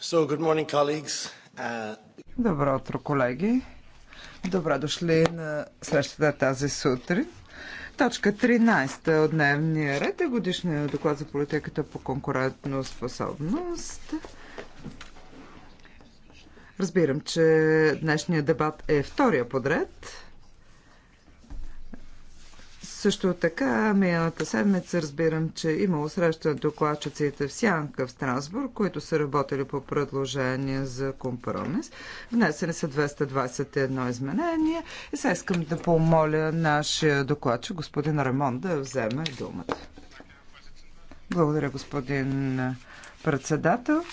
So, good morning, colleagues. Uh, Добро утро, колеги. Добре дошли на срещата тази сутрин. Точка 13 от дневния ред е годишния доклад за политиката по конкурентно способност. Разбирам, че днешният дебат е втория подред. Също така, миналата седмица разбирам, че имало среща от докладчиците в Сянка в Страсбург, които са работили по предложение за компромис. Внесени са 221 изменения и сега искам да помоля нашия докладчик, господин Рамон, да вземе думата. Благодаря, господин председател.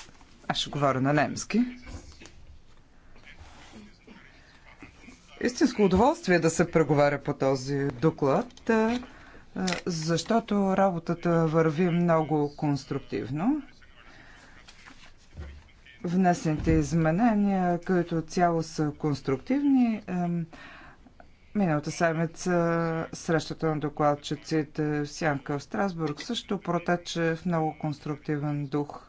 Аз ще говоря на немски. истинско удоволствие да се преговаря по този доклад, защото работата върви много конструктивно. Внесените изменения като цяло са конструктивни. Миналата седмица срещата на докладчиците в Сянка в Страсбург също протече в много конструктивен дух.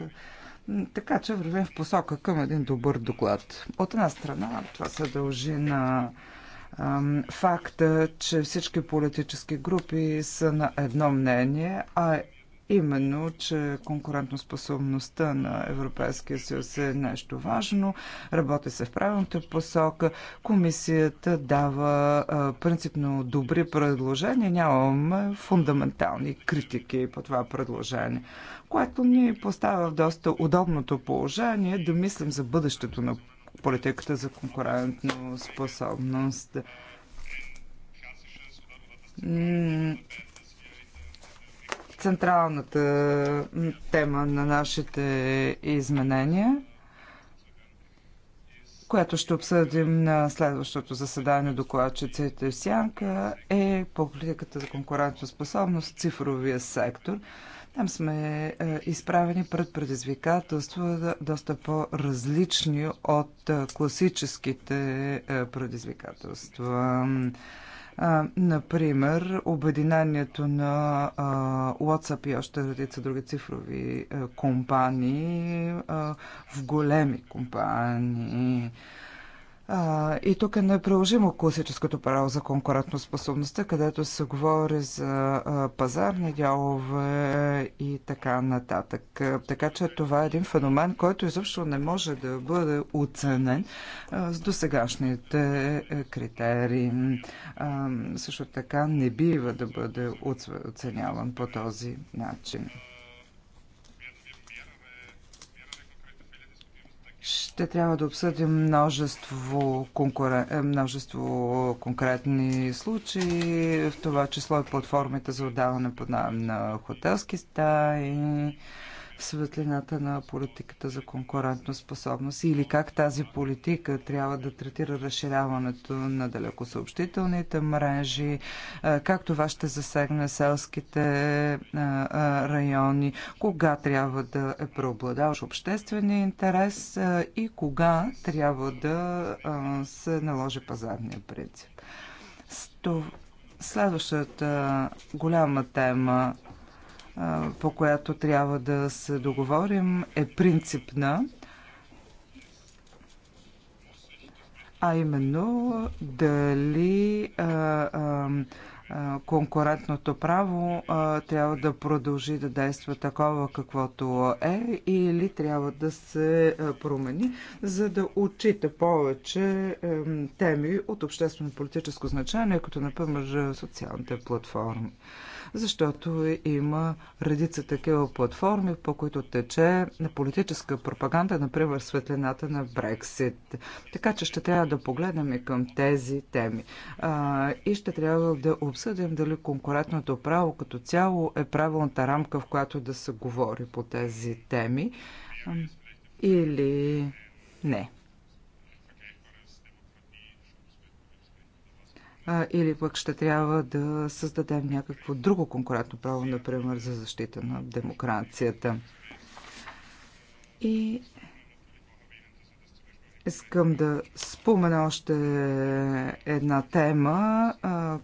Така че вървим в посока към един добър доклад. От една страна, това се дължи на факта, че всички политически групи са на едно мнение, а именно, че конкурентоспособността на Европейския съюз е нещо важно, работи се в правилната посока, комисията дава принципно добри предложения, нямаме фундаментални критики по това предложение, което ни поставя в доста удобното положение да мислим за бъдещето на политиката за конкурентоспособност централната тема на нашите изменения, която ще обсъдим на следващото заседание докладчиците и Сянка, е политиката за конкурентоспособност в цифровия сектор. Там сме е, изправени пред предизвикателства доста по-различни от е, класическите е, предизвикателства например, обединението на WhatsApp и още редица други цифрови компании в големи компании. А, и тук е неприложимо класическото право за конкурентоспособността, където се говори за а, пазарни дялове и така нататък. А, така че това е един феномен, който изобщо не може да бъде оценен а, с досегашните а, е, критерии. А, също така не бива да бъде оценяван по този начин. Ще трябва да обсъдим множество, конкурен... Е, множество конкретни случаи, в това число и платформите за отдаване под на, на хотелски стаи в светлината на политиката за конкурентно способност или как тази политика трябва да третира разширяването на далекосъобщителните мрежи, как това ще засегне селските райони, кога трябва да е преобладаваш обществения интерес и кога трябва да се наложи пазарния принцип. Следващата голяма тема по която трябва да се договорим, е принципна, а именно дали а, а, конкурентното право а, трябва да продължи да действа такова каквото е или трябва да се промени, за да отчита повече а, теми от обществено-политическо значение, като например социалните платформи защото има редица такива платформи, по които тече на политическа пропаганда, например светлината на Брексит. Така че ще трябва да погледнем и към тези теми. А, и ще трябва да обсъдим дали конкурентното право като цяло е правилната рамка, в която да се говори по тези теми или не. а, или пък ще трябва да създадем някакво друго конкурентно право, например, за защита на демокрацията. И Искам да спомена още една тема,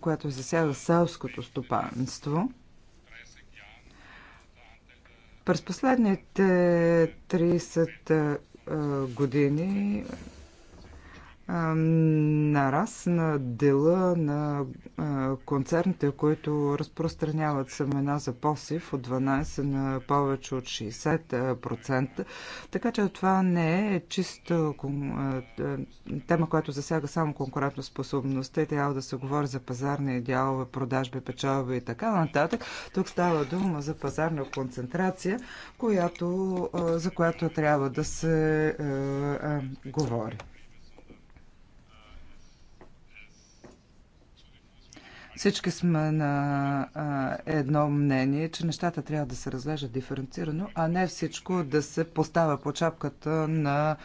която засяга селското стопанство. През последните 30 години нарасна дела на концерните, които разпространяват семена за посев от 12 на повече от 60%. Така че това не е чиста тема, която засяга само конкурентно способността и трябва да се говори за пазарни идеалове, продажби, печалби и така нататък. Тук става дума за пазарна концентрация, която, за която трябва да се говори. Всички сме на а, едно мнение, че нещата трябва да се разглеждат диференцирано, а не всичко да се поставя по чапката на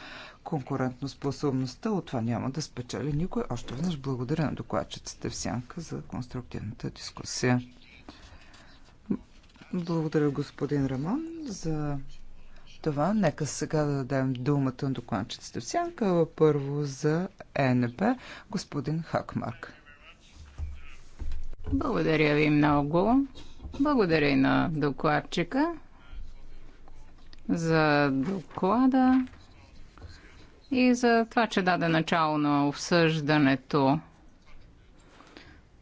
способността. От това няма да спечели никой. Още веднъж благодаря на докладчиците в Сянка за конструктивната дискусия. Благодаря, господин Рамон, за това. Нека сега да дадем думата на докладчиците в Сянка. Първо за ЕНП, господин Хакмарк. Благодаря ви много. Благодаря и на докладчика за доклада и за това, че даде начало на обсъждането.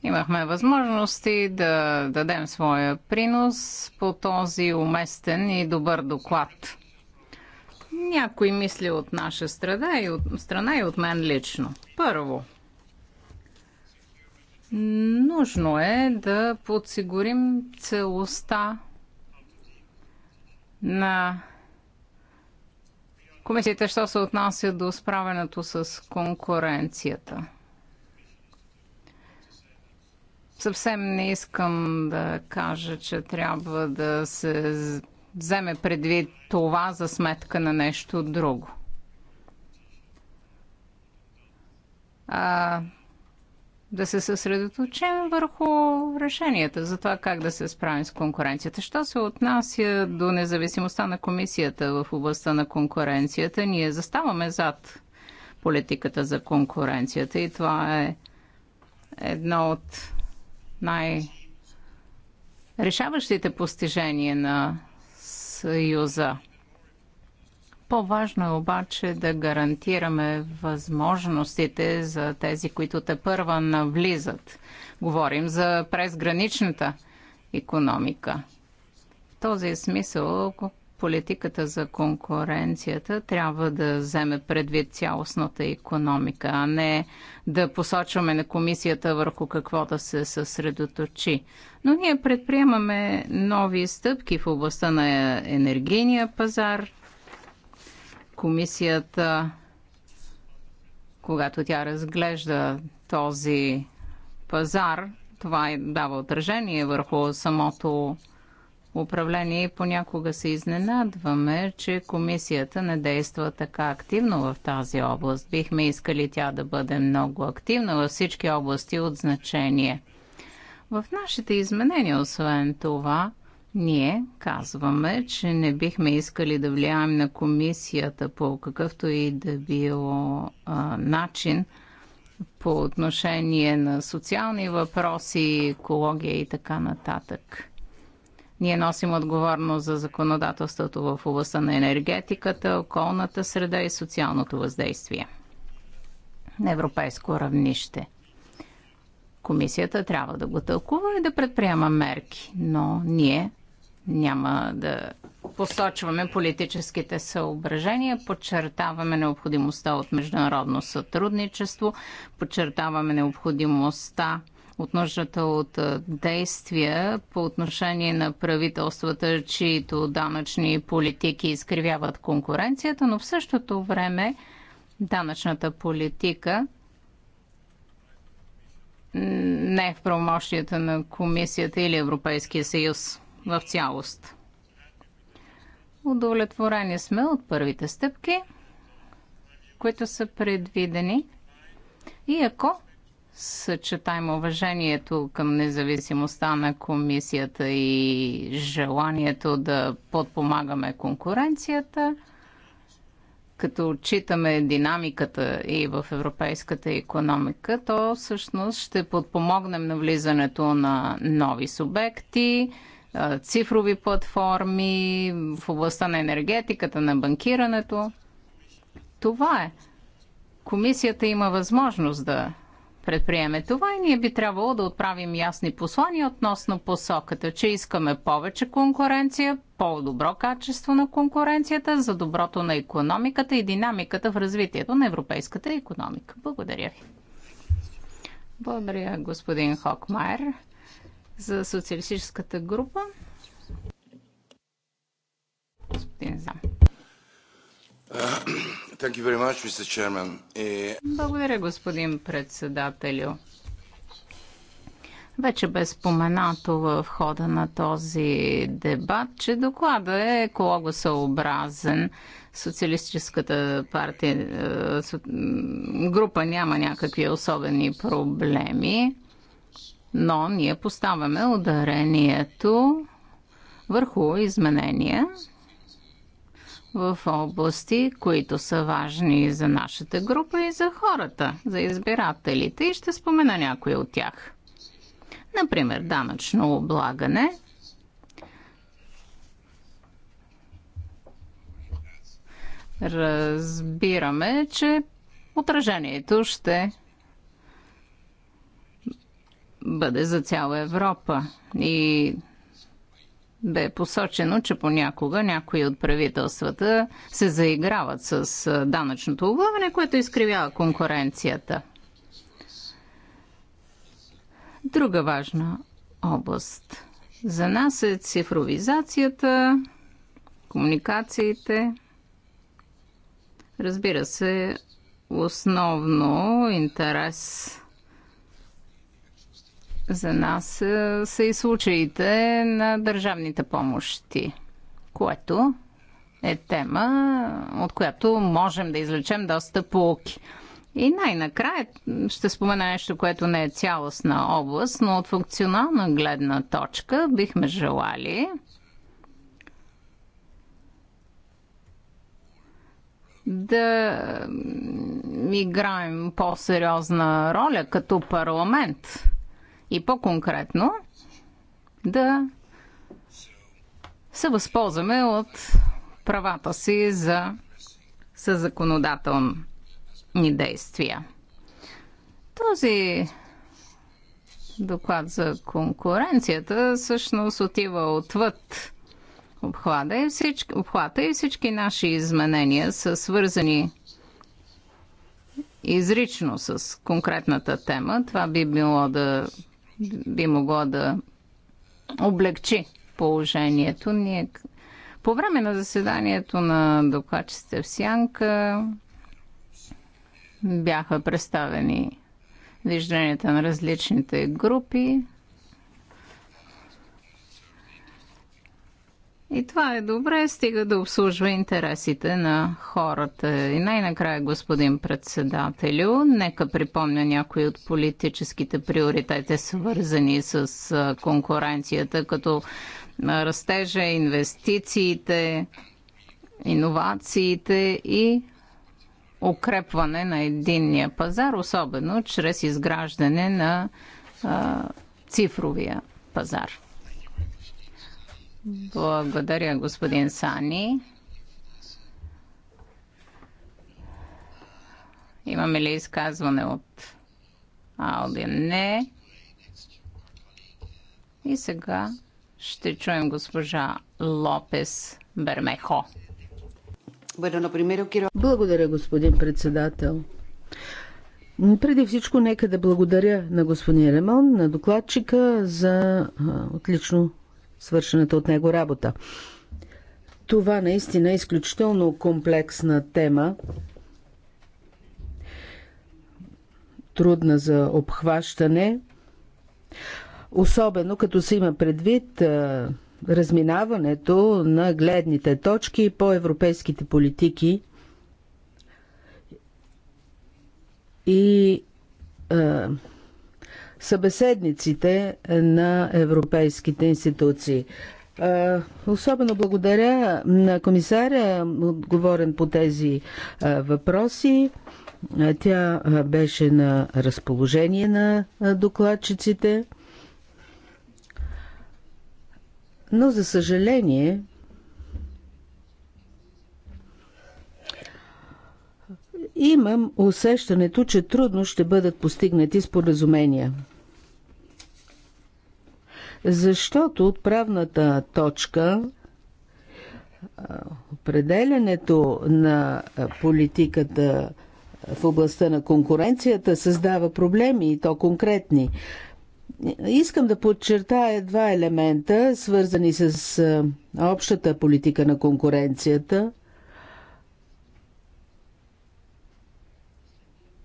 Имахме възможности да дадем своя принос по този уместен и добър доклад. Някои мисли от наша страна и от, страна и от мен лично. Първо – Нужно е да подсигурим целостта на комисията, що се отнася до справенето с конкуренцията. Съвсем не искам да кажа, че трябва да се вземе предвид това за сметка на нещо друго. А, да се съсредоточим върху решенията за това как да се справим с конкуренцията. Що се отнася до независимостта на комисията в областта на конкуренцията, ние заставаме зад политиката за конкуренцията и това е едно от най- решаващите постижения на Съюза. По-важно е обаче да гарантираме възможностите за тези, които те първа навлизат. Говорим за презграничната економика. В този смисъл политиката за конкуренцията трябва да вземе предвид цялостната економика, а не да посочваме на комисията върху какво да се съсредоточи. Но ние предприемаме нови стъпки в областта на енергийния пазар, комисията, когато тя разглежда този пазар, това дава отражение върху самото управление и понякога се изненадваме, че комисията не действа така активно в тази област. Бихме искали тя да бъде много активна във всички области от значение. В нашите изменения, освен това, ние казваме, че не бихме искали да влияем на комисията по какъвто и да било а, начин по отношение на социални въпроси, екология и така нататък. Ние носим отговорност за законодателството в областта на енергетиката, околната среда и социалното въздействие на европейско равнище. Комисията трябва да го тълкува и да предприема мерки, но ние няма да посочваме политическите съображения, подчертаваме необходимостта от международно сътрудничество, подчертаваме необходимостта от нуждата от действия по отношение на правителствата, чието данъчни политики изкривяват конкуренцията, но в същото време данъчната политика не е в правомощията на Комисията или Европейския съюз в цялост. Удовлетворени сме от първите стъпки, които са предвидени. И ако съчетаем уважението към независимостта на комисията и желанието да подпомагаме конкуренцията, като отчитаме динамиката и в европейската економика, то всъщност ще подпомогнем навлизането на нови субекти, цифрови платформи, в областта на енергетиката, на банкирането. Това е. Комисията има възможност да предприеме това и ние би трябвало да отправим ясни послания относно посоката, че искаме повече конкуренция, по-добро качество на конкуренцията, за доброто на економиката и динамиката в развитието на европейската економика. Благодаря ви. Благодаря, господин Хокмайер за социалистическата група. Господин Зам. Uh, much, И... Eh, Благодаря, господин председателю. Вече бе споменато в хода на този дебат, че доклада е екологосъобразен. Социалистическата партия, э, група няма някакви особени проблеми но ние поставяме ударението върху изменения в области, които са важни за нашата група и за хората, за избирателите и ще спомена някои от тях. Например, данъчно облагане. Разбираме, че отражението ще бъде за цяла Европа. И бе посочено, че понякога някои от правителствата се заиграват с данъчното облагане, което изкривява конкуренцията. Друга важна област за нас е цифровизацията, комуникациите. Разбира се, основно интерес за нас е, са и случаите на държавните помощи, което е тема, от която можем да извлечем доста полки. И най-накрая ще спомена нещо, което не е цялостна област, но от функционална гледна точка бихме желали да играем по-сериозна роля като парламент и по-конкретно да се възползваме от правата си за съзаконодателни действия. Този доклад за конкуренцията всъщност отива отвъд обхвата и всички, обхвата и всички наши изменения са свързани изрично с конкретната тема. Това би било да би могло да облегчи положението. Ние по време на заседанието на докладчите в Сянка бяха представени вижданията на различните групи. И това е добре, стига да обслужва интересите на хората. И най-накрая, господин председателю, нека припомня някои от политическите приоритети, свързани с конкуренцията, като растежа, инвестициите, иновациите и укрепване на единния пазар, особено чрез изграждане на а, цифровия пазар. Благодаря, господин Сани. Имаме ли изказване от Ауди? Не. И сега ще чуем госпожа Лопес Бермехо. Благодаря, господин председател. Преди всичко, нека да благодаря на господин Ремон, на докладчика за отлично свършената от него работа. Това наистина е изключително комплексна тема, трудна за обхващане, особено като се има предвид разминаването на гледните точки по европейските политики и събеседниците на европейските институции. Особено благодаря на комисаря, отговорен по тези въпроси. Тя беше на разположение на докладчиците. Но, за съжаление, Имам усещането, че трудно ще бъдат постигнати споразумения. Защото от правната точка определенето на политиката в областта на конкуренцията създава проблеми и то конкретни. Искам да подчертая два елемента, свързани с общата политика на конкуренцията –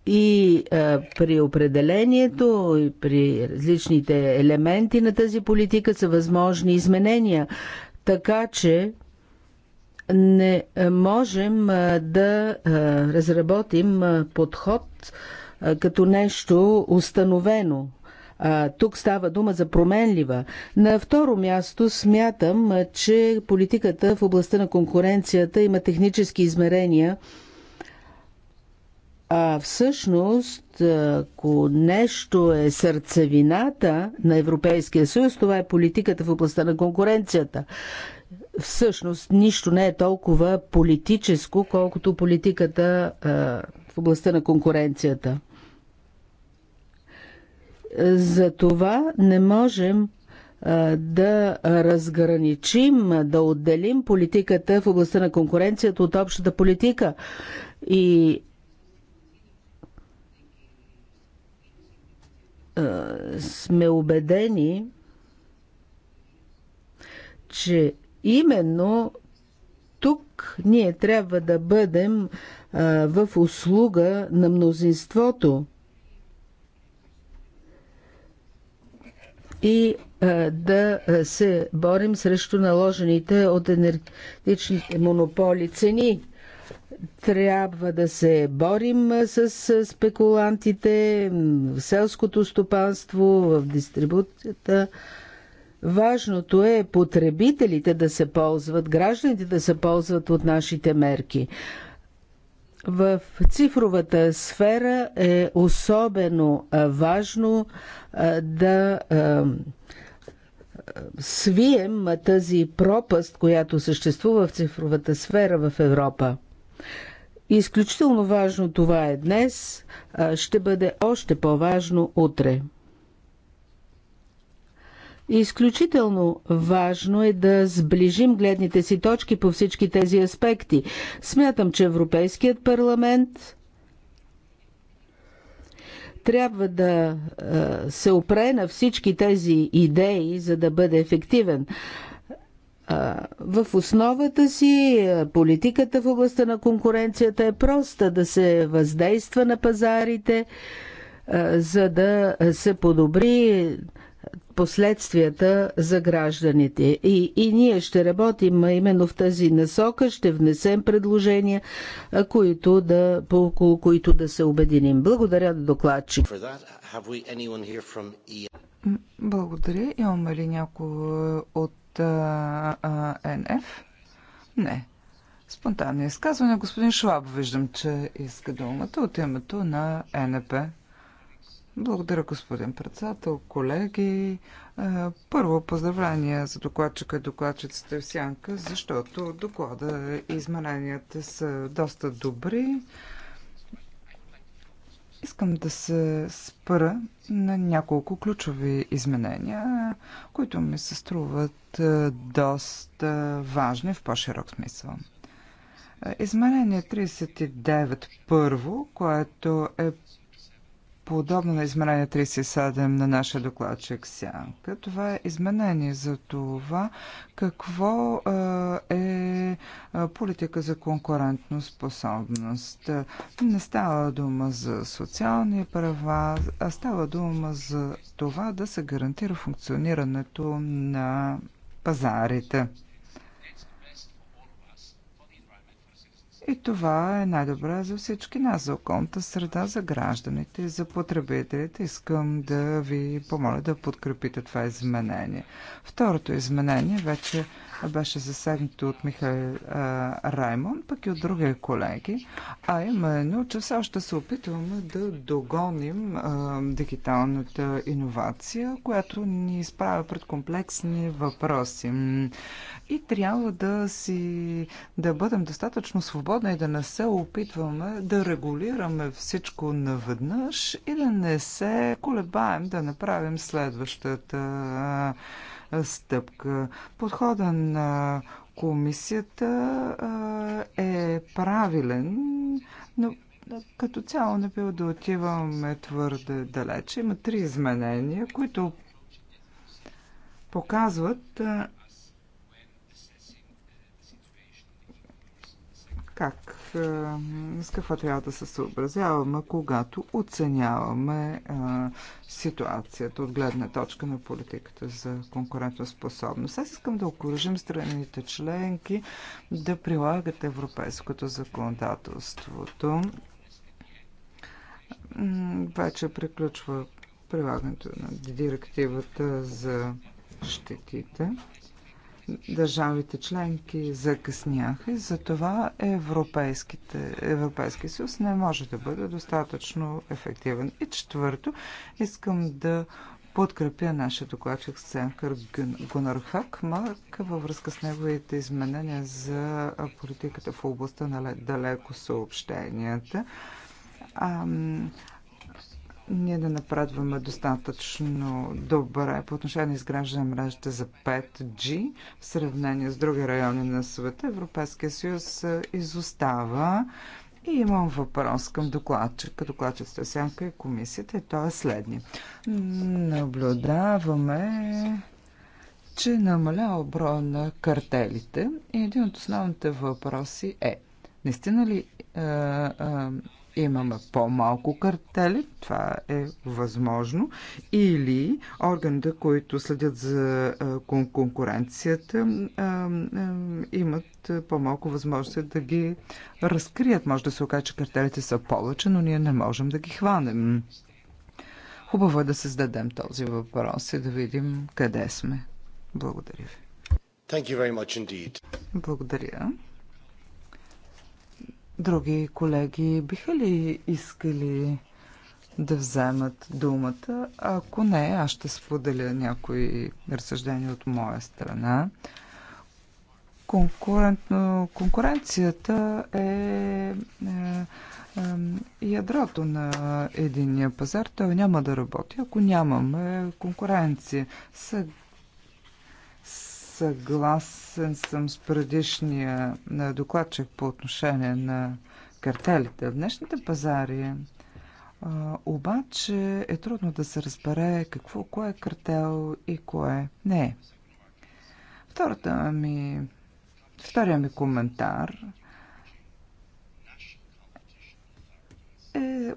и а, е, при определението и при различните елементи на тази политика са възможни изменения. Така че не можем а, е, да а, е, разработим а, подход а, като нещо установено. А, тук става дума за променлива. На второ място смятам, а, че политиката в областта на конкуренцията има технически измерения – а всъщност, ако нещо е сърцевината на Европейския съюз, това е политиката в областта на конкуренцията. Всъщност, нищо не е толкова политическо, колкото политиката в областта на конкуренцията. За това не можем да разграничим, да отделим политиката в областта на конкуренцията от общата политика. И Е, сме убедени, че именно тук ние трябва да бъдем е, в услуга на мнозинството и е, да се борим срещу наложените от енергетичните монополи цени трябва да се борим с спекулантите в селското стопанство, в дистрибуцията. Важното е потребителите да се ползват, гражданите да се ползват от нашите мерки. В цифровата сфера е особено важно да свием тази пропаст, която съществува в цифровата сфера в Европа. Изключително важно това е днес, ще бъде още по-важно утре. Изключително важно е да сближим гледните си точки по всички тези аспекти. Смятам, че Европейският парламент трябва да се опре на всички тези идеи, за да бъде ефективен в основата си политиката в областта на конкуренцията е проста да се въздейства на пазарите, за да се подобри последствията за гражданите. И, и ние ще работим именно в тази насока, ще внесем предложения, които да, по около които да се обединим. Благодаря на докладчик. E Благодаря. Имаме ли някого от от а, а, НФ? Не. Спонтанно изказване. Господин Шваб, виждам, че иска думата от името на НП. Благодаря, господин председател, колеги. Първо поздравление за докладчика и докладчицата в Сянка, защото доклада и измененията са доста добри. Искам да се спра на няколко ключови изменения, които ми се струват е, доста важни в по-широк смисъл. Е, изменение 39 първо, което е подобно на изменение 37 на нашия докладчик Сянка. Това е изменение за това какво е политика за конкурентно способност. Не става дума за социални права, а става дума за това да се гарантира функционирането на пазарите. И това е най-добре за всички нас, за околната среда, за гражданите, за потребителите. Искам да ви помоля да подкрепите това изменение. Второто изменение вече беше засегнато от Михаил Раймон, пък и от други колеги, а именно, че все още се опитваме да догоним а, дигиталната иновация, която ни изправя пред комплексни въпроси. И трябва да си да бъдем достатъчно свободни и да не се опитваме да регулираме всичко наведнъж и да не се колебаем да направим следващата стъпка. Подхода на комисията е правилен, но като цяло не бил да отиваме твърде далече. Има три изменения, които показват как, с какво трябва да се съобразяваме, когато оценяваме а, ситуацията от гледна точка на политиката за конкурентоспособност. Аз искам да окоръжим страните членки да прилагат европейското законодателството. Вече приключва прилагането на директивата за щетите държавите членки закъсняха и затова Европейския съюз не може да бъде достатъчно ефективен. И четвърто, искам да подкрепя нашия докладчик Сенкър Гунар Хакмарк във връзка с неговите изменения за политиката в областта на далеко съобщенията ние да напредваме достатъчно добре по отношение на изграждане на мрежата за 5G в сравнение с други райони на света. Европейския съюз изостава. И имам въпрос към докладчика, докладчицата Сянка и комисията, и то е следния. Наблюдаваме че намалява броя на картелите и един от основните въпроси е наистина ли а, а, имаме по-малко картели, това е възможно, или органите, които следят за конкуренцията, имат по-малко възможности да ги разкрият. Може да се окаже, че картелите са повече, но ние не можем да ги хванем. Хубаво е да създадем този въпрос и да видим къде сме. Благодаря ви. Благодаря. Други колеги биха ли искали да вземат думата? Ако не, аз ще споделя някои разсъждения от моя страна. Конкурентно, конкуренцията е, е, е ядрото на единия пазар. Той няма да работи, ако нямаме конкуренция. Съ, съглас Съгласен съм с предишния докладчик по отношение на картелите. В днешните пазари а, обаче е трудно да се разбере какво, кое е картел и кое не е. Втората ми, втория ми коментар е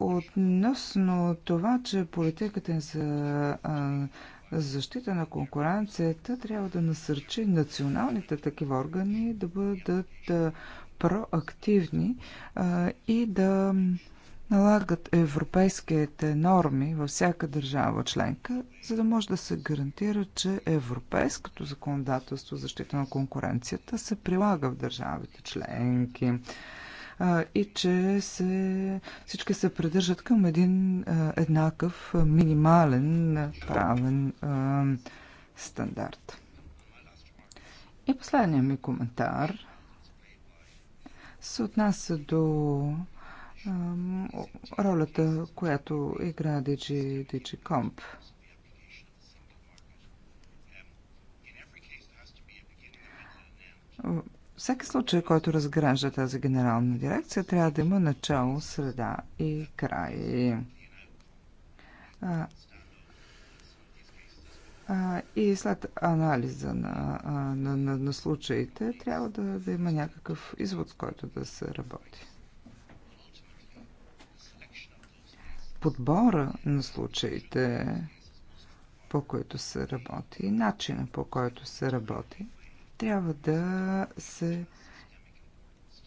относно това, че политиката за а, защита на конкуренцията трябва да насърчи националните такива органи да бъдат проактивни и да налагат европейските норми във всяка държава членка, за да може да се гарантира, че европейското законодателство за защита на конкуренцията се прилага в държавите членки а, и че се, всички се придържат към един а, еднакъв минимален правен а, стандарт. И последният ми коментар се отнася до а, ролята, която игра DG, DigiComp. Всеки случай, който разгражда тази генерална дирекция, трябва да има начало, среда и край. А, а, и след анализа на, на, на, на случаите, трябва да, да има някакъв извод, с който да се работи. Подбора на случаите, по които се работи, и начина по който се работи, трябва да се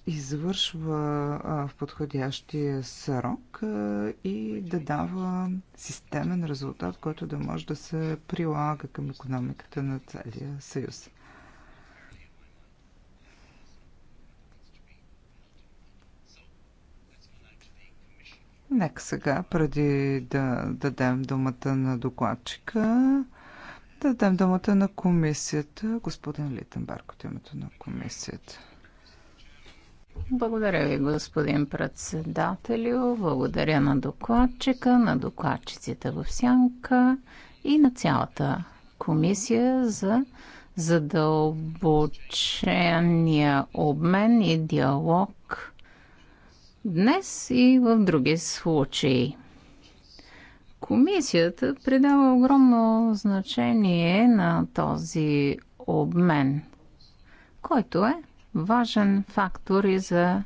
извършва в подходящия срок и да дава системен резултат, който да може да се прилага към економиката на целия съюз. Нека сега, преди да дадем думата на докладчика, да дам думата на комисията. Господин Литенбарк от името на комисията. Благодаря ви, господин председателю. Благодаря на докладчика, на докладчиците в Сянка и на цялата комисия за задълбочения обмен и диалог днес и в други случаи. Комисията придава огромно значение на този обмен, който е важен фактор и за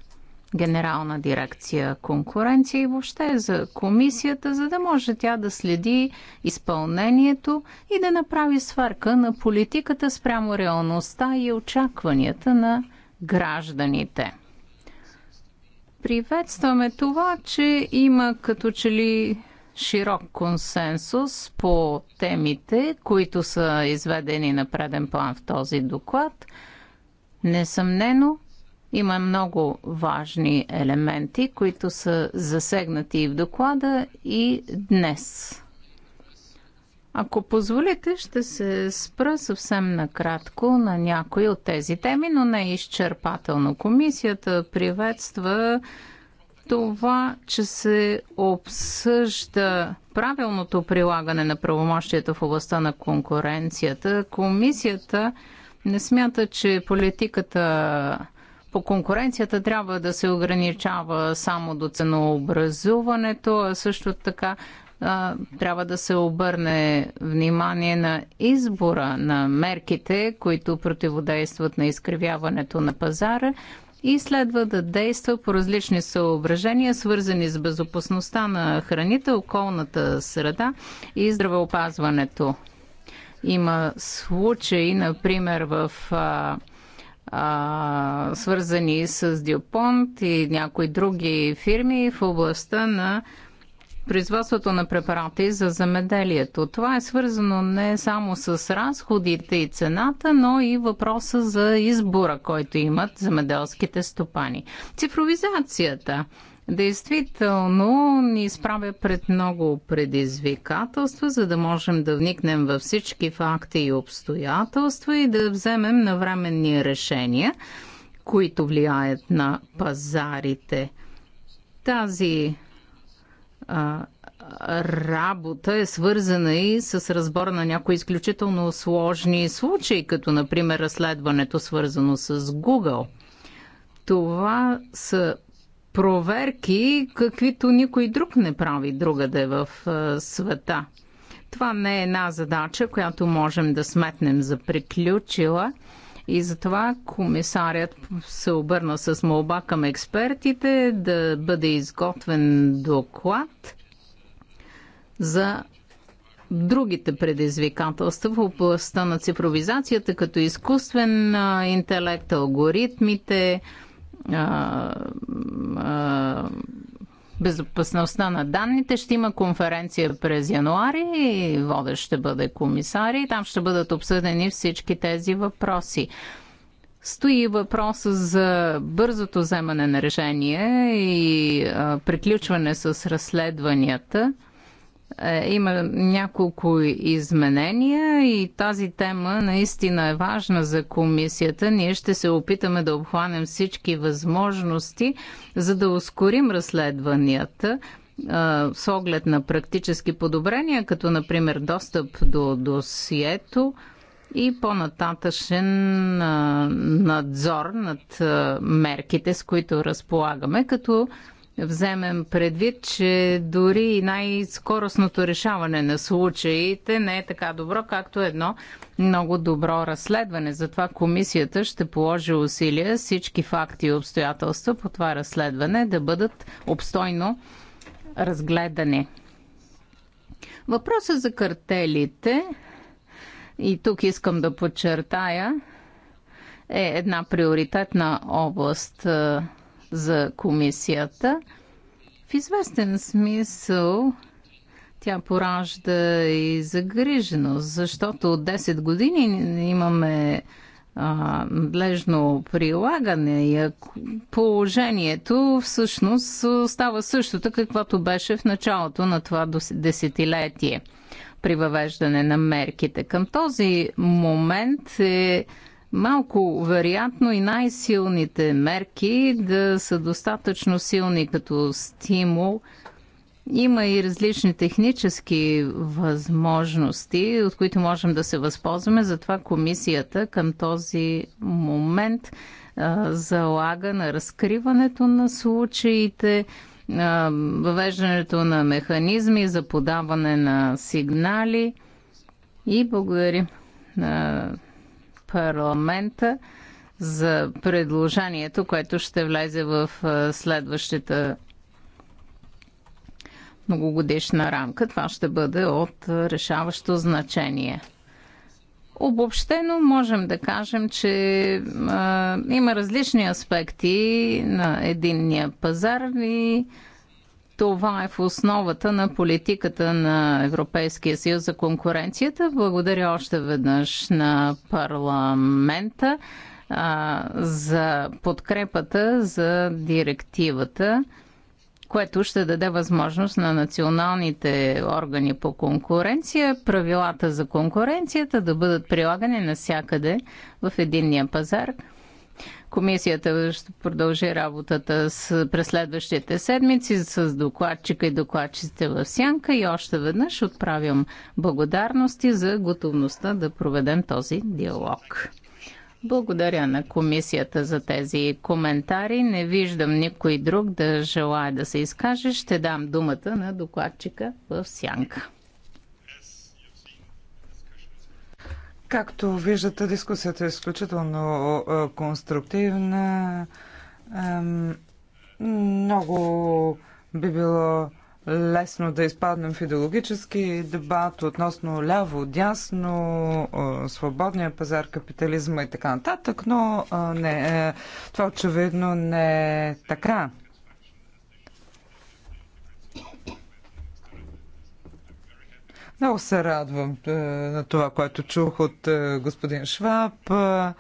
Генерална дирекция конкуренция и въобще за комисията, за да може тя да следи изпълнението и да направи сварка на политиката спрямо реалността и очакванията на гражданите. Приветстваме това, че има като че ли широк консенсус по темите, които са изведени на преден план в този доклад. Несъмнено, има много важни елементи, които са засегнати и в доклада, и днес. Ако позволите, ще се спра съвсем накратко на някои от тези теми, но не изчерпателно. Комисията приветства това, че се обсъжда правилното прилагане на правомощията в областта на конкуренцията, комисията не смята, че политиката по конкуренцията трябва да се ограничава само до ценообразуването, а също така а, трябва да се обърне внимание на избора на мерките, които противодействат на изкривяването на пазара и следва да действа по различни съображения, свързани с безопасността на храните, околната среда и здравеопазването. Има случаи, например, в а, а, свързани с Дюпонт и някои други фирми в областта на производството на препарати за замеделието. Това е свързано не само с разходите и цената, но и въпроса за избора, който имат замеделските стопани. Цифровизацията действително ни изправя пред много предизвикателства, за да можем да вникнем във всички факти и обстоятелства и да вземем навременни решения, които влияят на пазарите. Тази а, работа е свързана и с разбора на някои изключително сложни случаи, като например разследването свързано с Google. Това са проверки, каквито никой друг не прави другаде в света. Това не е една задача, която можем да сметнем за приключила – и затова комисарят се обърна с молба към експертите да бъде изготвен доклад за другите предизвикателства в областта на цифровизацията, като изкуствен интелект, алгоритмите, безопасността на данните. Ще има конференция през януари и водещ ще бъде комисар и там ще бъдат обсъдени всички тези въпроси. Стои въпроса за бързото вземане на решение и а, приключване с разследванията – е, има няколко изменения и тази тема наистина е важна за комисията. Ние ще се опитаме да обхванем всички възможности, за да ускорим разследванията е, с оглед на практически подобрения, като например достъп до досието и по-нататъчен е, надзор над мерките, с които разполагаме, като вземем предвид, че дори и най-скоростното решаване на случаите не е така добро, както едно много добро разследване. Затова комисията ще положи усилия всички факти и обстоятелства по това разследване да бъдат обстойно разгледани. Въпросът за картелите, и тук искам да подчертая, е една приоритетна област за комисията. В известен смисъл тя поражда и загриженост, защото от 10 години имаме надлежно прилагане и положението всъщност става същото, каквото беше в началото на това десетилетие при въвеждане на мерките. Към този момент е малко вероятно и най-силните мерки да са достатъчно силни като стимул. Има и различни технически възможности, от които можем да се възползваме. Затова комисията към този момент а, залага на разкриването на случаите, а, въвеждането на механизми за подаване на сигнали. И благодарим на парламента за предложението, което ще влезе в следващата многогодишна рамка. Това ще бъде от решаващо значение. Обобщено можем да кажем, че а, има различни аспекти на единния пазар и това е в основата на политиката на Европейския съюз за конкуренцията. Благодаря още веднъж на парламента а, за подкрепата за директивата, което ще даде възможност на националните органи по конкуренция правилата за конкуренцията да бъдат прилагани навсякъде в единния пазар. Комисията ще продължи работата с, през следващите седмици с докладчика и докладчиците в Сянка и още веднъж отправям благодарности за готовността да проведем този диалог. Благодаря на комисията за тези коментари. Не виждам никой друг да желая да се изкаже. Ще дам думата на докладчика в Сянка. Както виждате, дискусията е изключително конструктивна. Много би било лесно да изпаднем в идеологически дебат относно ляво, дясно, свободния пазар, капитализма и така нататък, но не, е, това очевидно не е така. Много се радвам е, на това, което чух от е, господин Шваб. Е,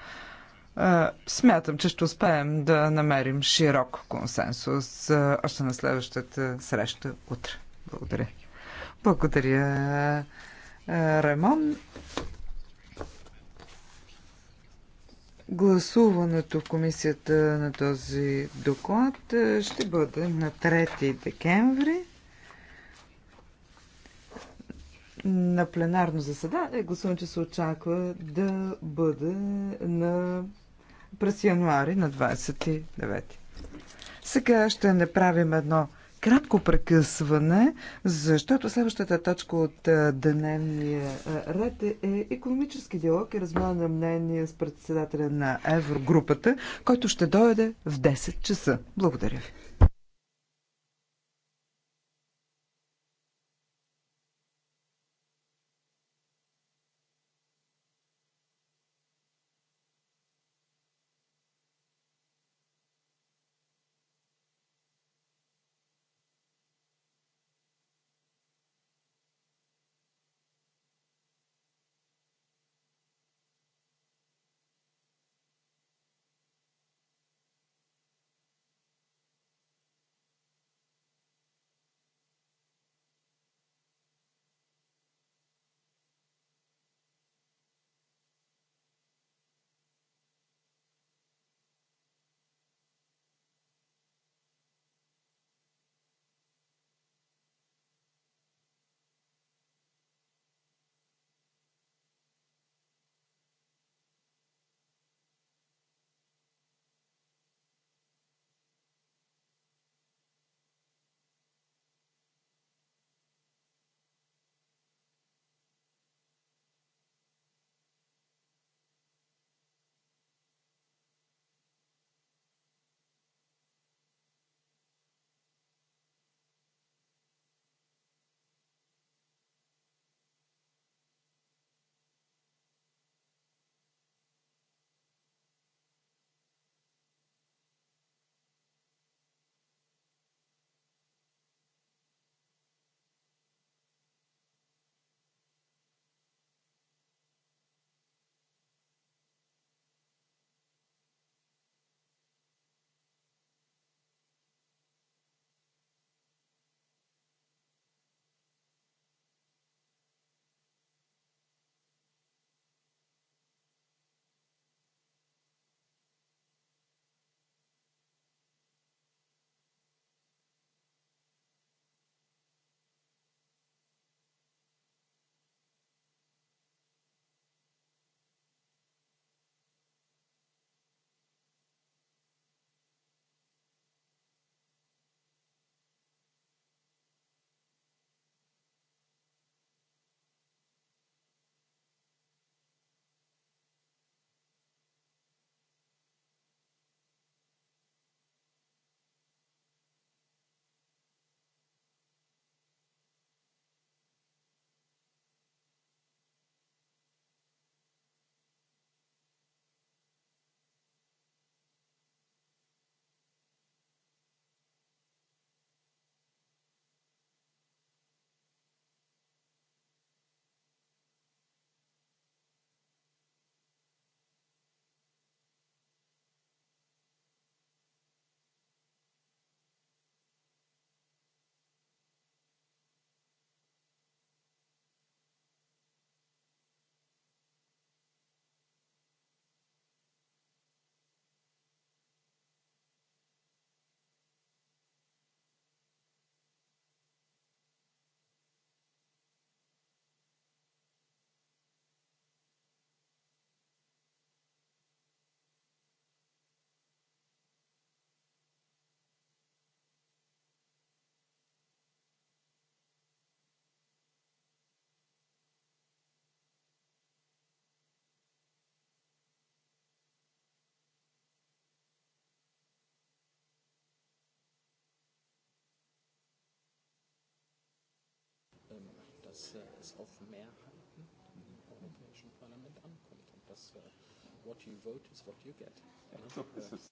смятам, че ще успеем да намерим широк консенсус още на следващата среща утре. Благодаря. Благодаря, Ремон. Гласуването в комисията на този доклад ще бъде на 3 декември на пленарно заседание. Е, Гласуването се очаква да бъде на... през януари на 29. Сега ще направим едно кратко прекъсване, защото следващата точка от дневния ред е, е економически диалог и размяна на мнение с председателя на Еврогрупата, който ще дойде в 10 часа. Благодаря ви. dass es auf Mehrheiten im Europäischen Parlament ankommt und dass what you vote is what you get. Ich glaube, das ist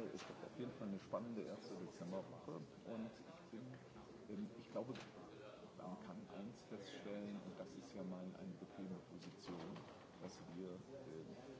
Woche ist doch auf jeden Fall eine spannende erste Dezemberwoche und ich, bin, ähm, ich glaube, man kann eins feststellen, und das ist ja mal eine bequeme Position, dass wir äh,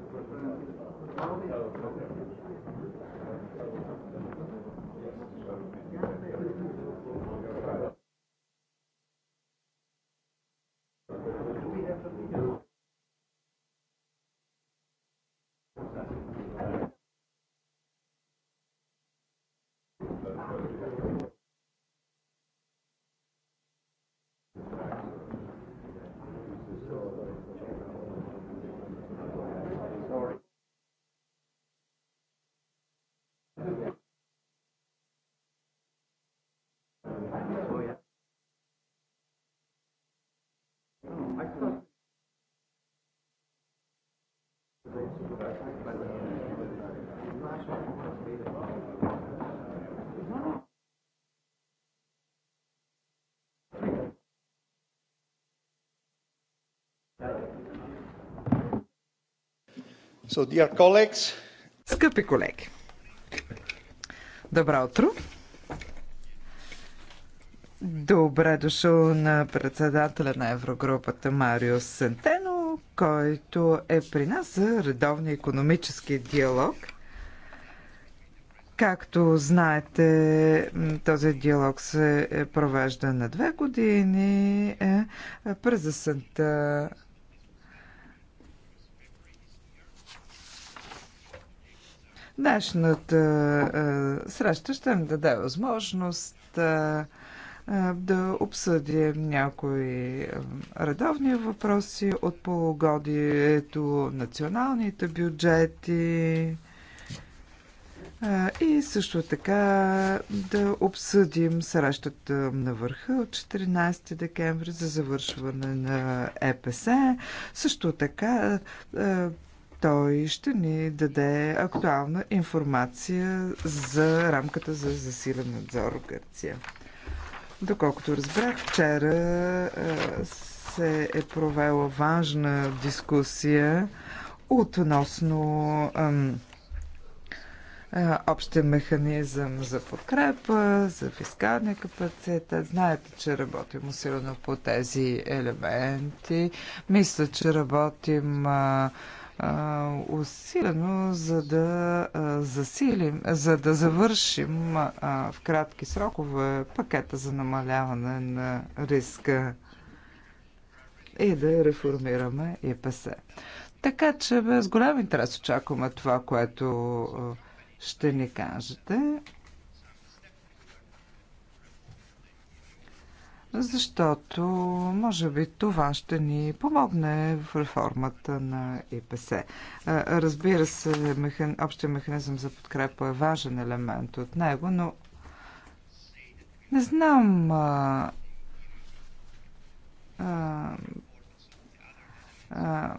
So, Скъпи колеги, добро утро! Добре дошъл на председателя на Еврогрупата Марио Сентено, който е при нас за редовния економически диалог. Както знаете, този диалог се провежда на две години е, през есента Днешната е, среща ще им даде възможност е, да обсъдим някои редовни въпроси от полугодието, националните бюджети и също така да обсъдим срещата на върха от 14 декември за завършване на ЕПС. Също така той ще ни даде актуална информация за рамката за засилен надзор в Гърция. Доколкото разбрах, вчера е, се е провела важна дискусия относно е, общия механизъм за подкрепа, за фискалния капацитет. Знаете, че работим усилено по тези елементи. Мисля, че работим а, усилено, за да засилим, за да завършим в кратки срокове пакета за намаляване на риска и да реформираме ИПС. Така че с голям интерес очакваме това, което ще ни кажете. защото може би това ще ни помогне в реформата на ИПС. Разбира се, механ... общия механизъм за подкрепа е важен елемент от него, но не знам а... А... А...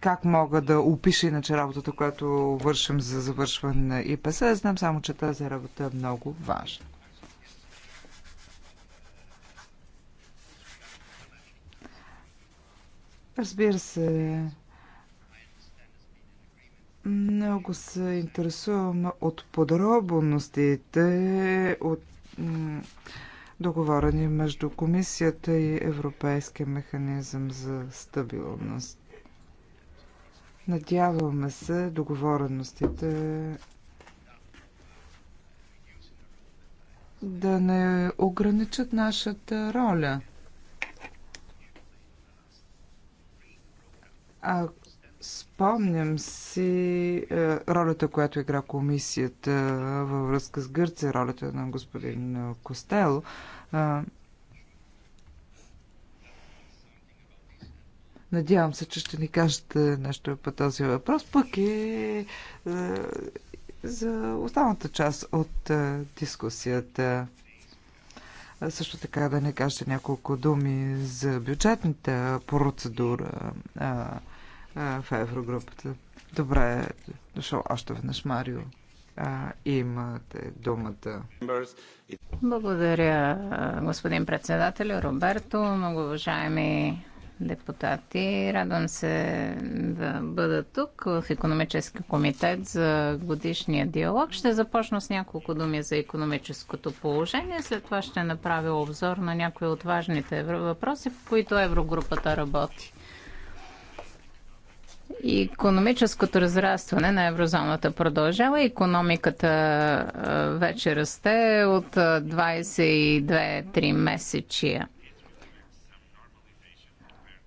как мога да опиша иначе работата, която вършим за завършване на ИПС. Знам само, че тази работа е много важна. Разбира се, много се интересувам от подробностите, от договорени между Комисията и Европейския механизъм за стабилност. Надяваме се договореностите да не ограничат нашата роля – А, спомням си е, ролята, която игра комисията е, във връзка с Гърция, ролята на господин е, Костело. Е, Надявам се, че ще ни кажете нещо по този въпрос, пък и е, за останата част от е, дискусията. Също така да не кажете няколко думи за бюджетната процедура. Е, а, в Еврогрупата. Добре, дошъл още веднъж, Марио. А, имате думата. Благодаря, господин председател Роберто, много уважаеми депутати. Радвам се да бъда тук в економически комитет за годишния диалог. Ще започна с няколко думи за економическото положение. След това ще направя обзор на някои от важните въпроси, по които Еврогрупата работи. Економическото разрастване на еврозоната продължава. Економиката вече расте от 22-3 месечия.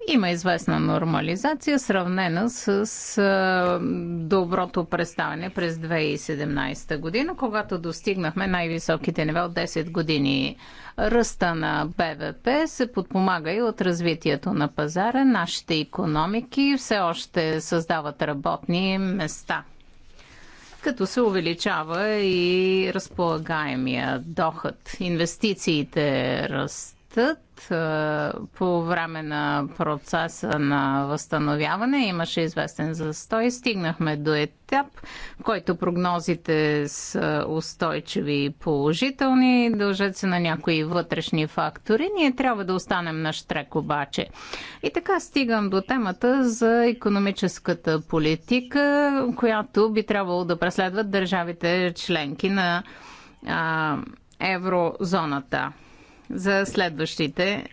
Има известна нормализация, сравнена с а, доброто представяне през 2017 година, когато достигнахме най-високите нива от 10 години. Ръста на БВП се подпомага и от развитието на пазара. Нашите економики все още създават работни места като се увеличава и разполагаемия доход. Инвестициите растат съветът е, по време на процеса на възстановяване имаше известен застой. Стигнахме до етап, в който прогнозите са устойчиви и положителни, дължат се на някои вътрешни фактори. Ние трябва да останем на штрек обаче. И така стигам до темата за економическата политика, която би трябвало да преследват държавите членки на а, еврозоната за следващите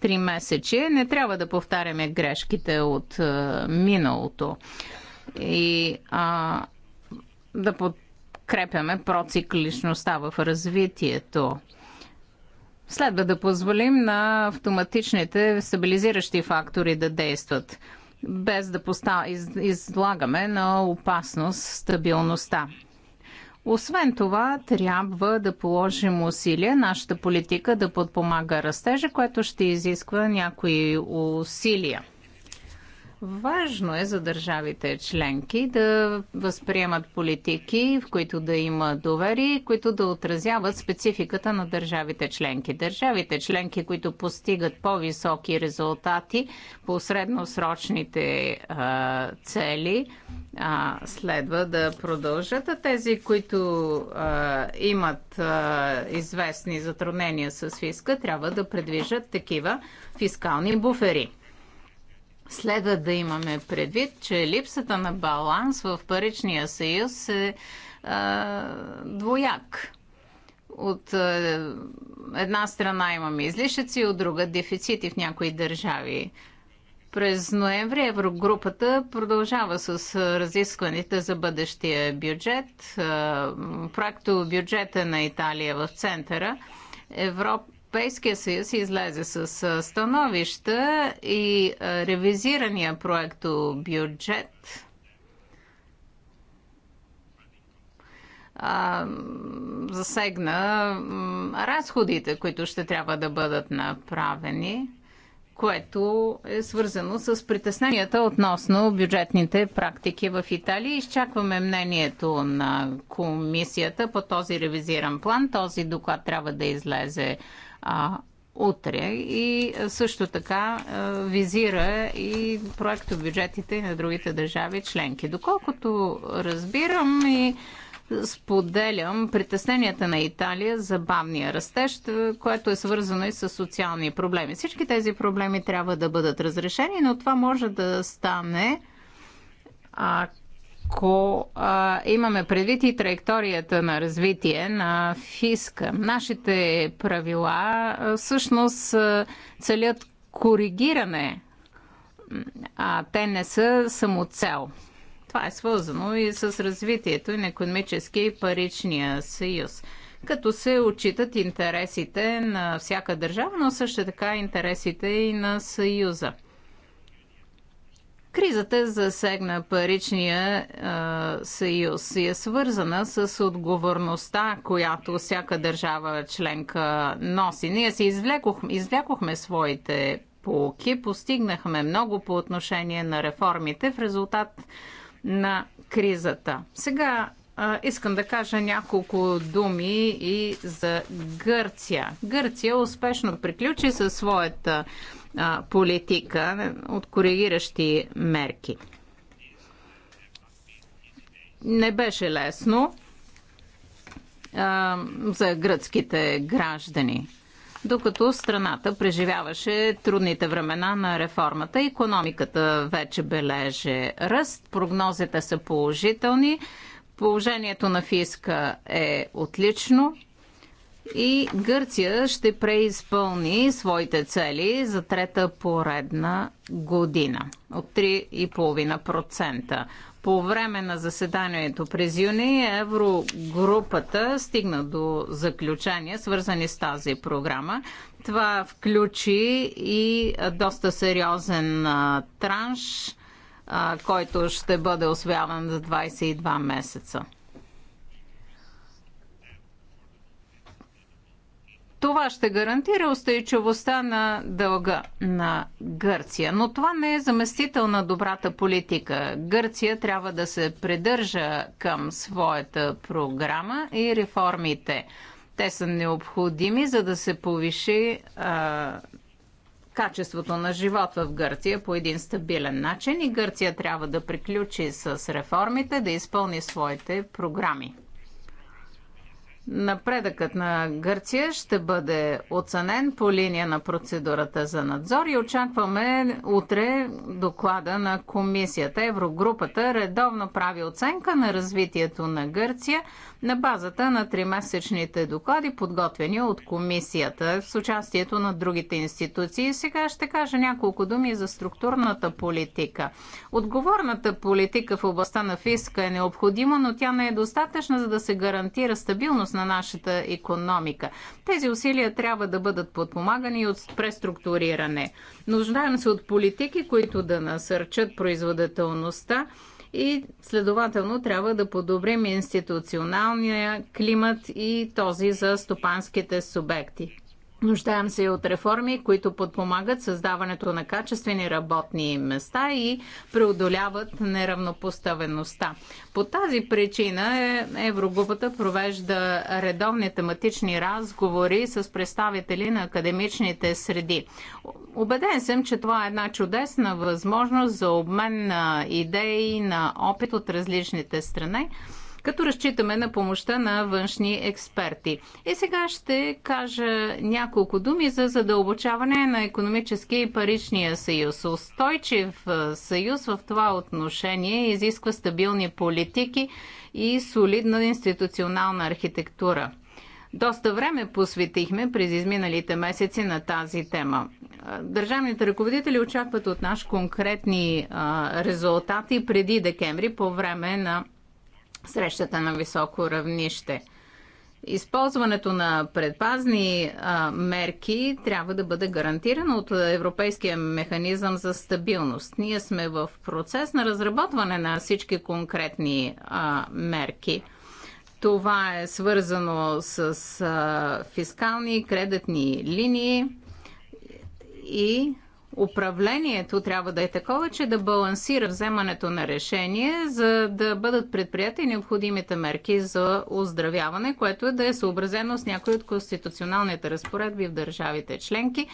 три месече. Не трябва да повтаряме грешките от миналото и а, да подкрепяме процикличността в развитието. Следва да позволим на автоматичните стабилизиращи фактори да действат, без да поста... излагаме на опасност стабилността. Освен това, трябва да положим усилия нашата политика да подпомага растежа, което ще изисква някои усилия. Важно е за държавите членки да възприемат политики, в които да има доверие, които да отразяват спецификата на държавите членки. Държавите членки, които постигат по-високи резултати по средносрочните а, цели, а, следва да продължат, а тези, които а, имат а, известни затруднения с фиска, трябва да предвижат такива фискални буфери. Следва да имаме предвид, че липсата на баланс в паричния съюз е а, двояк. От а, една страна имаме излишъци, от друга дефицити в някои държави. През ноември Еврогрупата продължава с разискваните за бъдещия бюджет. Проекто бюджета на Италия в центъра. Европа Европейския съюз излезе с становища и ревизирания проекто бюджет засегна разходите, които ще трябва да бъдат направени, което е свързано с притесненията относно бюджетните практики в Италия. Изчакваме мнението на комисията по този ревизиран план. Този доклад трябва да излезе а, утре и също така а, визира и проектобюджетите на другите държави членки. Доколкото разбирам и споделям притесненията на Италия за бавния растеж, което е свързано и с социални проблеми. Всички тези проблеми трябва да бъдат разрешени, но това може да стане ако ако а, имаме предвид и траекторията на развитие на фиска, нашите правила а, всъщност целят коригиране, а те не са самоцел. Това е свързано и с развитието на економически и паричния съюз, като се отчитат интересите на всяка държава, но също така интересите и на съюза – Кризата засегна паричния а, съюз и е свързана с отговорността, която всяка държава членка носи. Ние си извлекохме, извлякохме своите полки, постигнахме много по отношение на реформите в резултат на кризата. Сега а, искам да кажа няколко думи и за Гърция. Гърция успешно приключи със своята политика от коригиращи мерки. Не беше лесно за гръцките граждани докато страната преживяваше трудните времена на реформата. Економиката вече бележе ръст, прогнозите са положителни, положението на фиска е отлично и Гърция ще преизпълни своите цели за трета поредна година от 3,5%. По време на заседанието през юни Еврогрупата стигна до заключения, свързани с тази програма. Това включи и доста сериозен транш, който ще бъде освяван за 22 месеца. Това ще гарантира устойчивостта на дълга на Гърция. Но това не е заместител на добрата политика. Гърция трябва да се придържа към своята програма и реформите. Те са необходими, за да се повиши а, качеството на живот в Гърция по един стабилен начин и Гърция трябва да приключи с реформите, да изпълни своите програми. Напредъкът на Гърция ще бъде оценен по линия на процедурата за надзор и очакваме утре доклада на комисията. Еврогрупата редовно прави оценка на развитието на Гърция на базата на тримесечните доклади, подготвени от комисията с участието на другите институции. Сега ще кажа няколко думи за структурната политика. Отговорната политика в областта на фиска е необходима, но тя не е достатъчна, за да се гарантира стабилност на нашата економика. Тези усилия трябва да бъдат подпомагани от преструктуриране. Нуждаем се от политики, които да насърчат производителността и следователно трябва да подобрим институционалния климат и този за стопанските субекти. Нуждаем се и от реформи, които подпомагат създаването на качествени работни места и преодоляват неравнопоставеността. По тази причина е, Еврогрупата провежда редовни тематични разговори с представители на академичните среди. Обеден съм, че това е една чудесна възможност за обмен на идеи, на опит от различните страни като разчитаме на помощта на външни експерти. И сега ще кажа няколко думи за задълбочаване на економическия и паричния съюз. Устойчив съюз в това отношение изисква стабилни политики и солидна институционална архитектура. Доста време посветихме през изминалите месеци на тази тема. Държавните ръководители очакват от наш конкретни резултати преди декември по време на срещата на високо равнище. Използването на предпазни а, мерки трябва да бъде гарантирано от Европейския механизъм за стабилност. Ние сме в процес на разработване на всички конкретни а, мерки. Това е свързано с а, фискални кредитни линии и управлението трябва да е такова, че да балансира вземането на решение, за да бъдат предприяти необходимите мерки за оздравяване, което е да е съобразено с някои от конституционалните разпоредби в държавите членки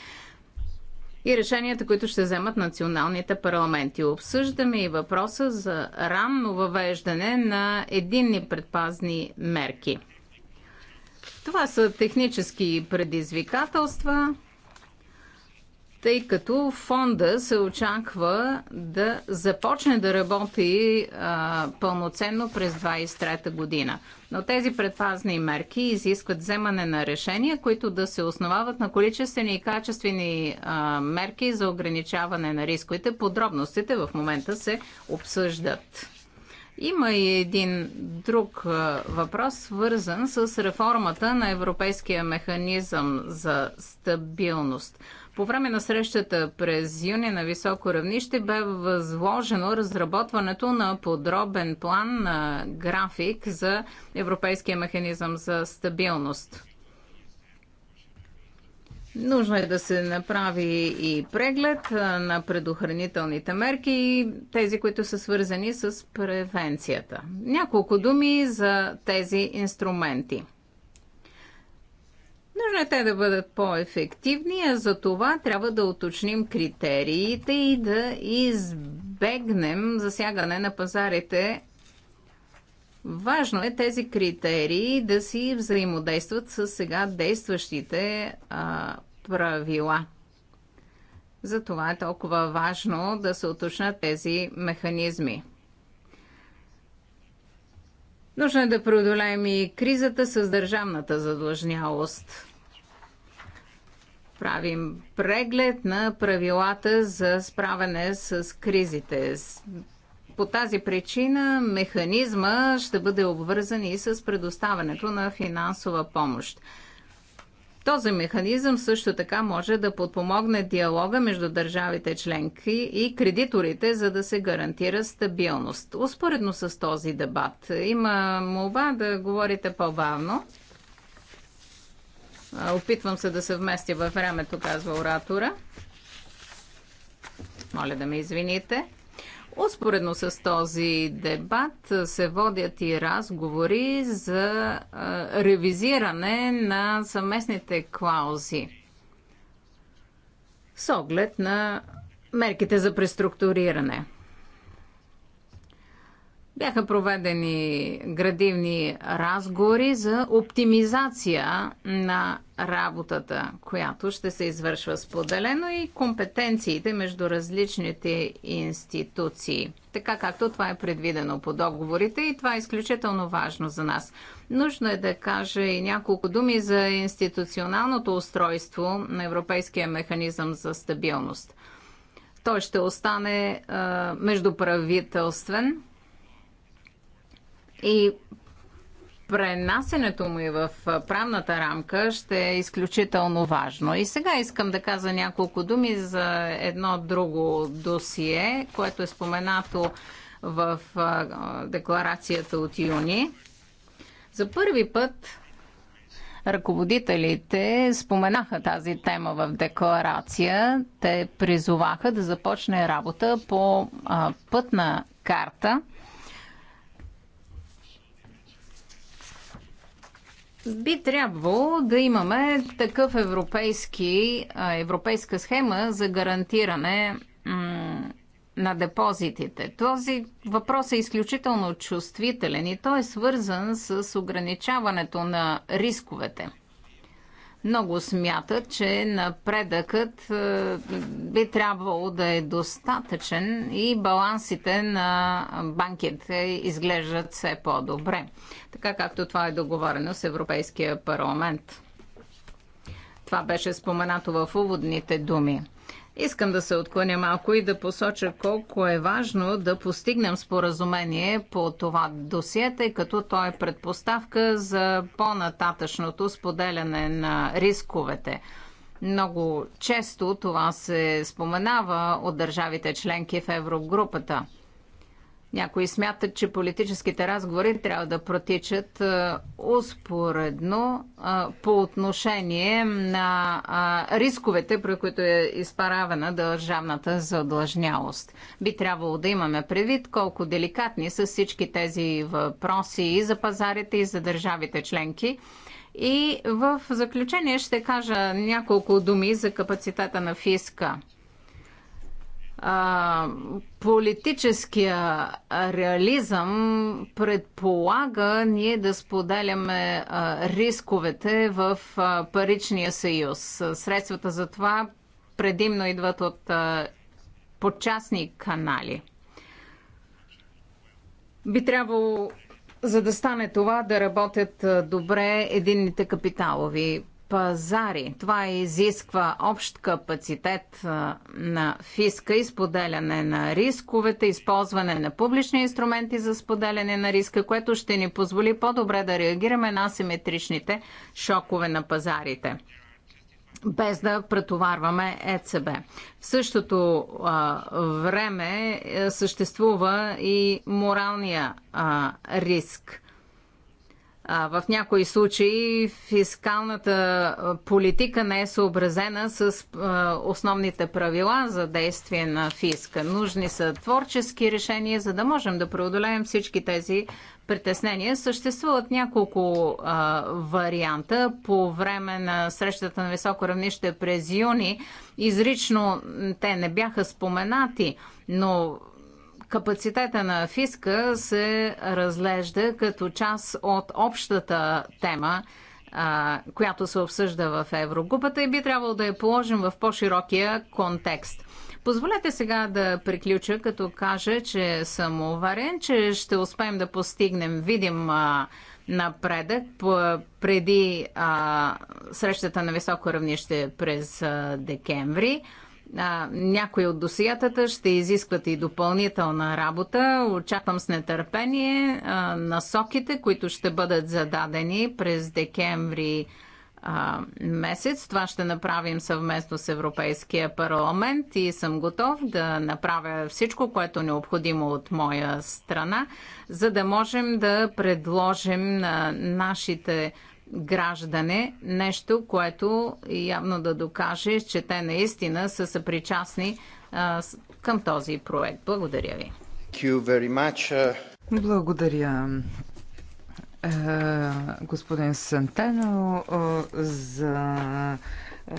и решенията, които ще вземат националните парламенти. Обсъждаме и въпроса за ранно въвеждане на единни предпазни мерки. Това са технически предизвикателства, тъй като фонда се очаква да започне да работи а, пълноценно през 2023 година. Но тези предпазни мерки изискват вземане на решения, които да се основават на количествени и качествени а, мерки за ограничаване на рисковете. Подробностите в момента се обсъждат. Има и един друг въпрос, свързан с реформата на Европейския механизъм за стабилност. По време на срещата през юни на високо равнище бе възложено разработването на подробен план на график за Европейския механизъм за стабилност. Нужно е да се направи и преглед на предохранителните мерки и тези, които са свързани с превенцията. Няколко думи за тези инструменти – Нужно е те да бъдат по-ефективни, а за това трябва да уточним критериите и да избегнем засягане на пазарите. Важно е тези критерии да си взаимодействат с сега действащите а, правила. Затова е толкова важно да се уточнат тези механизми. Нужно е да преодолеем и кризата с държавната задлъжнялост правим преглед на правилата за справяне с кризите. По тази причина механизма ще бъде обвързан и с предоставянето на финансова помощ. Този механизъм също така може да подпомогне диалога между държавите членки и кредиторите, за да се гарантира стабилност. Успоредно с този дебат има молба да говорите по-бавно. Опитвам се да се вместя във времето, казва оратора. Моля да ме извините. Успоредно с този дебат се водят и разговори за ревизиране на съместните клаузи с оглед на мерките за преструктуриране. Бяха проведени градивни разговори за оптимизация на работата, която ще се извършва споделено и компетенциите между различните институции, така както това е предвидено по договорите и това е изключително важно за нас. Нужно е да кажа и няколко думи за институционалното устройство на Европейския механизъм за стабилност. Той ще остане е, междуправителствен и пренасенето му и в правната рамка ще е изключително важно. И сега искам да кажа няколко думи за едно друго досие, което е споменато в декларацията от юни. За първи път ръководителите споменаха тази тема в декларация. Те призоваха да започне работа по пътна карта би трябвало да имаме такъв европейски, европейска схема за гарантиране на депозитите. Този въпрос е изключително чувствителен и той е свързан с ограничаването на рисковете – много смятат, че напредъкът е, би трябвало да е достатъчен и балансите на банките изглеждат все по-добре, така както това е договорено с Европейския парламент. Това беше споменато в уводните думи. Искам да се отклоня малко и да посоча колко е важно да постигнем споразумение по това досие, тъй като то е предпоставка за по-нататъчното споделяне на рисковете. Много често това се споменава от държавите членки в Еврогрупата – някои смятат, че политическите разговори трябва да протичат успоредно по отношение на рисковете, при които е изпаравена държавната задлъжнялост. Би трябвало да имаме предвид колко деликатни са всички тези въпроси и за пазарите, и за държавите членки. И в заключение ще кажа няколко думи за капацитета на фиска а, политическия реализъм предполага ние да споделяме а, рисковете в а, паричния съюз. Средствата за това предимно идват от а, подчастни канали. Би трябвало, за да стане това, да работят добре единните капиталови пазари. Това изисква общ капацитет на фиска и споделяне на рисковете, използване на публични инструменти за споделяне на риска, което ще ни позволи по-добре да реагираме на асиметричните шокове на пазарите без да претоварваме ЕЦБ. В същото а, време съществува и моралния а, риск в някои случаи фискалната политика не е съобразена с основните правила за действие на фиска. Нужни са творчески решения, за да можем да преодолеем всички тези притеснения. Съществуват няколко а, варианта. По време на срещата на високо равнище през юни изрично те не бяха споменати, но Капацитета на фиска се разглежда като част от общата тема, която се обсъжда в Еврогрупата и би трябвало да я положим в по-широкия контекст. Позволете сега да приключа, като кажа, че съм уверен, че ще успеем да постигнем видим напредък преди срещата на високо равнище през декември а, някои от досиятата ще изискват и допълнителна работа. Очаквам с нетърпение а, насоките, които ще бъдат зададени през декември а, месец. Това ще направим съвместно с Европейския парламент и съм готов да направя всичко, което е необходимо от моя страна, за да можем да предложим на нашите граждане, нещо, което явно да докаже, че те наистина са съпричастни а, към този проект. Благодаря ви. Uh, Благодаря, е, господин Сантено, е, за е,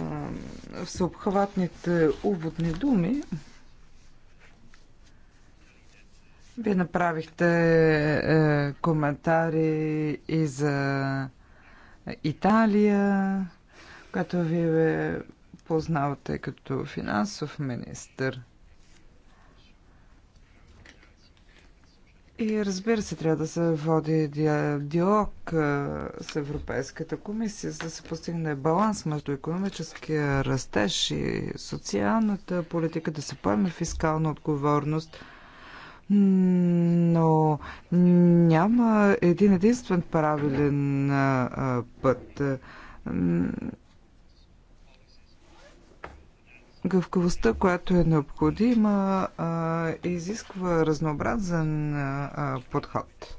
всеобхватните уводни думи. Вие направихте коментари и за Италия, която вие познавате като финансов министр. И разбира се, трябва да се води диалог с Европейската комисия, за да се постигне баланс между економическия растеж и социалната политика, да се поеме фискална отговорност но няма един единствен правилен път. Гъвкавостта, която е необходима, изисква разнообразен подход.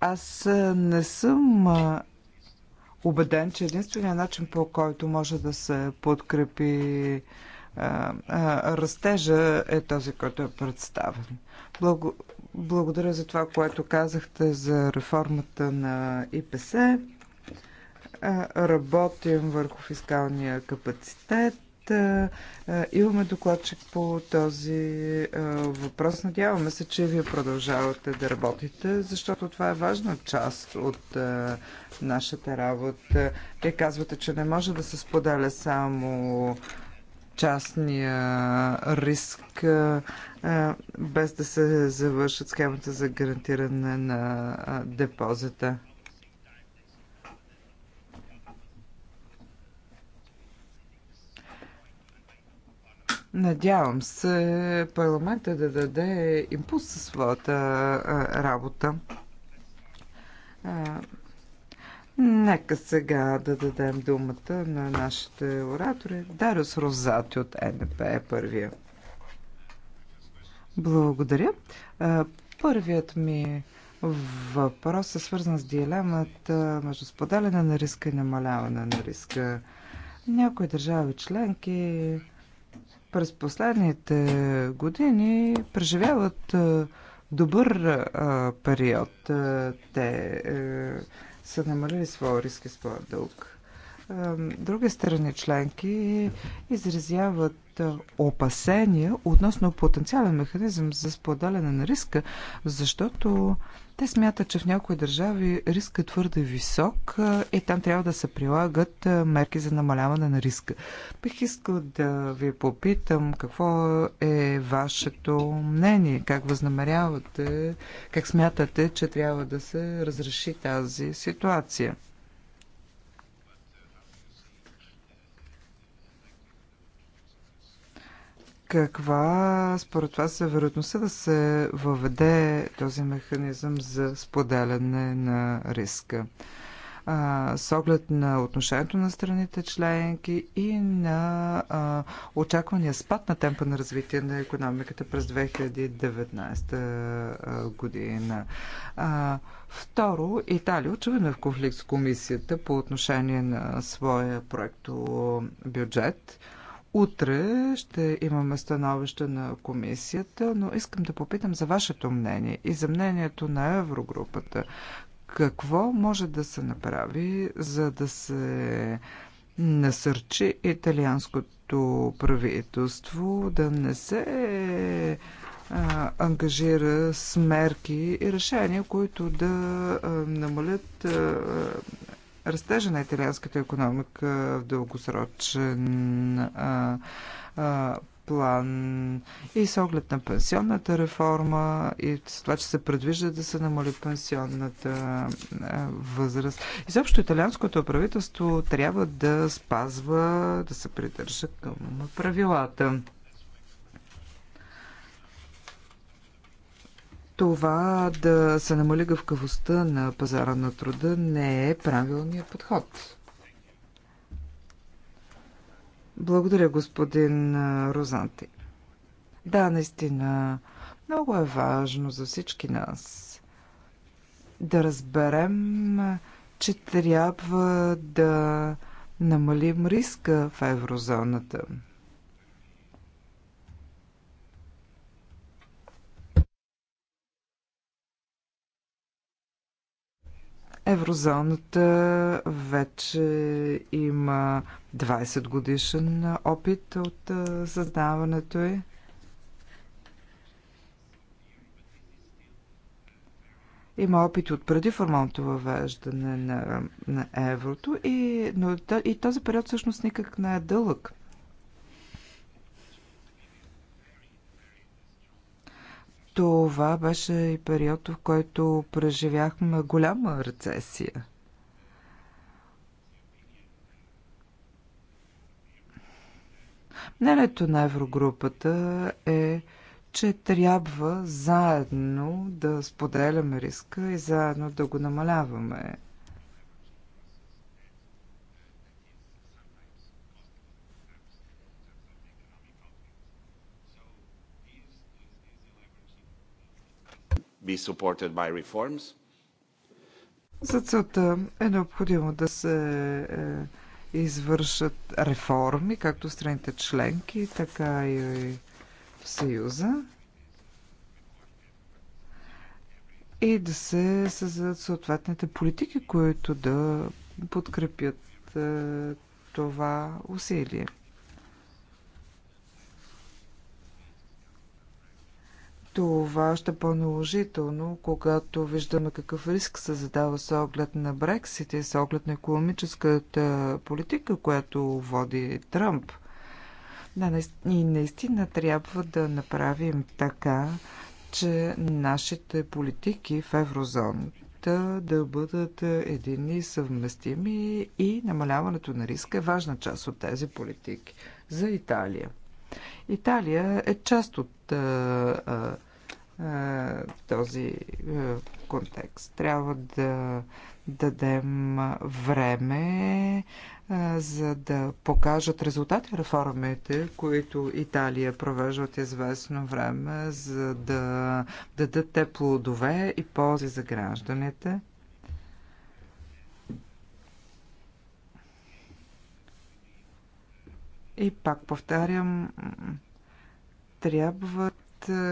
Аз не съм убеден, че единственият начин по който може да се подкрепи растежа е този, който е представен. Благо, благодаря за това, което казахте за реформата на ИПС. Работим върху фискалния капацитет. Имаме докладчик по този въпрос. Надяваме се, че вие продължавате да работите, защото това е важна част от нашата работа. Вие казвате, че не може да се споделя само частния риск, без да се завършат схемата за гарантиране на депозита. Надявам се парламента да даде импулс със своята работа. Нека сега да дадем думата на нашите оратори. Дарус Розати от НП е първия. Благодаря. Първият ми въпрос е свързан с дилемата между споделяне на риска и намаляване на риска. Някои държави членки през последните години преживяват добър период. Те е, са намалили своя риск и своя дълг. Други страни членки изразяват опасения относно потенциален механизъм за споделяне на риска, защото те смятат, че в някои държави риска е твърде висок и там трябва да се прилагат мерки за намаляване на риска. Бих искал да ви попитам какво е вашето мнение, как възнамерявате, как смятате, че трябва да се разреши тази ситуация. Каква според вас е вероятността да се въведе този механизъм за споделяне на риска? А, с оглед на отношението на страните членки и на а, очаквания спад на темпа на развитие на економиката през 2019 година. А, второ, Италия очевидно е в конфликт с комисията по отношение на своя проекто бюджет. Утре ще имаме становище на комисията, но искам да попитам за вашето мнение и за мнението на Еврогрупата. Какво може да се направи, за да се насърчи италианското правителство да не се а, ангажира с мерки и решения, които да а, намалят а, растежа на италианската економика в дългосрочен а, а, план и с оглед на пенсионната реформа и с това, че се предвижда да се намали пенсионната възраст. Изобщо италианското правителство трябва да спазва, да се придържа към правилата. това да се намали гъвкавостта на пазара на труда не е правилният подход. Благодаря, господин Розанти. Да, наистина, много е важно за всички нас да разберем, че трябва да намалим риска в еврозоната. Еврозоната вече има 20 годишен опит от създаването й. Има опит от преди формалното въвеждане на, на еврото и, но, и този период всъщност никак не е дълъг. Това беше и период, в който преживяхме голяма рецесия. Мнението на Еврогрупата е, че трябва заедно да споделяме риска и заедно да го намаляваме. be supported by reforms. За целта е необходимо да се е, извършат реформи, както страните членки, така и в Съюза. И да се създадат съответните политики, които да подкрепят е, това усилие. Това още е по-наложително, когато виждаме какъв риск се задава с оглед на Брексит и с оглед на економическата политика, която води Тръмп. Да, и наистина трябва да направим така, че нашите политики в еврозоната да бъдат едини, съвместими и намаляването на риска е важна част от тези политики. За Италия. Италия е част от а, този контекст. Трябва да дадем време, за да покажат резултати реформите, които Италия провежда от известно време, за да дадат те плодове и ползи за гражданите. И пак повтарям, трябва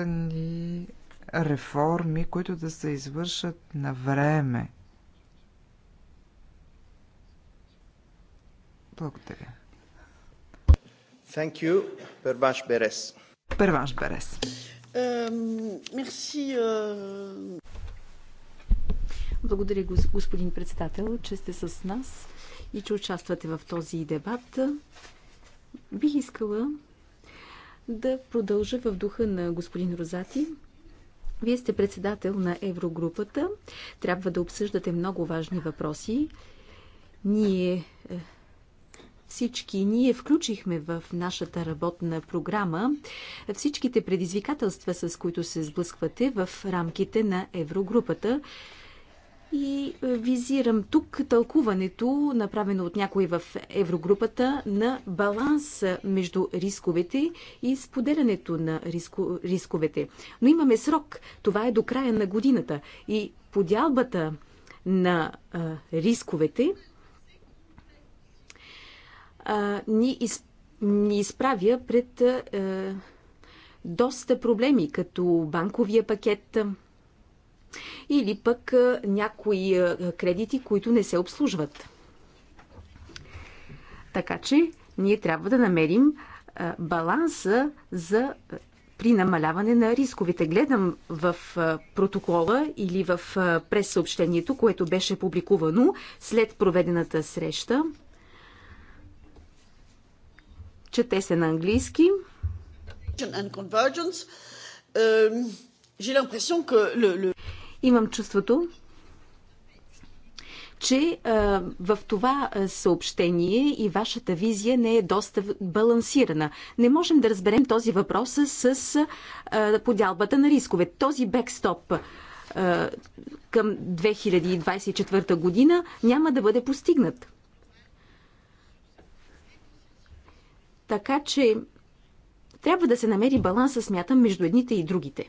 ни реформи, които да се извършат на време. Благодаря. Thank you, Перваш Берес. Перваш Берес. Мерси. Благодаря, господин председател, че сте с нас и че участвате в този дебат. Бих искала да продължа в духа на господин Розати. Вие сте председател на Еврогрупата. Трябва да обсъждате много важни въпроси. Ние е, всички ние включихме в нашата работна програма всичките предизвикателства, с които се сблъсквате в рамките на Еврогрупата. И е, визирам тук тълкуването, направено от някой в Еврогрупата, на баланс между рисковете и споделянето на риско, рисковете. Но имаме срок. Това е до края на годината. И подялбата на а, рисковете а, ни, из, ни изправя пред а, доста проблеми, като банковия пакет. А, или пък някои кредити, които не се обслужват. Така че ние трябва да намерим баланса за при намаляване на рисковите. Гледам в протокола или в пресъобщението, което беше публикувано след проведената среща. Чете се на английски. And convergence. Euh, J'ai l'impression que le, le... Имам чувството, че в това съобщение и вашата визия не е доста балансирана. Не можем да разберем този въпрос с подялбата на рискове. Този бекстоп към 2024 година няма да бъде постигнат. Така че трябва да се намери баланса, смятам, между едните и другите.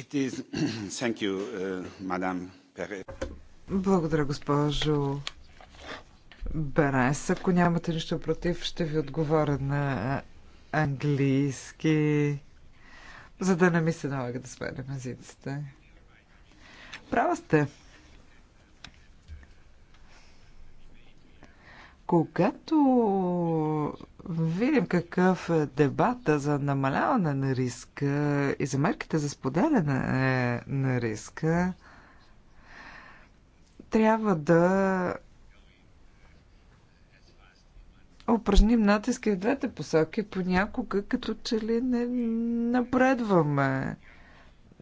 Uh, Благодаря, госпожо Берес. Ако нямате нищо против, ще ви отговоря на английски, за да не ми се налага да свалям езиците. Права сте. Когато видим какъв е дебата за намаляване на риска и за мерките за споделяне на риска, трябва да упражним натиски в двете посоки, понякога като че ли не напредваме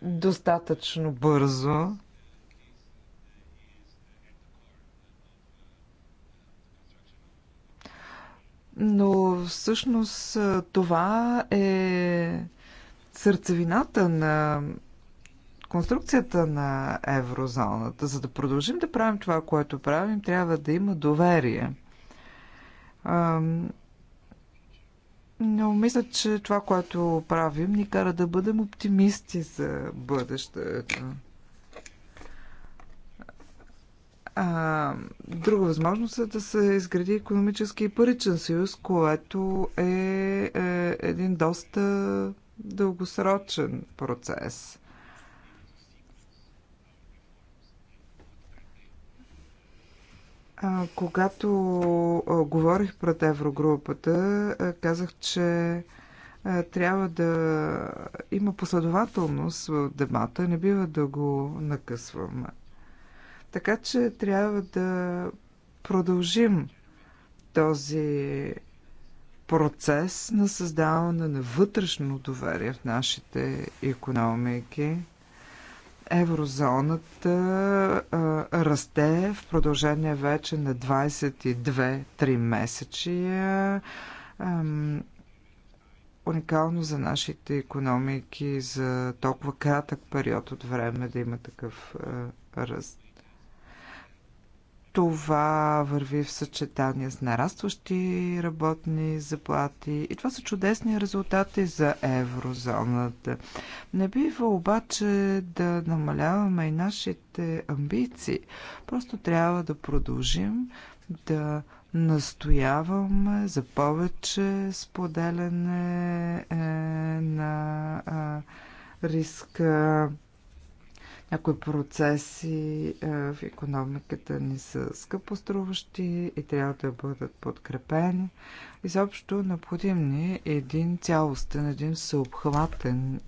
достатъчно бързо. Но всъщност това е сърцевината на конструкцията на еврозоната. За да продължим да правим това, което правим, трябва да има доверие. Но мисля, че това, което правим, ни кара да бъдем оптимисти за бъдещето. А, друга възможност е да се изгради економически и паричен съюз, което е, е един доста дългосрочен процес. А, когато а, говорих пред Еврогрупата, а, казах, че а, трябва да има последователност в дебата, не бива да го накъсваме. Така че трябва да продължим този процес на създаване на вътрешно доверие в нашите економики. Еврозоната а, расте в продължение вече на 22-3 месечия. Ам, уникално за нашите економики за толкова кратък период от време да има такъв а, ръст. Това върви в съчетание с нарастващи работни заплати и това са чудесни резултати за еврозоната. Не бива обаче да намаляваме и нашите амбиции. Просто трябва да продължим да настояваме за повече споделяне е, на риска някои процеси е, в економиката ни са скъпоструващи и трябва да бъдат подкрепени. Изобщо необходим ни е един цялостен, един съобхватен е,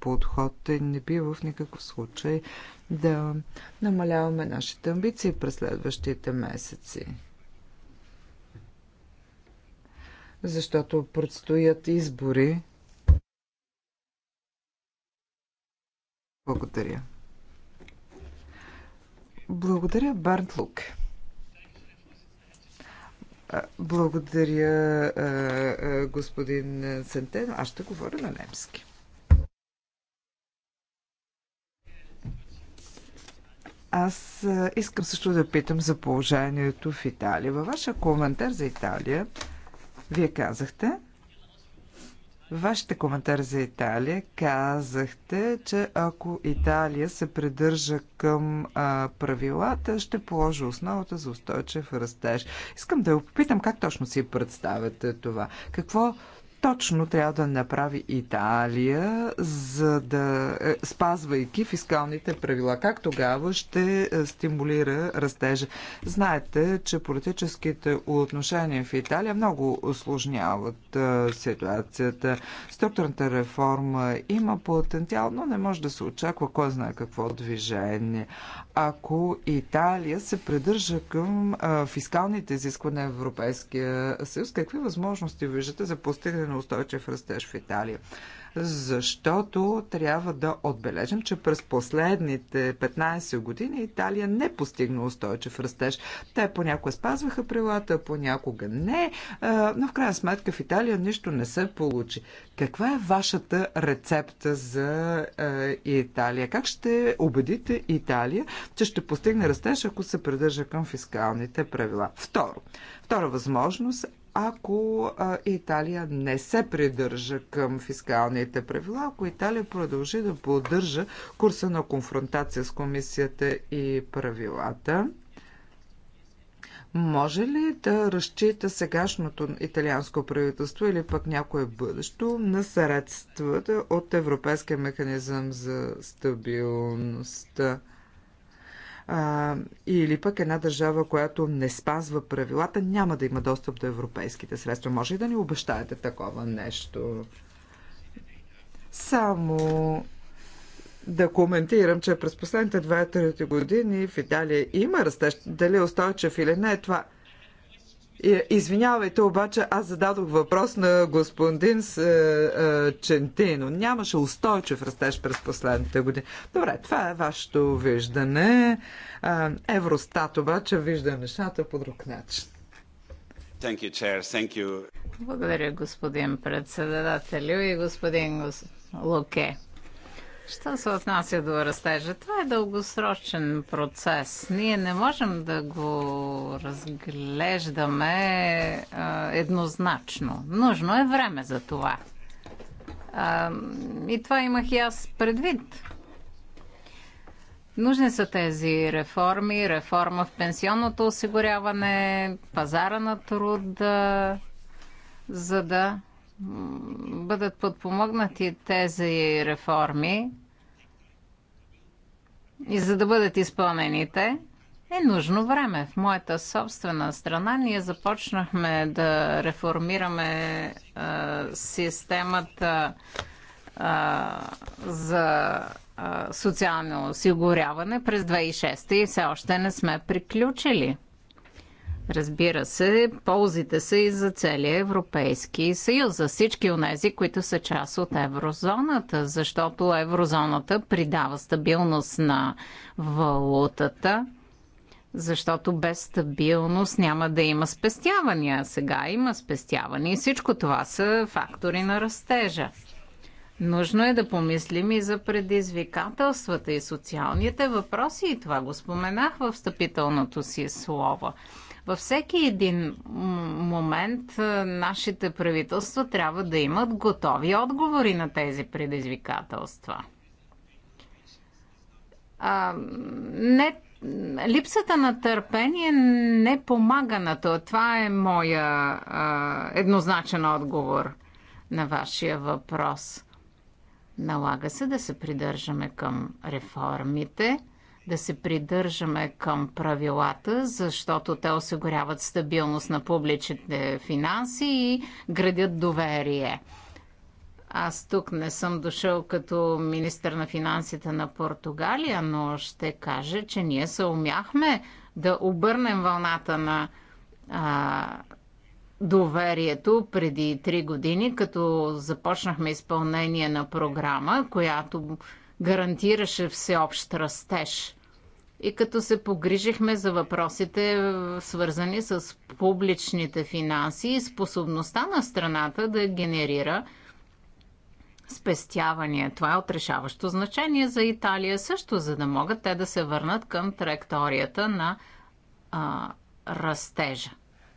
подход и не бива в никакъв случай да намаляваме нашите амбиции през следващите месеци. Защото предстоят избори. Благодаря. Благодаря, Барнт Лук. Благодаря, господин Сентен. Аз ще говоря на немски. Аз искам също да питам за положението в Италия. Във ваша коментар за Италия, вие казахте, Вашите коментар за Италия казахте, че ако Италия се придържа към а, правилата, ще положи основата за устойчив растеж. Искам да я попитам как точно си представяте това. Какво точно трябва да направи Италия, за да е, спазвайки фискалните правила? Как тогава ще е, стимулира растежа? Знаете, че политическите отношения в Италия много осложняват е, ситуацията. Структурната реформа има потенциал, но не може да се очаква кой знае какво движение. Ако Италия се придържа към фискалните изисквания на Европейския съюз, какви възможности виждате за постигане на устойчив растеж в Италия. Защото трябва да отбележим, че през последните 15 години Италия не постигна устойчив растеж. Те понякога спазваха правилата, понякога не, но в крайна сметка в Италия нищо не се получи. Каква е вашата рецепта за Италия? Как ще убедите Италия, че ще постигне растеж, ако се придържа към фискалните правила? Второ, втора възможност ако Италия не се придържа към фискалните правила, ако Италия продължи да поддържа курса на конфронтация с комисията и правилата. Може ли да разчита сегашното италианско правителство или пък някое бъдещо на средствата от Европейския механизъм за стабилността? а, или пък една държава, която не спазва правилата, няма да има достъп до европейските средства. Може и да ни обещаете такова нещо. Само да коментирам, че през последните 2-3 години в Италия има растеж. Дали е устойчив или не, това е, извинявайте, обаче аз зададох въпрос на господин е, е, Чентино. Нямаше устойчив растеж през последните години. Добре, това е вашето виждане. Евростат обаче вижда нещата по друг начин. Thank you, chair. Thank you. Благодаря, господин председателю и господин Луке. Що се отнася до растежа? Това е дългосрочен процес. Ние не можем да го разглеждаме а, еднозначно. Нужно е време за това. А, и това имах и аз предвид. Нужни са тези реформи, реформа в пенсионното осигуряване, пазара на труда, за да бъдат подпомогнати тези реформи и за да бъдат изпълнените, е нужно време. В моята собствена страна ние започнахме да реформираме а, системата а, за а, социално осигуряване през 2006 и все още не сме приключили. Разбира се, ползите са и за целия Европейски съюз, за всички онези, които са част от еврозоната, защото еврозоната придава стабилност на валутата, защото без стабилност няма да има спестявания. Сега има спестявания и всичко това са фактори на растежа. Нужно е да помислим и за предизвикателствата и социалните въпроси и това го споменах в встъпителното си слово. Във всеки един момент е, нашите правителства трябва да имат готови отговори на тези предизвикателства. А, не липсата на търпение не помага на това. Това е моя а, еднозначен отговор на вашия въпрос. Налага се да се придържаме към реформите, да се придържаме към правилата, защото те осигуряват стабилност на публичните финанси и градят доверие. Аз тук не съм дошъл като министър на финансите на Португалия, но ще кажа, че ние се умяхме да обърнем вълната на а, доверието преди три години, като започнахме изпълнение на програма, която гарантираше всеобщ растеж и като се погрижихме за въпросите, е, свързани с публичните финанси и способността на страната да генерира спестявания. Това е отрешаващо значение за Италия също, за да могат те да се върнат към траекторията на а, растежа.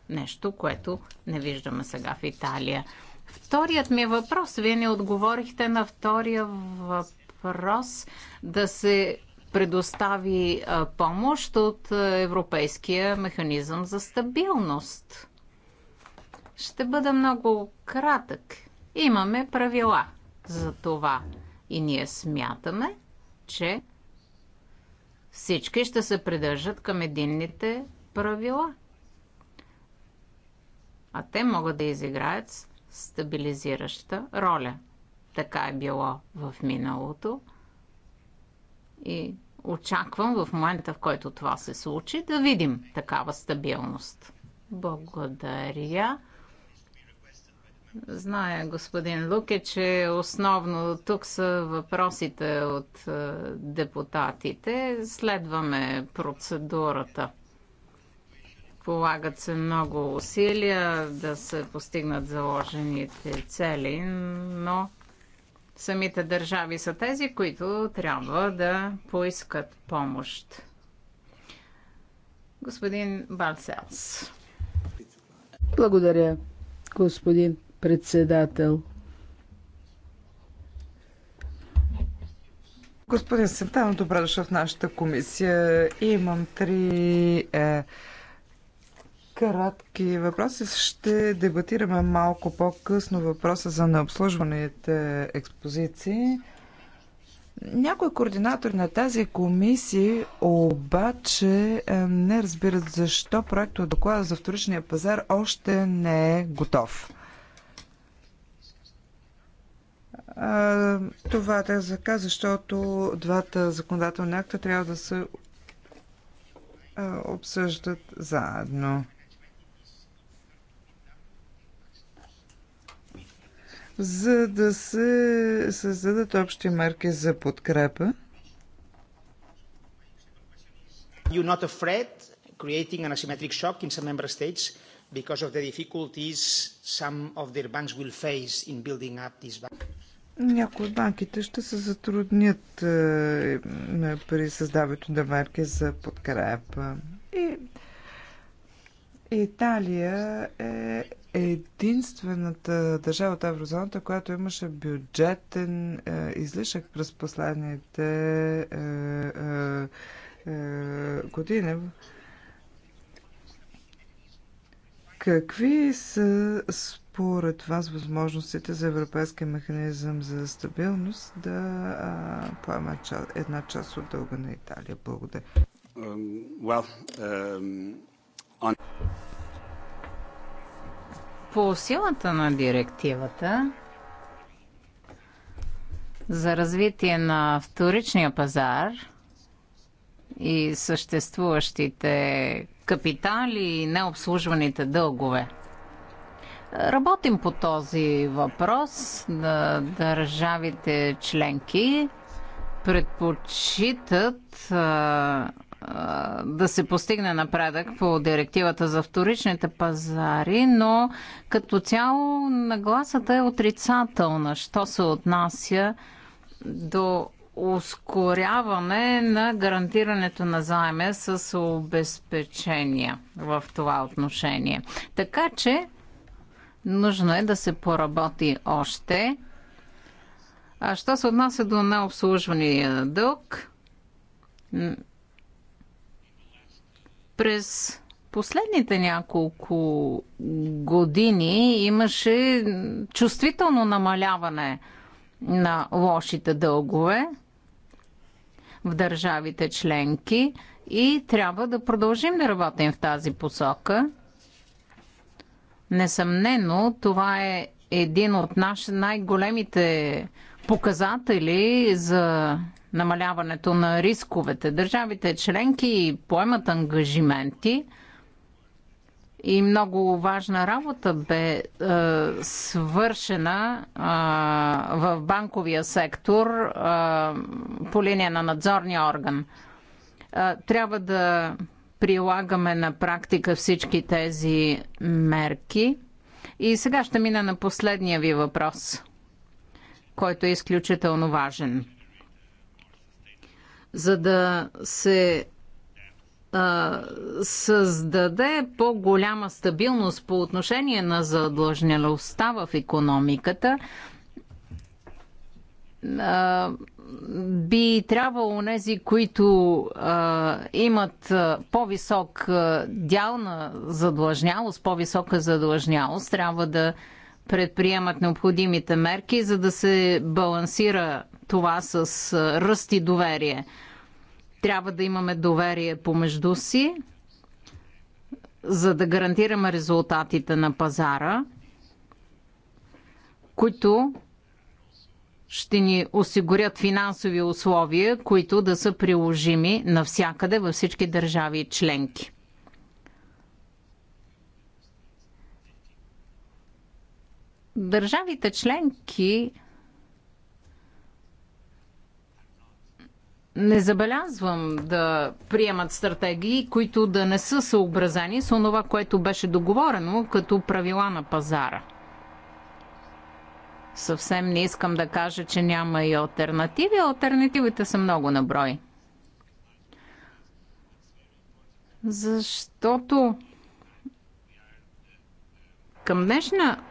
Нещо, което не виждаме сега в Италия. Вторият ми въпрос. Вие не отговорихте на втория въпрос да се предостави помощ от Европейския механизъм за стабилност. Ще бъда много кратък. Имаме правила за това и ние смятаме, че всички ще се придържат към единните правила. А те могат да изиграят стабилизираща роля. Така е било в миналото и очаквам в момента, в който това се случи, да видим такава стабилност. Благодаря. Зная, господин Луке, че основно тук са въпросите от е, депутатите. Следваме процедурата. Полагат се много усилия да се постигнат заложените цели, но самите държави са тези, които трябва да поискат помощ. Господин Барселс. Благодаря, господин председател. Господин Сентан, добре дошъл в нашата комисия. Имам три е, кратки въпроси. Ще дебатираме малко по-късно въпроса за необслужваните експозиции. Някои координатори на тази комисия обаче е, не разбират защо проектът доклада за вторичния пазар още не е готов. Е, това е зака, защото двата законодателни акта трябва да се е, обсъждат заедно. за да се създадат общи мерки за подкрепа. You're not afraid creating an asymmetric shock in some member states because of the difficulties some of their banks will face in building up these banks. Някои от банките ще се затруднят е, при създаването на мерки за подкрепа. И Италия е единствената държава от еврозоната, която имаше бюджетен е, излишък през последните е, е, е, години. Какви са според вас възможностите за Европейския механизъм за стабилност да а, поема ча, една част от дълга на Италия? Благодаря. Um, well, um, on... По силата на директивата за развитие на вторичния пазар и съществуващите капитали и необслужваните дългове. Работим по този въпрос на държавите членки предпочитат а, да се постигне напредък по директивата за вторичните пазари, но като цяло нагласата е отрицателна, що се отнася до ускоряване на гарантирането на заеме с обезпечения в това отношение. Така че нужно е да се поработи още. А що се отнася до необслужвания дълг, през последните няколко години имаше чувствително намаляване на лошите дългове в държавите членки и трябва да продължим да работим в тази посока. Несъмнено, това е един от наши най-големите показатели за намаляването на рисковете. Държавите членки поемат ангажименти и много важна работа бе е, свършена е, в банковия сектор е, по линия на надзорния орган. Е, трябва да прилагаме на практика всички тези мерки. И сега ще мина на последния ви въпрос който е изключително важен. За да се създаде по-голяма стабилност по отношение на задлъжнялостта в економиката, би трябвало нези, които а, имат по-висок дял на задлъжнялост, по-висока задлъжнялост, трябва да предприемат необходимите мерки, за да се балансира това с ръст и доверие. Трябва да имаме доверие помежду си, за да гарантираме резултатите на пазара, които ще ни осигурят финансови условия, които да са приложими навсякъде във всички държави членки. Държавите членки не забелязвам да приемат стратегии, които да не са съобразени с онова, което беше договорено като правила на пазара. Съвсем не искам да кажа, че няма и альтернативи. Альтернативите са много на брой. Защото към днешна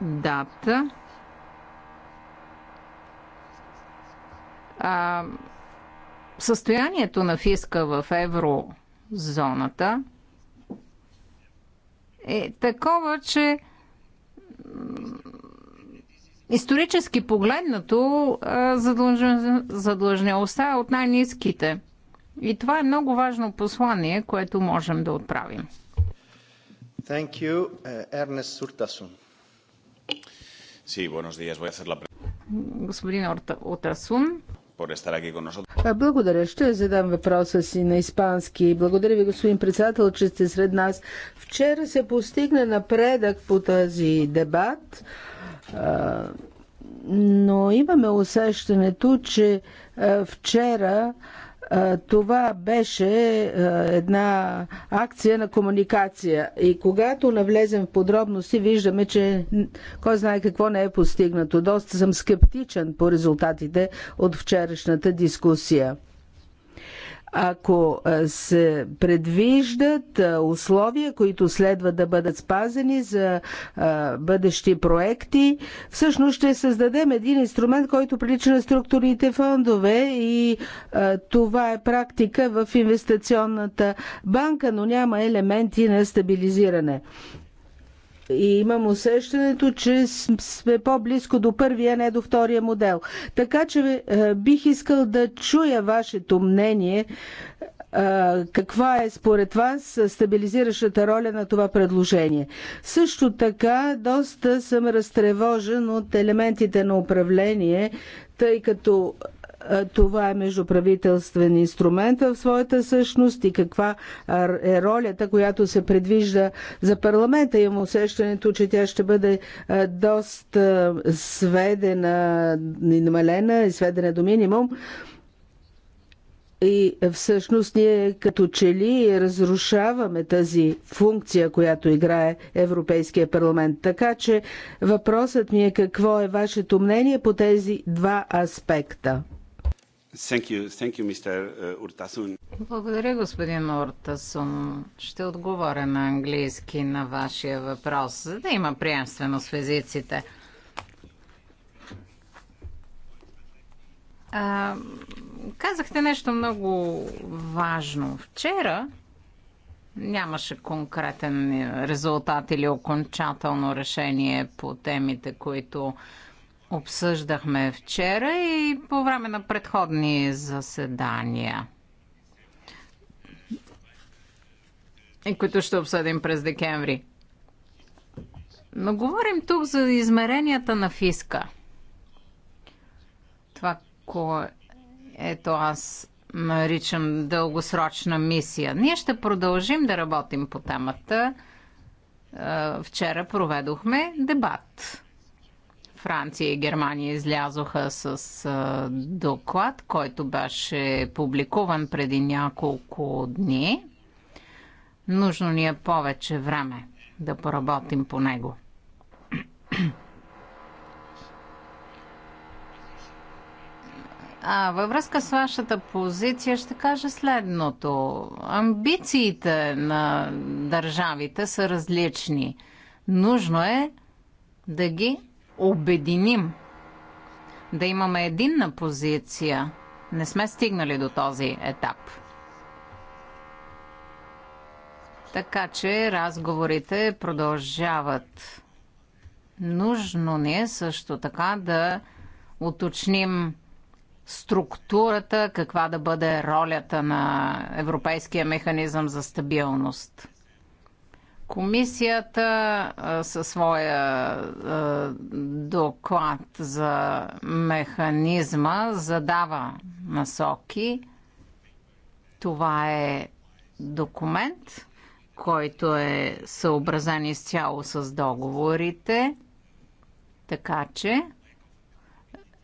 дата. А, състоянието на фиска в еврозоната е такова, че исторически погледнато задлъжнялостта е от най-низките. И това е много важно послание, което можем да отправим. Thank you, Ernest е, Surtasun. Sí, buenos días. Voy a hacer la Господин Отасун. Благодаря. Ще задам въпроса си на испански. Благодаря ви, господин председател, че сте сред нас. Вчера се постигна напредък по този дебат, но имаме усещането, че вчера това беше една акция на комуникация. И когато навлезем в подробности, виждаме, че кой знае какво не е постигнато. Доста съм скептичен по резултатите от вчерашната дискусия. Ако се предвиждат условия, които следва да бъдат спазени за бъдещи проекти, всъщност ще създадем един инструмент, който прилича на структурните фондове и това е практика в инвестиционната банка, но няма елементи на стабилизиране. И имам усещането, че сме по-близко до първия, не до втория модел. Така че е, бих искал да чуя вашето мнение е, каква е според вас стабилизиращата роля на това предложение. Също така, доста съм разтревожен от елементите на управление, тъй като е, това е междуправителствен инструмент в своята същност и каква е ролята, която се предвижда за парламента. Имам усещането, че тя ще бъде е, доста е, сведена и намалена и сведена до минимум. И всъщност ние като че ли разрушаваме тази функция, която играе Европейския парламент. Така че въпросът ми е какво е вашето мнение по тези два аспекта. Thank you, thank you, Mr. Uh, Благодаря, господин Уртасун. Ще отговоря на английски на вашия въпрос, за да има приемственост в езиците. А, казахте нещо много важно. Вчера нямаше конкретен резултат или окончателно решение по темите, които обсъждахме вчера и по време на предходни заседания, и които ще обсъдим през декември. Но говорим тук за измеренията на фиска. Това, кое ето аз наричам дългосрочна мисия. Ние ще продължим да работим по темата. Е, вчера проведохме дебат Франция и Германия излязоха с доклад, който беше публикуван преди няколко дни. Нужно ни е повече време да поработим по него. А, във връзка с вашата позиция ще кажа следното. Амбициите на държавите са различни. Нужно е да ги обединим, да имаме единна позиция. Не сме стигнали до този етап. Така че разговорите продължават. Нужно ни е също така да уточним структурата, каква да бъде ролята на Европейския механизъм за стабилност. Комисията със своя доклад за механизма задава насоки. Това е документ, който е съобразен изцяло с договорите, така че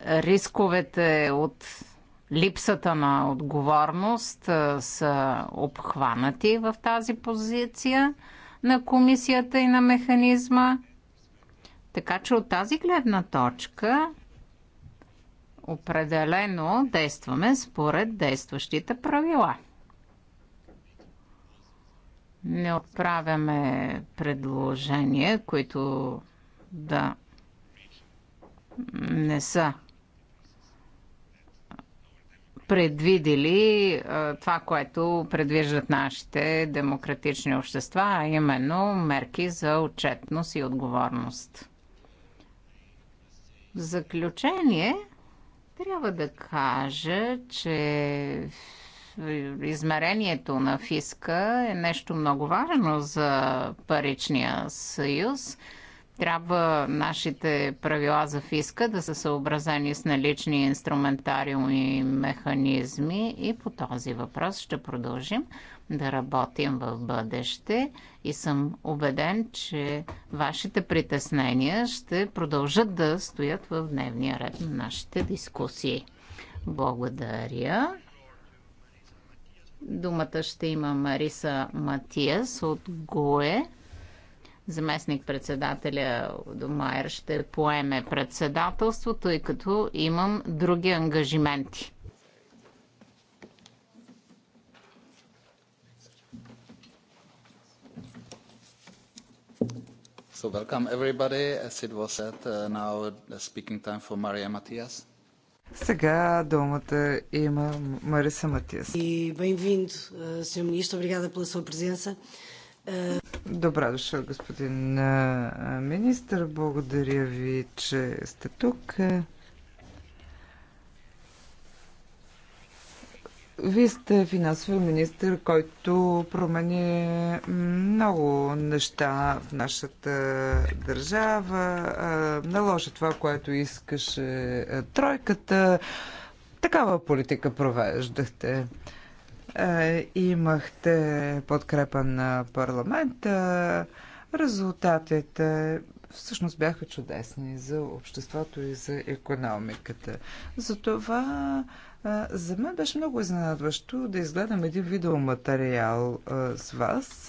рисковете от липсата на отговорност са обхванати в тази позиция – на комисията и на механизма. Така че от тази гледна точка определено действаме според действащите правила. Не отправяме предложения, които да не са предвидели това, което предвиждат нашите демократични общества, а именно мерки за отчетност и отговорност. В заключение, трябва да кажа, че измерението на фиска е нещо много важно за паричния съюз – трябва нашите правила за фиска да са съобразени с налични инструментариуми и механизми и по този въпрос ще продължим да работим в бъдеще и съм убеден, че вашите притеснения ще продължат да стоят в дневния ред на нашите дискусии. Благодаря. Думата ще има Мариса Матиас от ГОЕ заместник председателя Домайер ще поеме председателство, тъй като имам други ангажименти. So welcome everybody. As it was said, uh, now the speaking time for Maria Matias. Сега думата има Мариса Матиас. И бем-vindo, uh, Sr. Ministro. Obrigada Добре дошъл, господин министр. Благодаря ви, че сте тук. Вие сте финансови министр, който промени много неща в нашата държава. Наложи това, което искаше тройката. Такава политика провеждахте. Е, имахте подкрепа на парламента. Резултатите всъщност бяха чудесни за обществото и за економиката. Затова за мен беше много изненадващо да изгледам един видеоматериал с вас,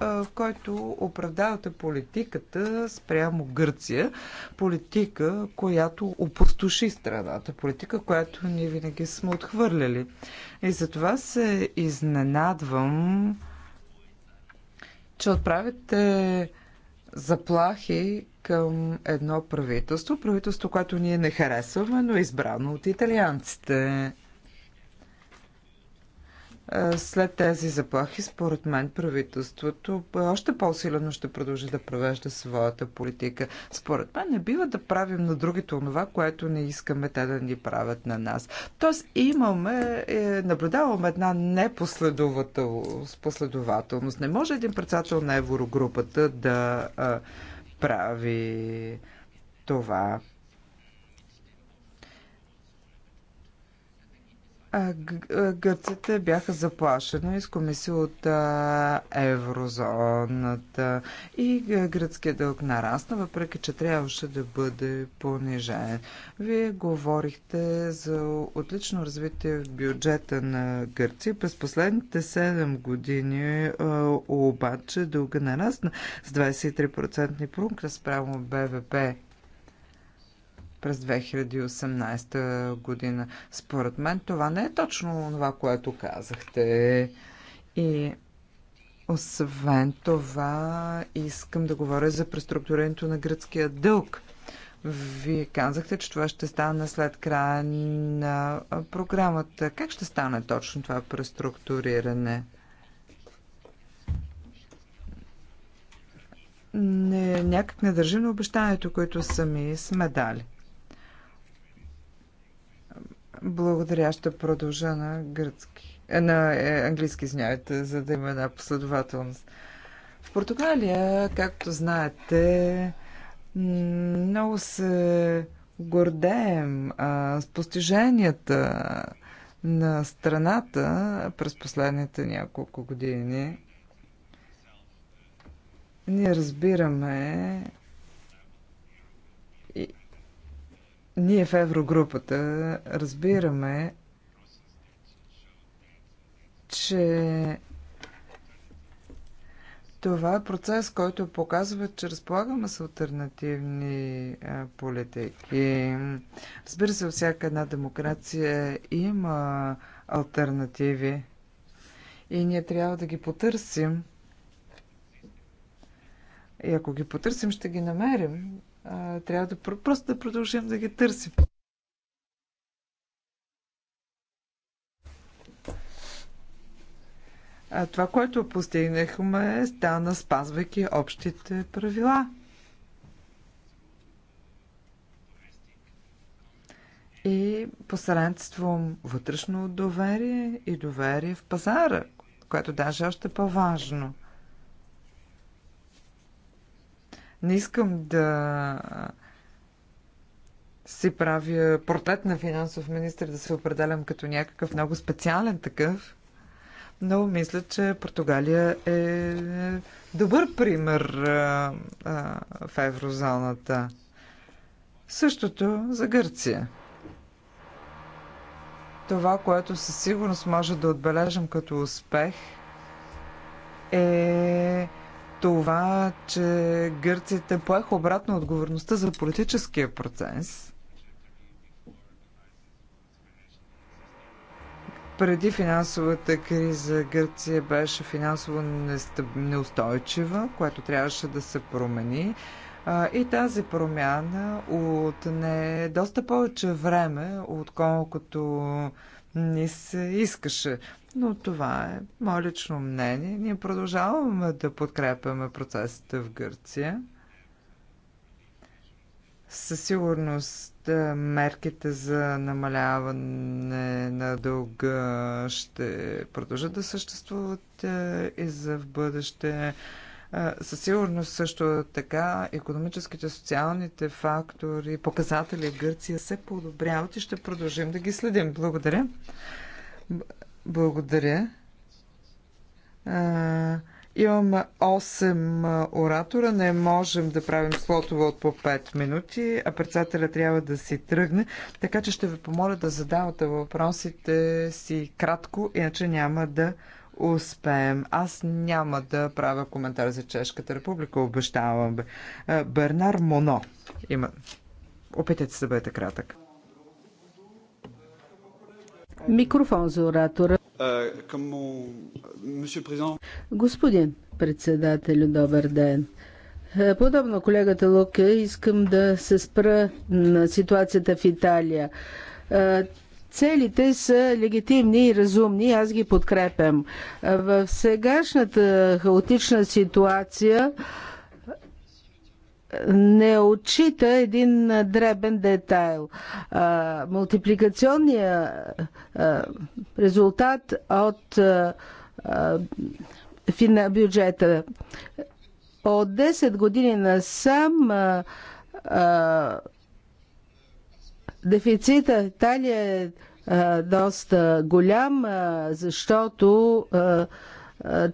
в който оправдавате политиката спрямо Гърция. Политика, която опустоши страната. Политика, която ние винаги сме отхвърляли. И затова се изненадвам, че отправите заплахи към едно правителство, правителство, което ние не харесваме, но е избрано от италианците след тези заплахи, според мен, правителството още по-силено ще продължи да провежда своята политика. Според мен не бива да правим на другите онова, което не искаме те да ни правят на нас. Тоест имаме, е, наблюдаваме една непоследователност. Не може един председател на еврогрупата да прави това. Гърците бяха заплашени с комисия от еврозоната и гръцкият дълг нарасна, въпреки че трябваше да бъде понижен. Вие говорихте за отлично развитие в бюджета на Гърция. През последните 7 години обаче дълга нарасна с 23% пункта спрямо БВП през 2018 година. Според мен това не е точно това, което казахте. И освен това, искам да говоря за преструктурирането на гръцкия дълг. Вие казахте, че това ще стане след края на програмата. Как ще стане точно това преструктуриране? Не, някак не държим на обещанието, което сами сме дали. Благодаря. Ще продължа на гръцки. Е, на е, английски, извинявайте, за да има една последователност. В Португалия, както знаете, много се гордеем а, с постиженията на страната през последните няколко години. Ние разбираме Ние в Еврогрупата разбираме, че това е процес, който показва, че разполагаме с альтернативни политики. Разбира се, всяка една демокрация има альтернативи и ние трябва да ги потърсим. И ако ги потърсим, ще ги намерим трябва да просто да продължим да ги търсим. А това, което постигнахме, стана спазвайки общите правила. И посредством вътрешно доверие и доверие в пазара, което даже е още е по-важно – Не искам да си правя портрет на финансов министр, да се определям като някакъв много специален такъв, но мисля, че Португалия е добър пример а, а, в еврозоната. Същото за Гърция. Това, което със сигурност може да отбележим като успех, е това, че гърците поеха обратно отговорността за политическия процес преди финансовата криза Гърция беше финансово неустойчива, което трябваше да се промени. И тази промяна отне доста повече време, отколкото не се искаше. Но това е мое лично мнение. Ние продължаваме да подкрепяме процесите в Гърция. Със сигурност е, мерките за намаляване на дълга ще продължат да съществуват е, и за в бъдеще. Със сигурност също така економическите, социалните фактори, показатели в Гърция се подобряват и ще продължим да ги следим. Благодаря. Благодаря. имам 8 оратора. Не можем да правим слотове от по 5 минути, а председателя трябва да си тръгне. Така че ще ви помоля да задавате въпросите си кратко, иначе няма да успеем. Аз няма да правя коментар за Чешката република, обещавам. Е, Бернар Моно. Има... Опитайте се да бъдете кратък. Микрофон за оратора. Е, Господин председател, добър ден. Е, подобно колегата Лука, искам да се спра на ситуацията в Италия. Целите са легитимни и разумни, аз ги подкрепям. В сегашната хаотична ситуация не отчита един дребен детайл. А, мултипликационният резултат от а, бюджета от 10 години насам а, а, Дефицита Италия е доста голям, защото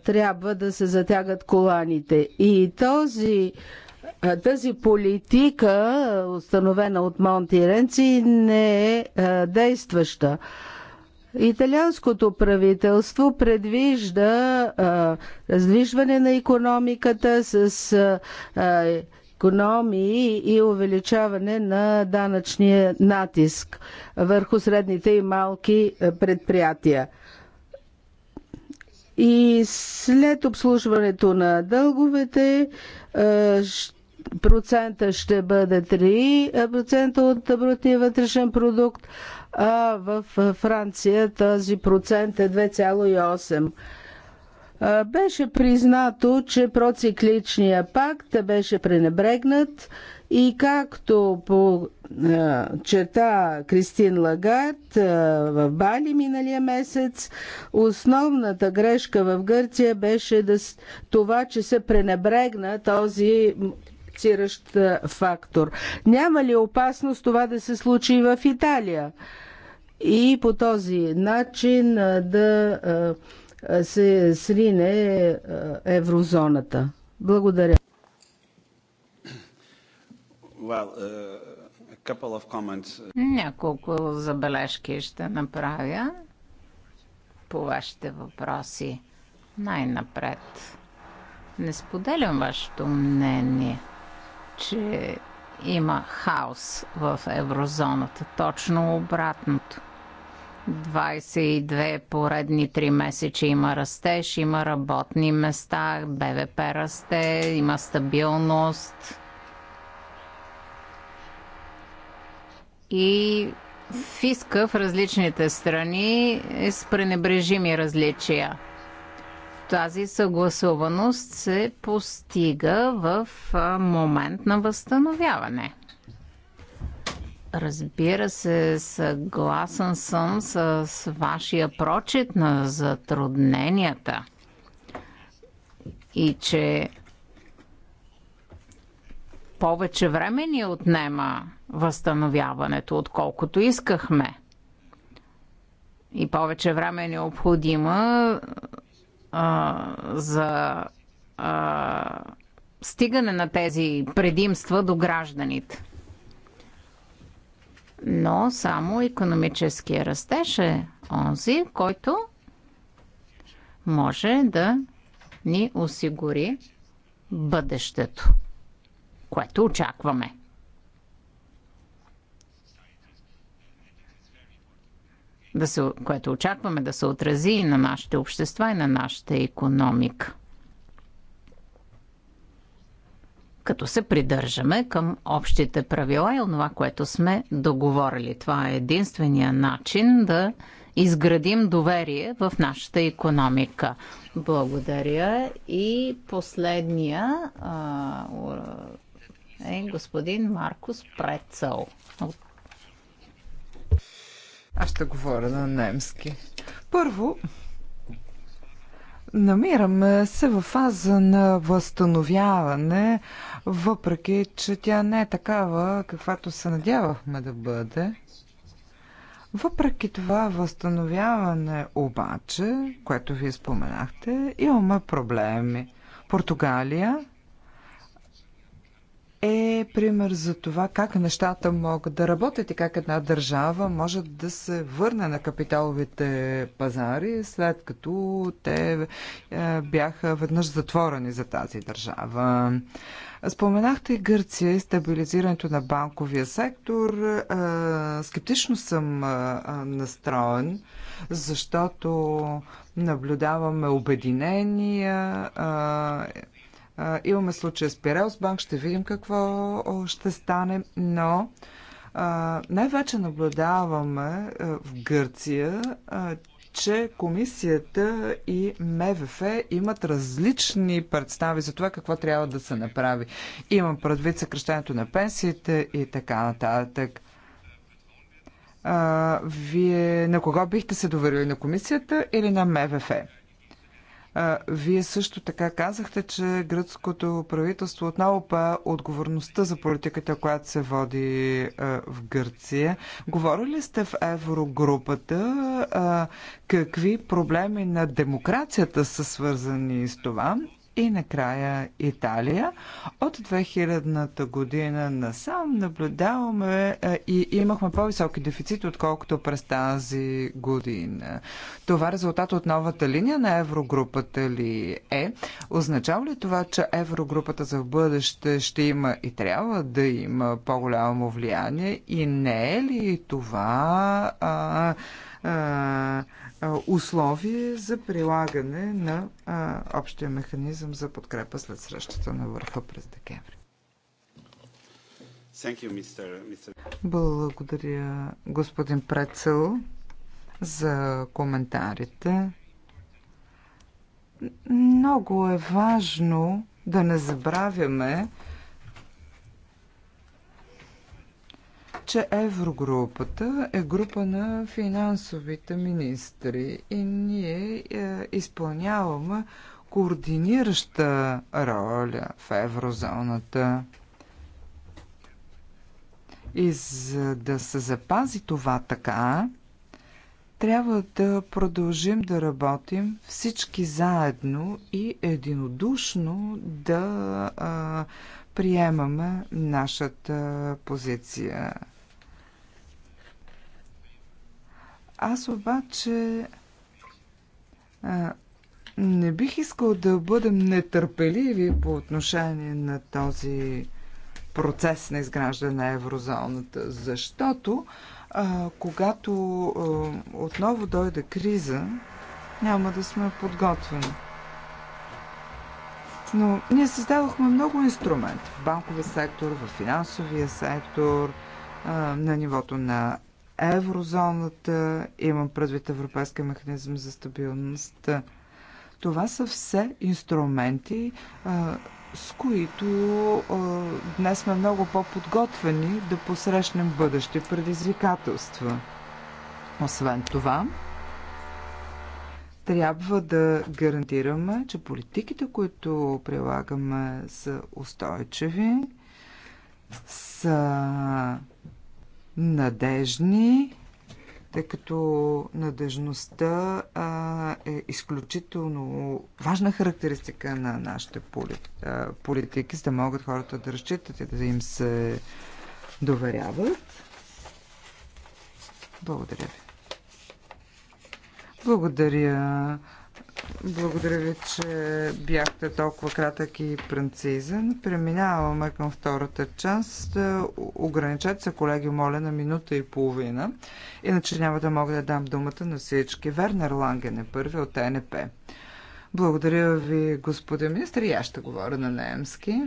трябва да се затягат коланите. И този, тази политика, установена от Монти Ренци, не е действаща. Италианското правителство предвижда а, раздвижване на економиката с а, економии и увеличаване на данъчния натиск върху средните и малки е, предприятия. И след обслужването на дълговете е, процента ще бъде 3% е, от брутния вътрешен продукт, а в Франция този процент е 2,8%. Беше признато, че процикличният пакт беше пренебрегнат и както по чета Кристин Лагард в Бали миналия месец, основната грешка в Гърция беше да, това, че се пренебрегна този циращ фактор. Няма ли опасност това да се случи и в Италия? И по този начин да се срине еврозоната. Благодаря. Well, uh, Няколко забележки ще направя по вашите въпроси. Най-напред. Не споделям вашето мнение, че има хаос в еврозоната. Точно обратното. 22 поредни три месечи има растеж, има работни места, БВП расте, има стабилност. И фиска в различните страни е с пренебрежими различия. Тази съгласуваност се постига в момент на възстановяване. Разбира се, съгласен съм с вашия прочит на затрудненията и че повече време ни отнема възстановяването, отколкото искахме. И повече време е необходимо а, за а, стигане на тези предимства до гражданите но само економическия растеж е онзи, който може да ни осигури бъдещето, което очакваме. Да се, което очакваме да се отрази и на нашите общества и на нашата економика. като се придържаме към общите правила и това, което сме договорили. Това е единствения начин да изградим доверие в нашата економика. Благодаря. И последния а, е господин Маркус Прецъл. Аз ще говоря на немски. Първо, Намираме се в фаза на възстановяване, въпреки че тя не е такава, каквато се надявахме да бъде. Въпреки това възстановяване обаче, което вие споменахте, имаме проблеми. Португалия е пример за това как нещата могат да работят и как една държава може да се върне на капиталовите пазари, след като те е, бяха веднъж затворени за тази държава. Споменахте и Гърция и стабилизирането на банковия сектор. Е, скептично съм е, настроен, защото наблюдаваме обединения имаме случая с Пирелс банк, ще видим какво ще стане, но най-вече наблюдаваме а, в Гърция, а, че комисията и МВФ имат различни представи за това какво трябва да се направи. Имам предвид съкрещането на пенсиите и така нататък. А, вие на кого бихте се доверили? На комисията или на МВФ? Вие също така казахте, че гръцкото правителство отново па отговорността за политиката, която се води в Гърция. Говорили сте в Еврогрупата какви проблеми на демокрацията са свързани с това и накрая Италия. От 2000-та година насам наблюдаваме е, и имахме по-високи дефицити, отколкото през тази година. Това резултат от новата линия на еврогрупата ли е? Означава ли това, че еврогрупата за в бъдеще ще има и трябва да има по-голямо влияние? И не е ли това а, а, условие за прилагане на общия механизъм за подкрепа след срещата на върха през декември. Благодаря, господин Прецел, за коментарите. Много е важно да не забравяме, че Еврогрупата е група на финансовите министри и ние е, изпълняваме координираща роля в еврозоната. И за да се запази това така, трябва да продължим да работим всички заедно и единодушно да а, приемаме нашата позиция. Аз обаче а, не бих искал да бъдем нетърпеливи по отношение на този процес на изграждане на еврозоната, защото а, когато а, отново дойде криза, няма да сме подготвени. Но ние създадохме много инструменти в банковия сектор, в финансовия сектор, на нивото на еврозоната, имам предвид Европейския механизъм за стабилност. Това са все инструменти, с които днес сме много по-подготвени да посрещнем бъдещи предизвикателства. Освен това, трябва да гарантираме, че политиките, които прилагаме, са устойчиви, са надежни, тъй като надежността а, е изключително важна характеристика на нашите политики, за да могат хората да разчитат и да им се доверяват. Благодаря ви. Благодаря благодаря ви, че бяхте толкова кратък и прецизен. Преминаваме към втората част. Ограничете се, колеги, моля, на минута и половина. Иначе няма да мога да дам думата на всички. Вернер Ланген е първи от НП. Благодаря ви, господин министр. И аз ще говоря на немски.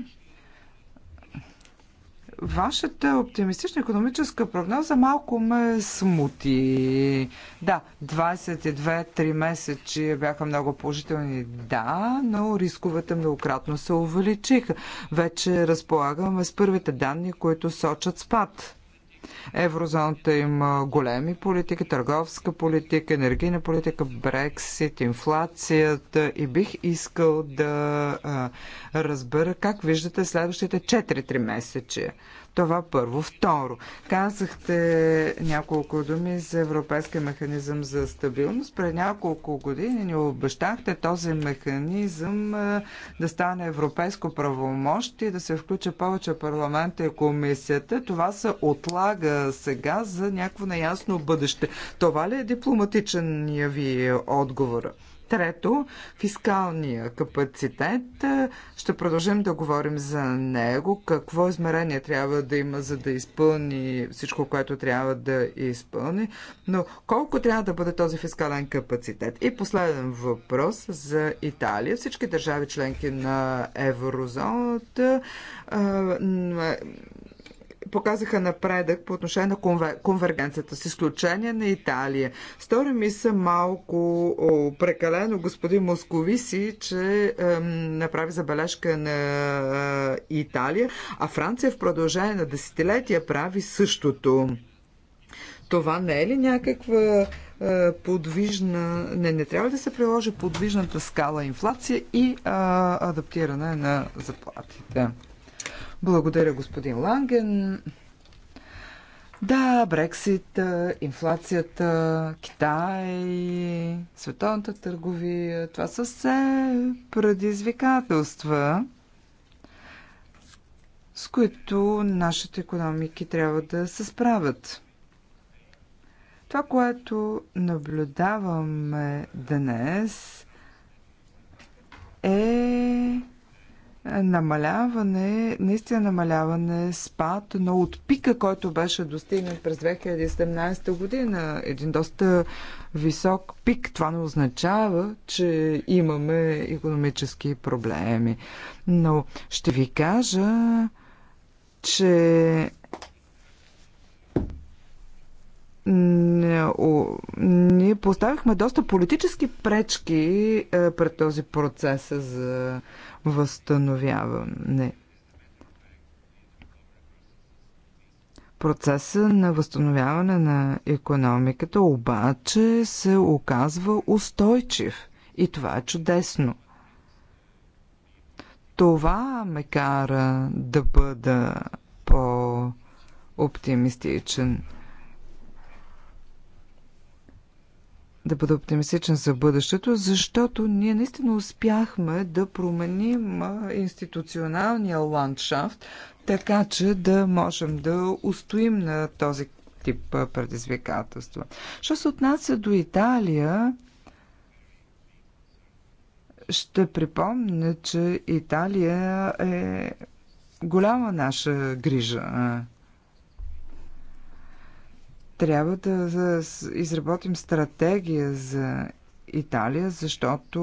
Вашата оптимистична економическа прогноза малко ме смути. Да, 22-3 месечи бяха много положителни, да, но рисковете многократно се увеличиха. Вече разполагаме с първите данни, които сочат спад. Еврозоната има големи политики, търговска политика, енергийна политика, Брексит, инфлацията и бих искал да разбера как виждате следващите 4-3 месечи. Това първо. Второ, казахте няколко думи за Европейския механизъм за стабилност. Пред няколко години ни обещахте този механизъм е, да стане европейско правомощ и да се включи повече парламента и комисията. Това се отлага сега за някакво неясно бъдеще. Това ли е дипломатичен ви отговор? Трето, фискалния капацитет. Ще продължим да говорим за него. Какво измерение трябва да има, за да изпълни всичко, което трябва да изпълни. Но колко трябва да бъде този фискален капацитет? И последен въпрос за Италия. Всички държави членки на еврозоната показаха напредък по отношение на конвергенцията, с изключение на Италия. Стори ми се малко о, прекалено господин Московиси, че ем, направи забележка на е, Италия, а Франция в продължение на десетилетия прави същото. Това не е ли някаква е, подвижна... Не, не трябва да се приложи подвижната скала инфлация и е, адаптиране на заплатите. Благодаря, господин Ланген. Да, Брексит, инфлацията, Китай, световната търговия, това са все предизвикателства, с които нашите економики трябва да се справят. Това, което наблюдаваме днес, е намаляване, наистина намаляване, спад, но от пика, който беше достигнат през 2017 година, един доста висок пик, това не означава, че имаме економически проблеми. Но ще ви кажа, че ние поставихме доста политически пречки е, пред този процес за възстановяване. Процеса на възстановяване на економиката обаче се оказва устойчив. И това е чудесно. Това ме кара да бъда по-оптимистичен. да бъда оптимистичен за бъдещето, защото ние наистина успяхме да променим институционалния ландшафт, така че да можем да устоим на този тип предизвикателства. Що се отнася до Италия, ще припомня, че Италия е голяма наша грижа. Трябва да изработим стратегия за Италия, защото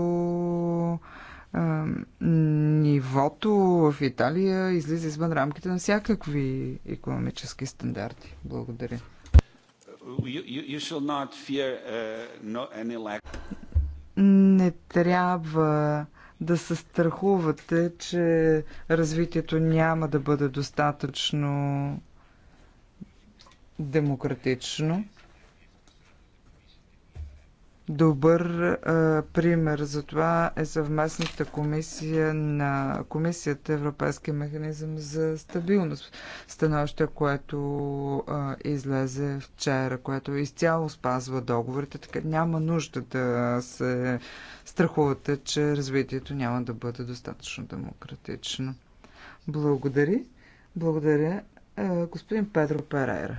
а, нивото в Италия излиза извън рамките на всякакви економически стандарти. Благодаря. You, you fear, uh, no Не трябва да се страхувате, че развитието няма да бъде достатъчно демократично. Добър а, пример за това е съвместната комисия на Комисията Европейския механизъм за стабилност. Становище, което а, излезе вчера, което изцяло спазва договорите, така няма нужда да се страхувате, че развитието няма да бъде достатъчно демократично. Благодаря. Благодаря, а, господин Педро Перейра.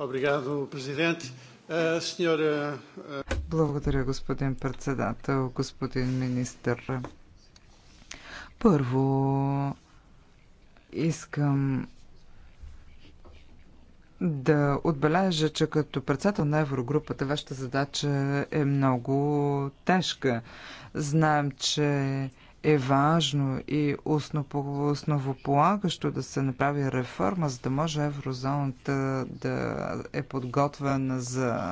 Obrigado, presidente. Eh, senhora... Eh, Благодаря, господин председател, господин министър. Първо, искам да отбележа, че като председател на Еврогрупата вашата задача е много тежка. Знаем, че е важно и основополагащо да се направи реформа, за да може еврозоната да е подготвена за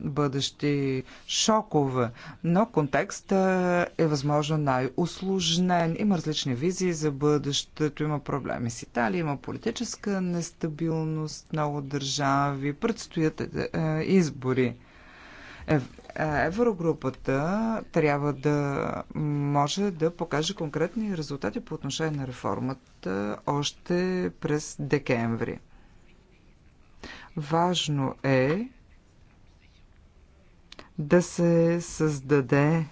бъдещи шокове. Но контекстът е възможно най-усложнен. Има различни визии за бъдещето. Има проблеми с Италия, има политическа нестабилност, много държави, предстоят е, е, избори. Еврогрупата трябва да може да покаже конкретни резултати по отношение на реформата още през декември. Важно е да се създаде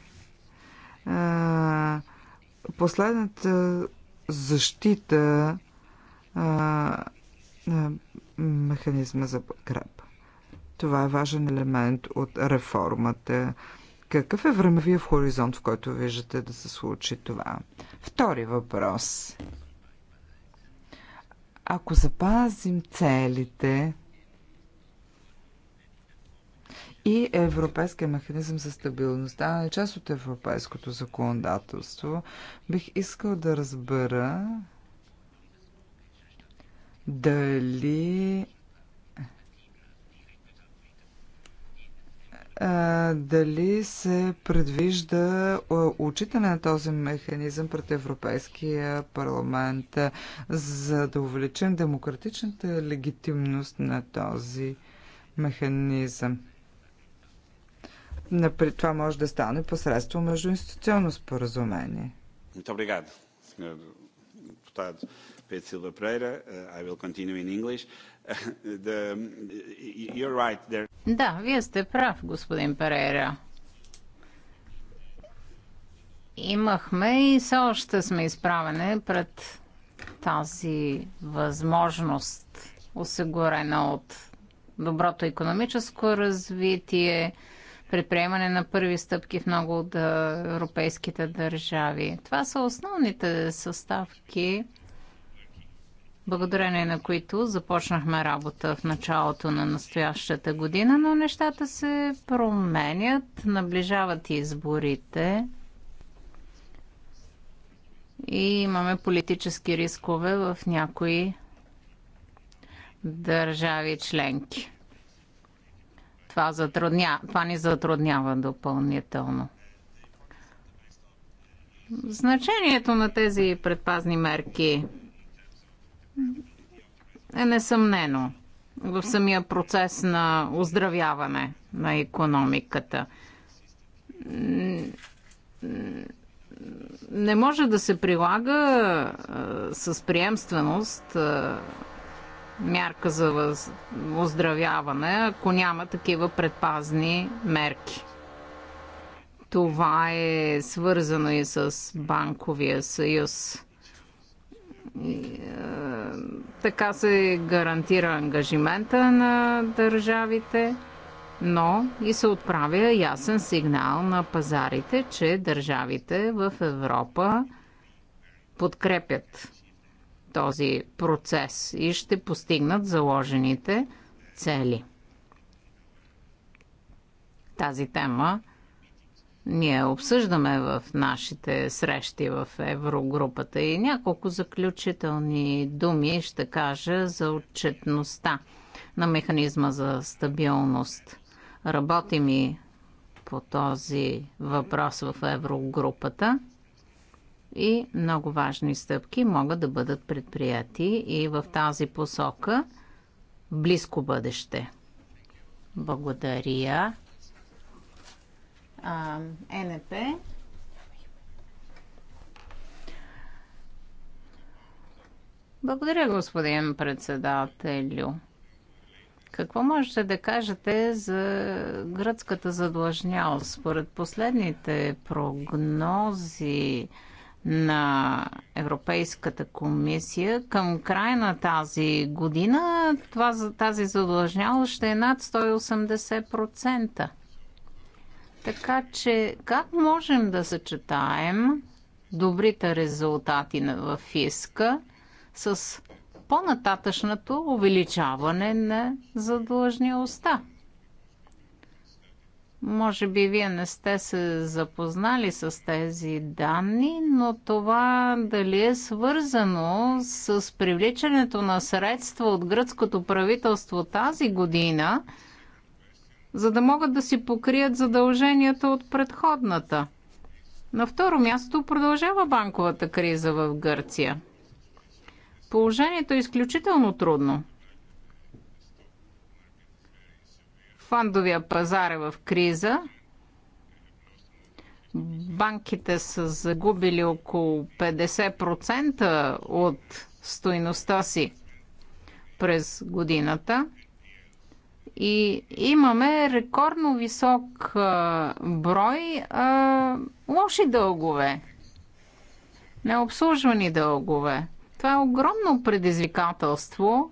а, последната защита а, на механизма за това е важен елемент от реформата. Какъв е времевия хоризонт, в който виждате да се случи това? Втори въпрос. Ако запазим целите и Европейския механизъм за стабилността не част от европейското законодателство, бих искал да разбера дали дали се предвижда отчитане на този механизъм пред Европейския парламент, за да увеличим демократичната легитимност на този механизъм. Напред това може да стане посредством междуинституционно споразумение. Благодаря, obrigado, Sr. Deputado Pedro Silva Pereira. Uh, I You're right there. Да, вие сте прав, господин Перейра. Имахме и все още сме изправени пред тази възможност, осигурена от доброто економическо развитие, предприемане на първи стъпки в много от европейските държави. Това са основните съставки благодарение на които започнахме работа в началото на настоящата година, но нещата се променят, наближават изборите и имаме политически рискове в някои държави членки. Това, затрудня, това ни затруднява допълнително. Значението на тези предпазни мерки – е несъмнено в самия процес на оздравяване на економиката. Не може да се прилага а, с приемственост а, мярка за въз... оздравяване, ако няма такива предпазни мерки. Това е свързано и с банковия съюз. И, а, така се гарантира ангажимента на държавите, но и се отправя ясен сигнал на пазарите, че държавите в Европа подкрепят този процес и ще постигнат заложените цели. Тази тема ние обсъждаме в нашите срещи в Еврогрупата. И няколко заключителни думи ще кажа за отчетността на механизма за стабилност. Работим и по този въпрос в Еврогрупата и много важни стъпки могат да бъдат предприяти и в тази посока близко бъдеще. Благодаря а, НП. Благодаря, господин председателю. Какво можете да кажете за гръцката задлъжнялост? Според последните прогнози на Европейската комисия, към края на тази година тази задлъжнялост ще е над 180%. Така че как можем да съчетаем добрите резултати в фиска с по-нататъчното увеличаване на задлъжнялостта? Може би вие не сте се запознали с тези данни, но това дали е свързано с привличането на средства от гръцкото правителство тази година – за да могат да си покрият задълженията от предходната. На второ място продължава банковата криза в Гърция. Положението е изключително трудно. Фандовия пазар е в криза. Банките са загубили около 50% от стоиността си през годината. И имаме рекордно висок а, брой а, лоши дългове, необслужвани дългове. Това е огромно предизвикателство,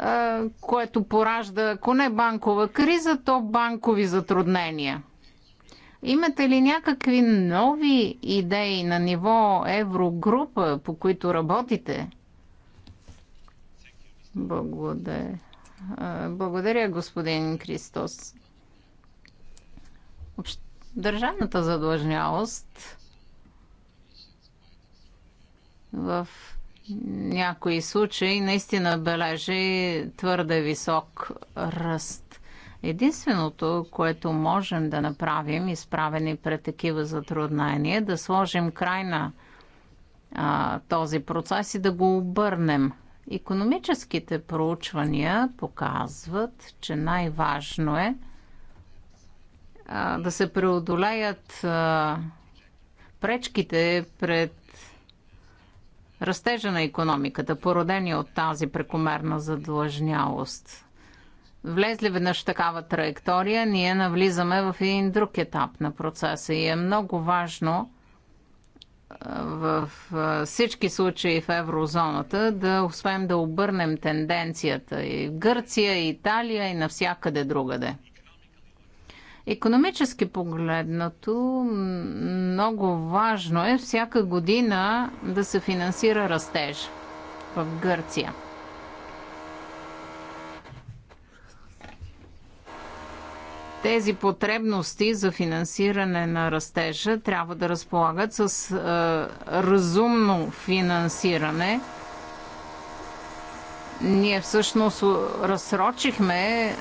а, което поражда, ако не банкова криза, то банкови затруднения. Имате ли някакви нови идеи на ниво еврогрупа, по които работите? Благодаря. Благодаря, господин Кристос. Държавната задлъжнялост в някои случаи наистина бележи твърде висок ръст. Единственото, което можем да направим, изправени пред такива затруднения, е да сложим край на а, този процес и да го обърнем – Економическите проучвания показват, че най-важно е а, да се преодолеят а, пречките пред растежа на економиката, породени от тази прекомерна задлъжнялост. Влезли веднъж такава траектория, ние навлизаме в един друг етап на процеса и е много важно в всички случаи в еврозоната да успеем да обърнем тенденцията и в Гърция, и Италия, и навсякъде другаде. Економически погледнато, много важно е всяка година да се финансира растеж в Гърция – тези потребности за финансиране на растежа трябва да разполагат с е, разумно финансиране. Ние всъщност разсрочихме е,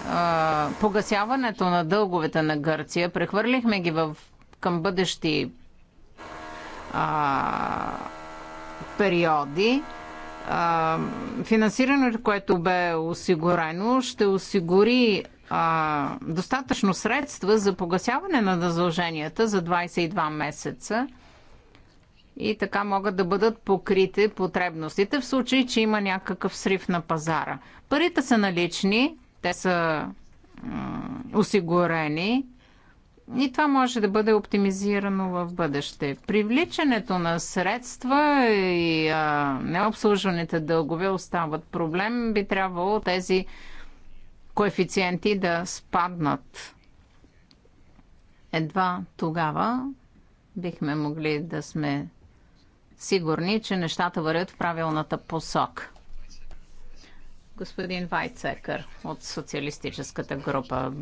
погасяването на дълговете на Гърция, прехвърлихме ги в, към бъдещи е, периоди. Е, финансирането, което бе осигурено, ще осигури а, достатъчно средства за погасяване на задълженията за 22 месеца и така могат да бъдат покрити потребностите в случай, че има някакъв срив на пазара. Парите са налични, те са осигурени и това може да бъде оптимизирано в бъдеще. Привличането на средства и а, необслужваните дългове остават проблем. Би трябвало тези коефициенти да спаднат. Едва тогава бихме могли да сме сигурни, че нещата вървят в правилната посока. Господин Вайцекър от социалистическата група.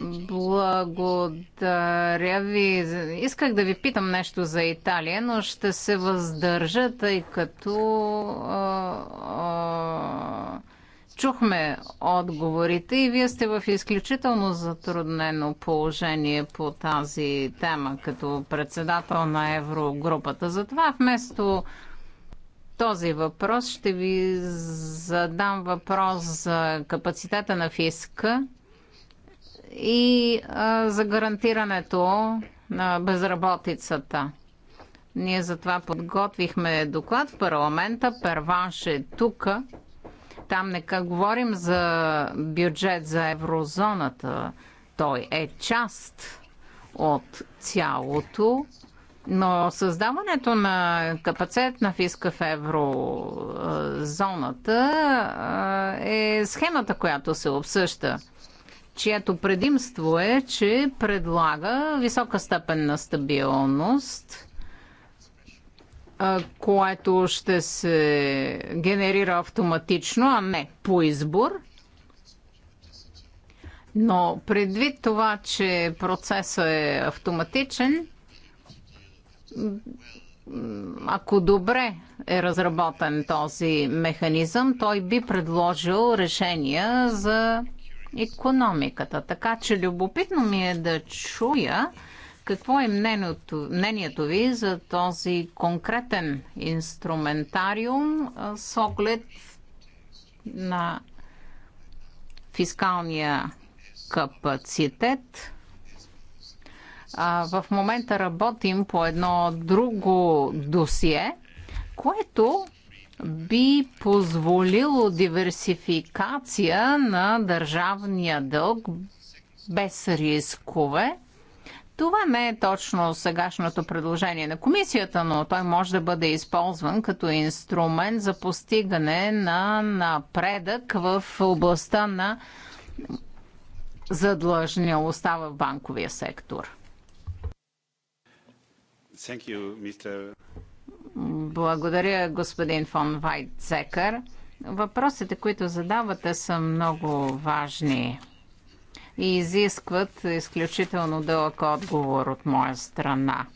Благодаря ви. Исках да ви питам нещо за Италия, но ще се въздържа, тъй като а, а, чухме отговорите и вие сте в изключително затруднено положение по тази тема като председател на Еврогрупата. Затова вместо този въпрос ще ви задам въпрос за капацитета на ФИСК и а, за гарантирането на безработицата. Ние затова подготвихме доклад в парламента. Перванш е тука там не говорим за бюджет за еврозоната. Той е част от цялото, но създаването на капацитет на фиска в еврозоната е схемата, която се обсъща чието предимство е, че предлага висока степен на стабилност което ще се генерира автоматично, а не по избор. Но предвид това, че процесът е автоматичен, ако добре е разработен този механизъм, той би предложил решения за економиката. Така че любопитно ми е да чуя какво е мнението, мнението ви за този конкретен инструментариум с оглед на фискалния капацитет? А, в момента работим по едно друго досие, което би позволило диверсификация на държавния дълг без рискове това не е точно сегашното предложение на комисията, но той може да бъде използван като инструмент за постигане на напредък в областта на задлъжнялостта в банковия сектор. You, Благодаря, господин фон Вайтцекър. Въпросите, които задавате, са много важни и изискват изключително дълъг отговор от моя страна.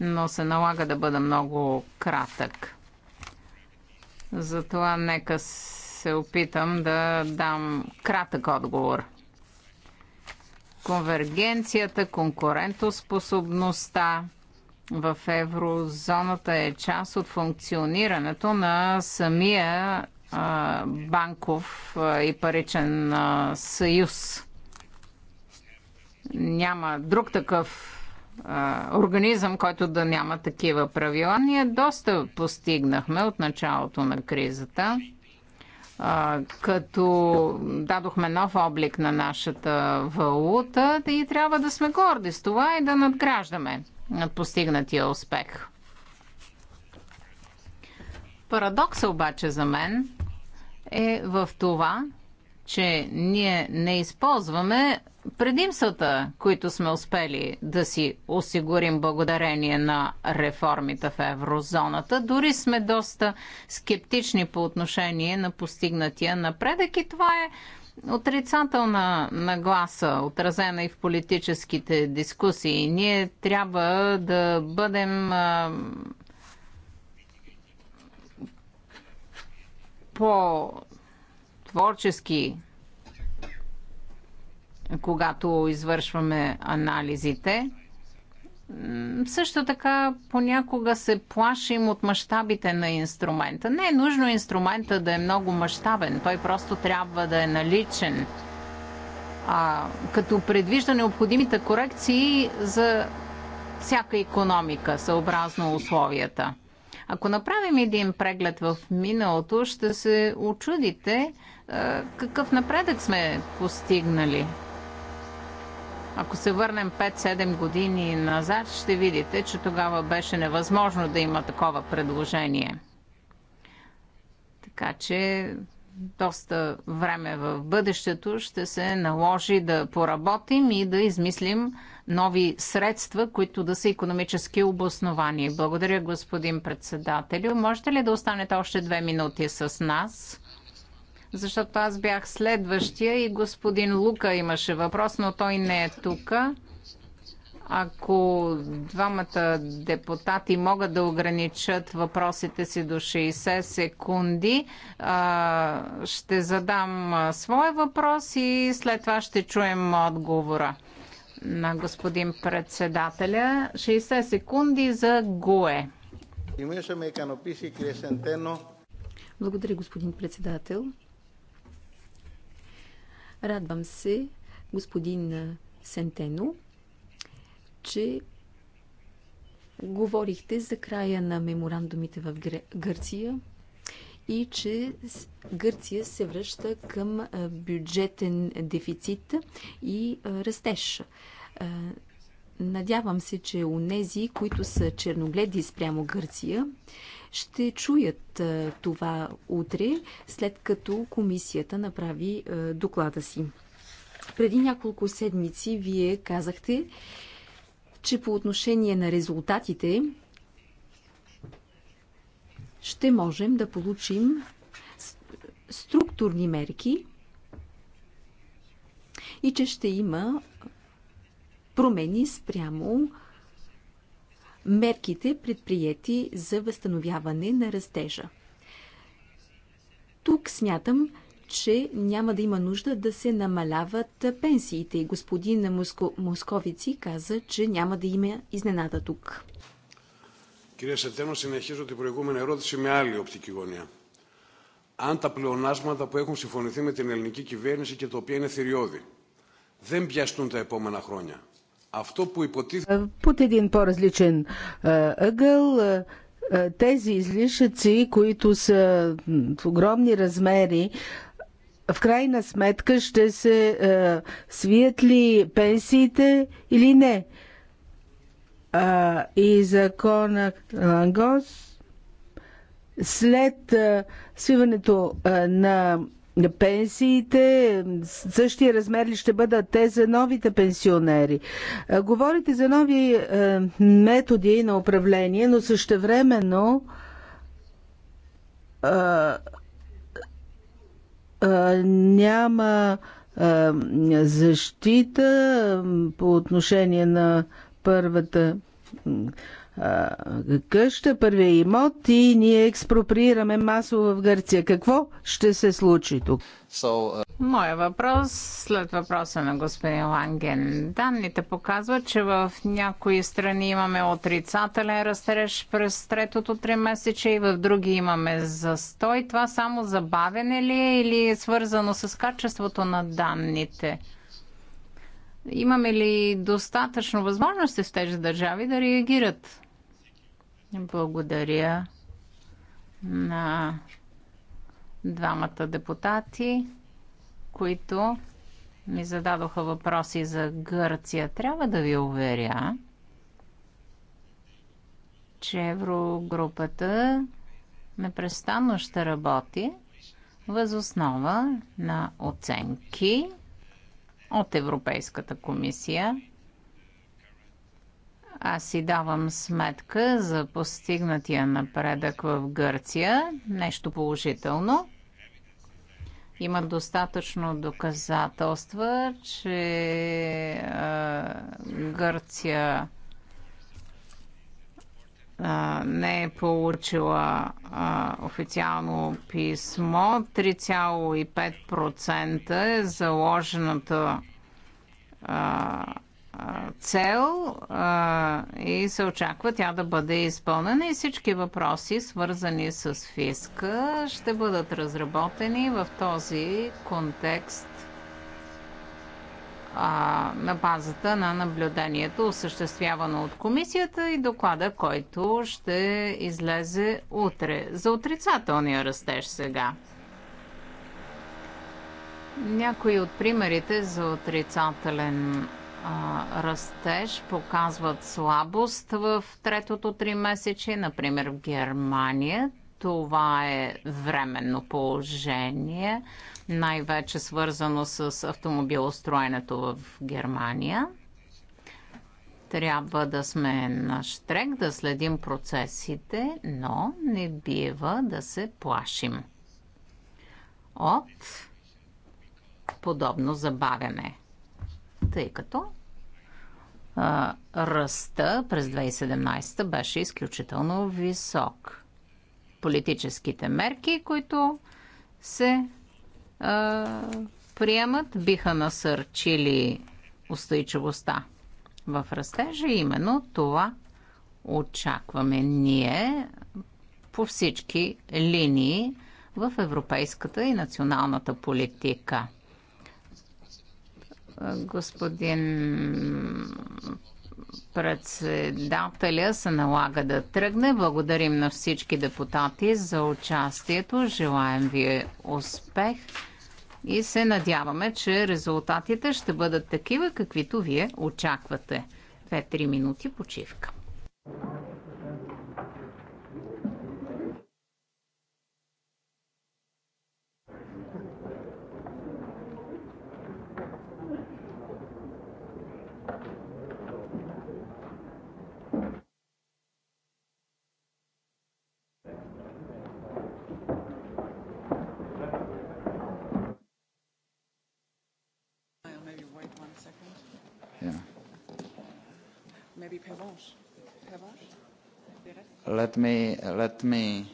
Но се налага да бъда много кратък. Затова нека се опитам да дам кратък отговор. Конвергенцията, конкурентоспособността в еврозоната е част от функционирането на самия банков и паричен съюз. Няма друг такъв а, организъм, който да няма такива правила. Ние доста постигнахме от началото на кризата като дадохме нов облик на нашата валута и трябва да сме горди с това и да надграждаме над постигнатия успех. Парадокса обаче за мен е в това, че ние не използваме предимствата, които сме успели да си осигурим благодарение на реформите в еврозоната. Дори сме доста скептични по отношение на постигнатия напредък и това е отрицателна нагласа, отразена и в политическите дискусии. Ние трябва да бъдем по-творчески когато извършваме анализите. Също така понякога се плашим от мащабите на инструмента. Не е нужно инструмента да е много мащабен, той просто трябва да е наличен. А, като предвижда необходимите корекции за всяка економика, съобразно условията. Ако направим един преглед в миналото, ще се очудите какъв напредък сме постигнали. Ако се върнем 5-7 години назад, ще видите, че тогава беше невъзможно да има такова предложение. Така че доста време в бъдещето ще се наложи да поработим и да измислим нови средства, които да са економически обосновани. Благодаря, господин председателю. Можете ли да останете още две минути с нас? защото аз бях следващия и господин Лука имаше въпрос, но той не е тук. Ако двамата депутати могат да ограничат въпросите си до 60 секунди, ще задам своя въпрос и след това ще чуем отговора на господин председателя. 60 секунди за ГУЕ. Благодаря, господин председател. Радвам се, господин Сентено, че говорихте за края на меморандумите в Гърция и че Гърция се връща към бюджетен дефицит и растеж. Надявам се, че нези, които са черногледи спрямо Гърция, ще чуят е, това утре, след като комисията направи е, доклада си. Преди няколко седмици вие казахте, че по отношение на резултатите ще можем да получим структурни мерки и че ще има промени спрямо мерките предприяти за възстановяване на растежа. Тук смятам, че няма да има нужда да се намаляват пенсиите. Господин Моско... Московици каза, че няма да има изненада тук. Κύριε Σετένο, συνεχίζω την προηγούμενη ερώτηση με άλλη οπτική γωνία. Αν τα πλεονάσματα που έχουν συμφωνηθεί με την ελληνική κυβέρνηση και τα οποία είναι θηριώδη δεν πιαστούν τα επόμενα χρόνια, Авто по υποτίθεται... Е, под един по-различен е, ъгъл е, тези излишъци, които са в огромни размери, в крайна сметка ще се свият ли пенсиите или не. А, и закона Лангос след свиването на пенсиите, същия размер ли ще бъдат те за новите пенсионери? Е, говорите за нови е, методи на управление, но същевременно е, няма защита по отношение на първата къща, първия имот и ние експроприираме масово в Гърция. Какво ще се случи тук? So, uh... Моя въпрос след въпроса на господин Ланген. Данните показват, че в някои страни имаме отрицателен растеж през третото три месече и в други имаме застой. Това само забавене ли е или е свързано с качеството на данните? Имаме ли достатъчно възможности в тези държави да реагират? Благодаря на двамата депутати, които ми зададоха въпроси за Гърция. Трябва да ви уверя, че Еврогрупата непрестанно ще работи възоснова на оценки от Европейската комисия – аз си давам сметка за постигнатия напредък в Гърция. Нещо положително. Има достатъчно доказателства, че а, Гърция не е получила а, официално писмо. 3,5% е заложената а, цел и се очаква тя да бъде изпълнена и всички въпроси, свързани с фиска, ще бъдат разработени в този контекст на базата на наблюдението, осъществявано от комисията и доклада, който ще излезе утре. За отрицателния растеж сега. Някои от примерите за отрицателен растеж растеж показват слабост в третото три месече, например в Германия. Това е временно положение, най-вече свързано с автомобилостроенето в Германия. Трябва да сме на штрек, да следим процесите, но не бива да се плашим от подобно забавяне тъй като ръста през 2017 беше изключително висок. Политическите мерки, които се а, приемат, биха насърчили устойчивостта в растежа. Именно това очакваме ние по всички линии в европейската и националната политика господин председателя се налага да тръгне. Благодарим на всички депутати за участието. Желаем ви успех и се надяваме, че резултатите ще бъдат такива, каквито вие очаквате. две три минути почивка. Let me, let me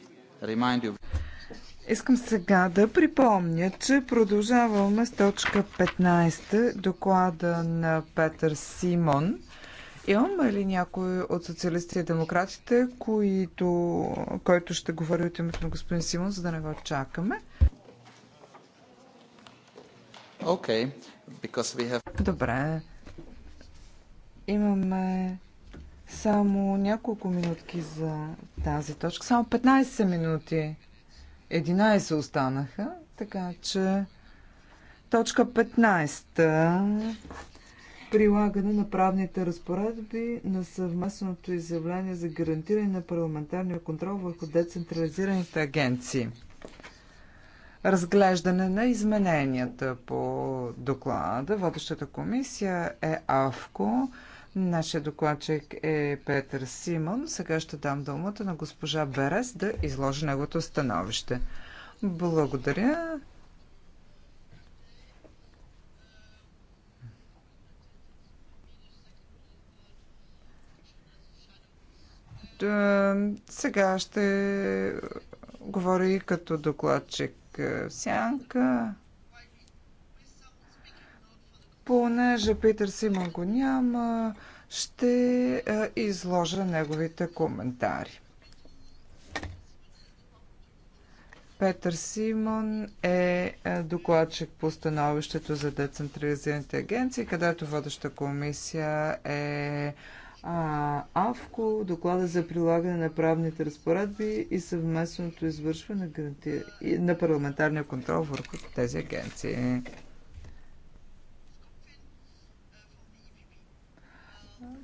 remind you. Искам сега да припомня, че продължаваме с точка 15, доклада на Петър Симон. Имаме ли някой от социалистите и демократите, които, който ще говори от името на господин Симон, за да не го чакаме? Okay, because we have... Добре. Имаме само няколко минутки за тази точка. Само 15 минути. 11 останаха, така че точка 15 прилагане на правните разпоредби на съвместното изявление за гарантиране на парламентарния контрол върху децентрализираните агенции. Разглеждане на измененията по доклада. Водещата комисия е АВКО. Нашия докладчик е Петър Симон. Сега ще дам думата на госпожа Берес да изложи неговото становище. Благодаря. Сега ще говори като докладчик е, Сянка. Понеже Питър Симон го няма, ще е, изложа неговите коментари. Петър Симон е, е докладчик по становището за децентрализираните агенции, където водеща комисия е а, АВКО, доклада за прилагане на правните разпоредби и съвместното извършване на парламентарния контрол върху тези агенции.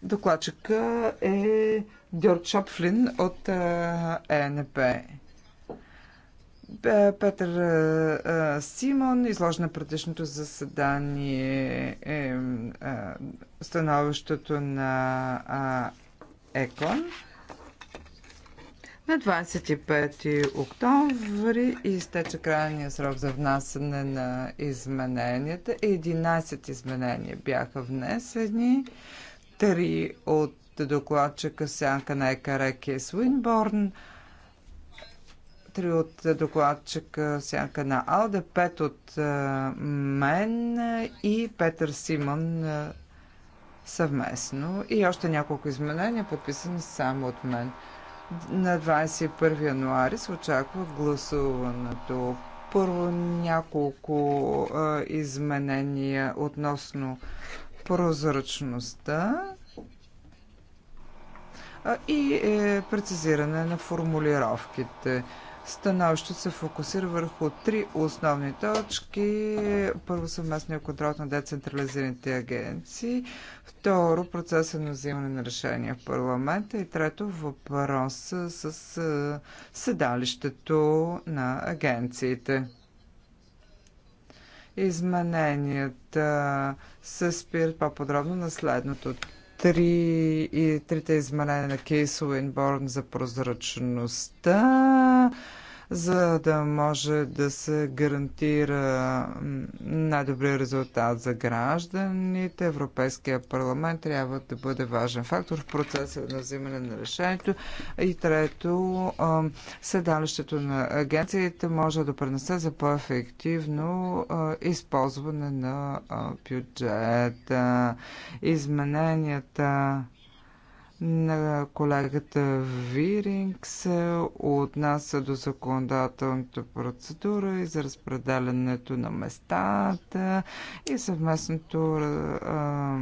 Докладчика е Георг Шопфлин от е ЕНП. Петър Симон изложи на предишното заседание е, становището на ЕКОН. На 25 октомври изтече крайния срок за внасяне на измененията. 11 изменения бяха внесени. Е три от докладчика Сянка на Екареки Свинборн, три от докладчика Сянка на Алда, 5 от мен и Петър Симон е, съвместно и още няколко изменения, подписани само от мен. На 21 януари се очаква гласуването. Първо няколко а, е, изменения относно прозрачността и е, прецизиране на формулировките. Становището се фокусира върху три основни точки. Първо съвместния контрол на децентрализираните агенции, второ процеса на взимане на решения в парламента и трето въпрос с е, седалището на агенциите. Измененията се спират по-подробно на следното. Три и трите изменения на Кейс Уинборн за прозрачността, за да може да се гарантира най-добрия резултат за гражданите. Европейския парламент трябва да бъде важен фактор в процеса на взимане на решението. И трето, седалището на агенциите може да пренесе за по-ефективно използване на бюджета, измененията на колегата Виринг се отнася до законодателната процедура и за разпределянето на местата и съвместното а,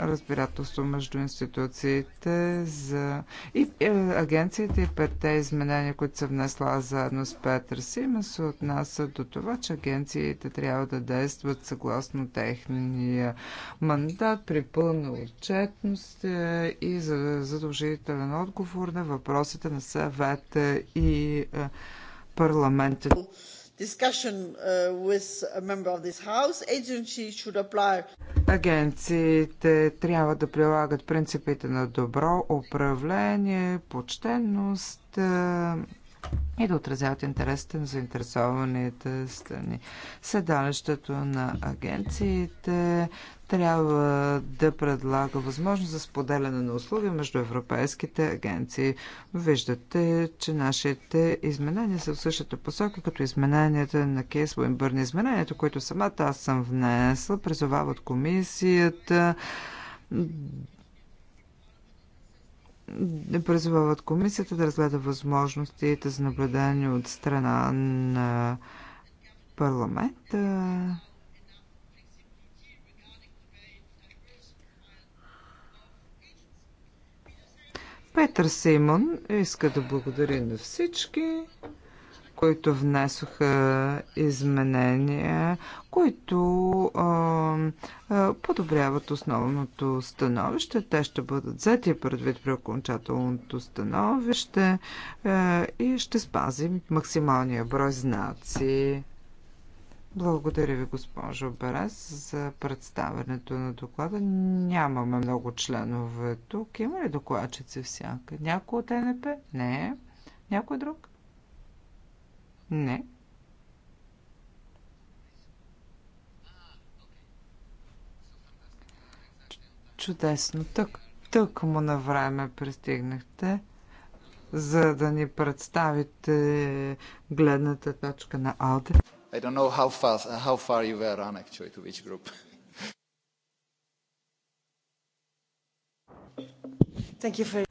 разбирателство между институциите за... и е, агенциите и петте изменения, които са внесла заедно с Петър Сима, се отнася до това, че агенциите трябва да действат съгласно техния мандат при пълна отчетност е, и за задължителен отговор на въпросите на съвета и е, парламента discussion uh, with a member of this house, agency should apply. Агенциите трябва да прилагат принципите на добро управление, почтенност е, и да отразяват интересите на заинтересованите страни. Седалището на агенциите трябва да предлага възможност за споделяне на услуги между европейските агенции. Виждате, че нашите изменения са в същата посока, като измененията на Кейс Уинбърн. Изменението, което самата аз съм внесла, призовават комисията да призовават комисията да разгледа възможностите за наблюдение от страна на парламента Петър Симон иска да благодари на всички, които внесоха изменения, които а, а, подобряват основното становище. Те ще бъдат взети предвид при окончателното становище а, и ще спазим максималния брой знаци благодаря ви, госпожо Берес, за представенето на доклада. Нямаме много членове тук. Има ли докладчици всяка? Някой от НП? Не. Някой друг? Не. Чудесно. Тък, тък му на време пристигнахте, за да ни представите гледната точка на Алде. I don't know how, fast, uh, how far you were on, actually, to which group. Thank you for...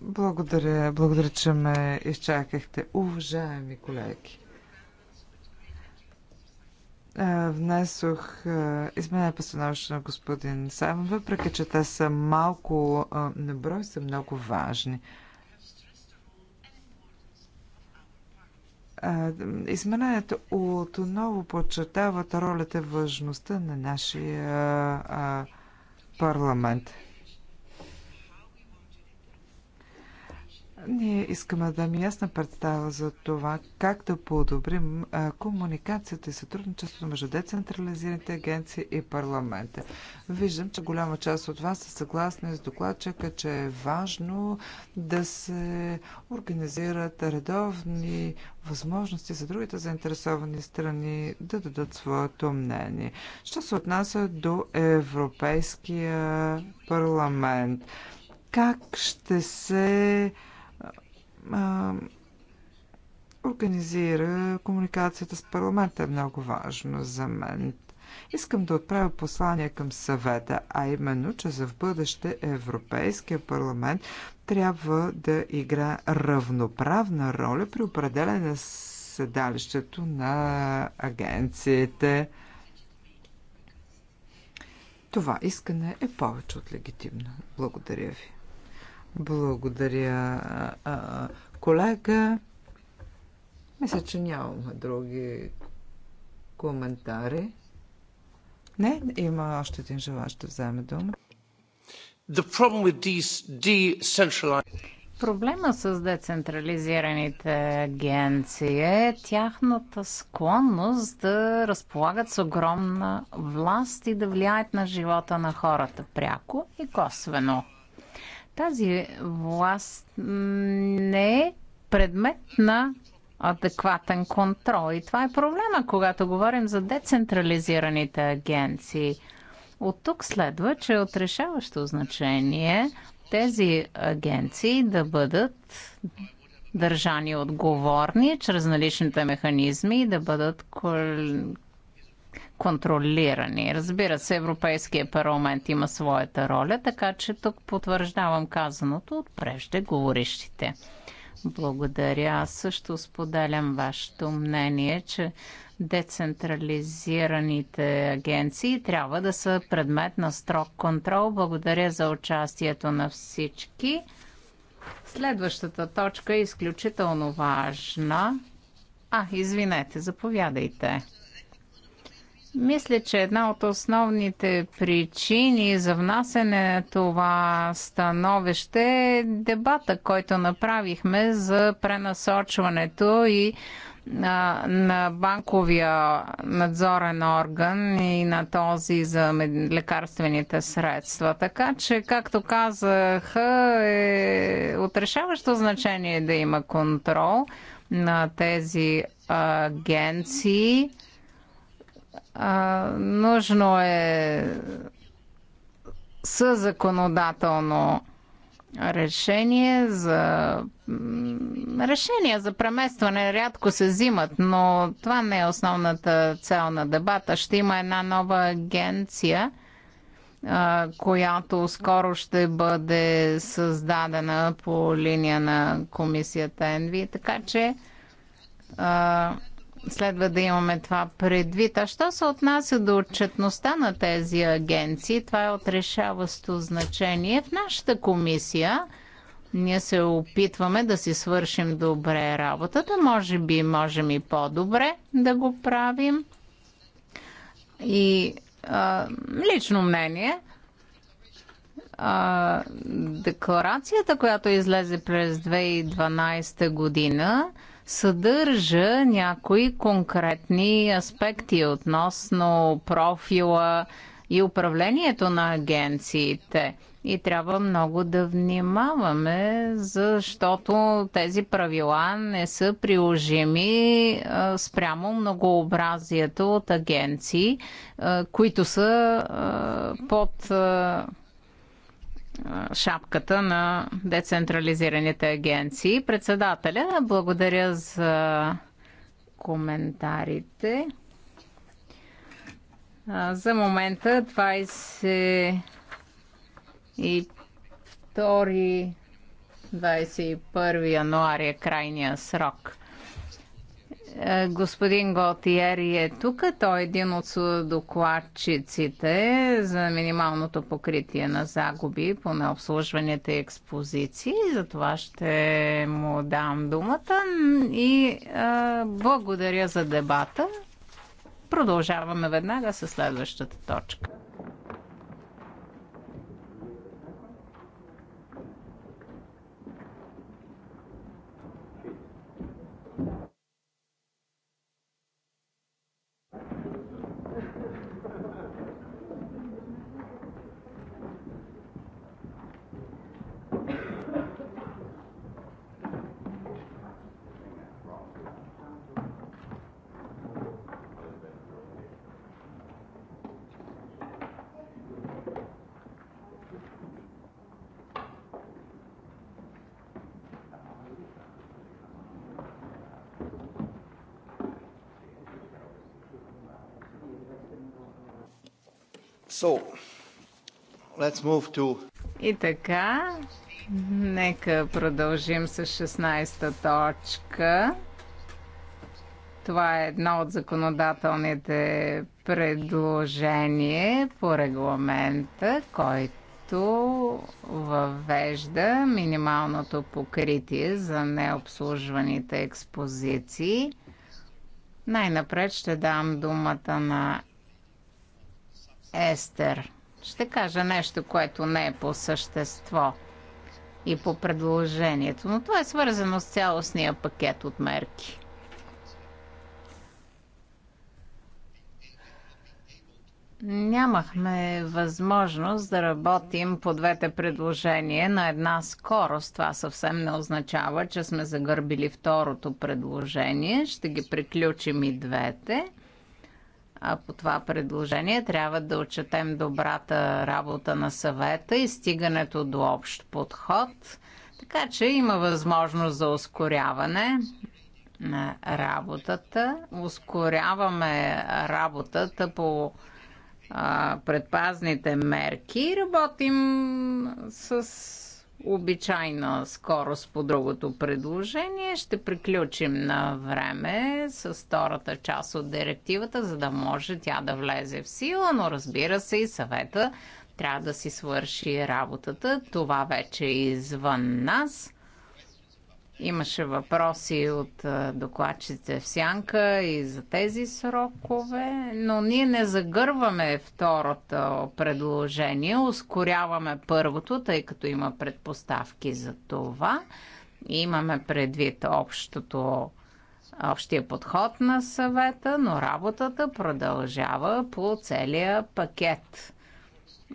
Благодаря, благодаря, че ме изчакахте. Уважаеми колеги, внесох изменя постановище на господин Саймон, въпреки че те са малко не брой, са много важни. Изменението отново подчертават ролята и важността на нашия парламент. Ние искаме да ми ясна представа за това как да подобрим комуникацията и сътрудничеството между децентрализираните агенции и парламента. Виждам, че голяма част от вас са съгласни с докладчика, че е важно да се организират редовни възможности за другите заинтересовани страни да дадат своето мнение. Що се отнася до Европейския парламент? Как ще се а, организира комуникацията с парламента е много важно за мен. Искам да отправя послание към съвета, а именно, че за в бъдеще Европейския парламент трябва да игра равноправна роля при определене на седалището на агенциите. Това искане е повече от легитимно. Благодаря ви. Благодаря, колега. Мисля, че нямаме други коментари. Не, има още един желащ да вземе дума. Проблема с децентрализираните агенции е тяхната склонност да разполагат с огромна власт и да влияят на живота на хората пряко и косвено. Тази власт не е предмет на адекватен контрол. И това е проблема, когато говорим за децентрализираните агенции. От тук следва, че от решаващо значение тези агенции да бъдат държани отговорни чрез наличните механизми и да бъдат контролирани. Разбира се, Европейския парламент има своята роля, така че тук потвърждавам казаното от преждеговорищите. Благодаря. Аз също споделям вашето мнение, че децентрализираните агенции трябва да са предмет на строг контрол. Благодаря за участието на всички. Следващата точка е изключително важна. А, извинете, заповядайте. Мисля, че една от основните причини за внасене на това становище е дебата, който направихме за пренасочването и на, на банковия надзорен орган и на този за лекарствените средства. Така че, както казах, е отрешаващо значение да има контрол на тези агенции а, нужно е със законодателно решение за решение за преместване рядко се взимат, но това не е основната цел на дебата. Ще има една нова агенция, която скоро ще бъде създадена по линия на комисията ЕНВИ, така че Следва да имаме това предвид. А що се отнася до отчетността на тези агенции, това е отрешаващо значение. В нашата комисия ние се опитваме да си свършим добре работата. Може би можем и по-добре да го правим. И а, лично мнение – декларацията, която излезе през 2012 година, съдържа някои конкретни аспекти относно профила и управлението на агенциите. И трябва много да внимаваме, защото тези правила не са приложими спрямо многообразието от агенции, които са под шапката на децентрализираните агенции. Председателя, благодаря за коментарите. За момента 22-21 януари е крайния срок е, господин Голтиери е тук. Той е един от докладчиците за минималното покритие на загуби по необслужваните експозиции. За това ще му дам думата и а, е, благодаря за дебата. Продължаваме веднага с следващата точка. So, let's move to... И така, нека продължим с 16-та точка. Това е едно от законодателните предложения по регламента, който въвежда минималното покритие за необслужваните експозиции. Най-напред ще дам думата на Естер, ще кажа нещо, което не е по същество и по предложението, но това е свързано с цялостния пакет от мерки. Нямахме възможност да работим по двете предложения на една скорост. Това съвсем не означава, че сме загърбили второто предложение. Ще ги приключим и двете по това предложение. Трябва да отчетем добрата работа на съвета и стигането до общ подход. Така че има възможност за ускоряване на работата. Ускоряваме работата по предпазните мерки. Работим с обичайна скорост по другото предложение. Ще приключим на време с втората част от директивата, за да може тя да влезе в сила, но разбира се и съвета трябва да си свърши работата. Това вече е извън нас. Имаше въпроси от докладчите в Сянка и за тези срокове, но ние не загърваме второто предложение, ускоряваме първото, тъй като има предпоставки за това. Имаме предвид общото, общия подход на съвета, но работата продължава по целия пакет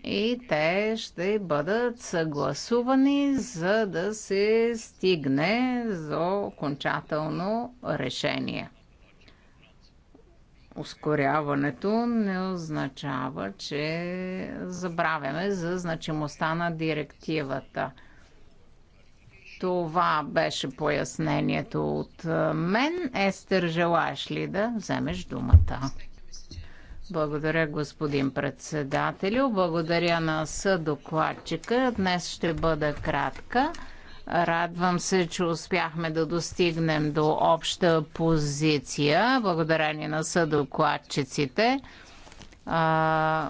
и те ще бъдат съгласувани, за да се стигне за окончателно решение. Ускоряването не означава, че забравяме за значимостта на директивата. Това беше пояснението от мен. Естер, желаеш ли да вземеш думата? Благодаря, господин председателю. Благодаря на съдокладчика. Днес ще бъда кратка. Радвам се, че успяхме да достигнем до обща позиция, благодарение на съдокладчиците. А,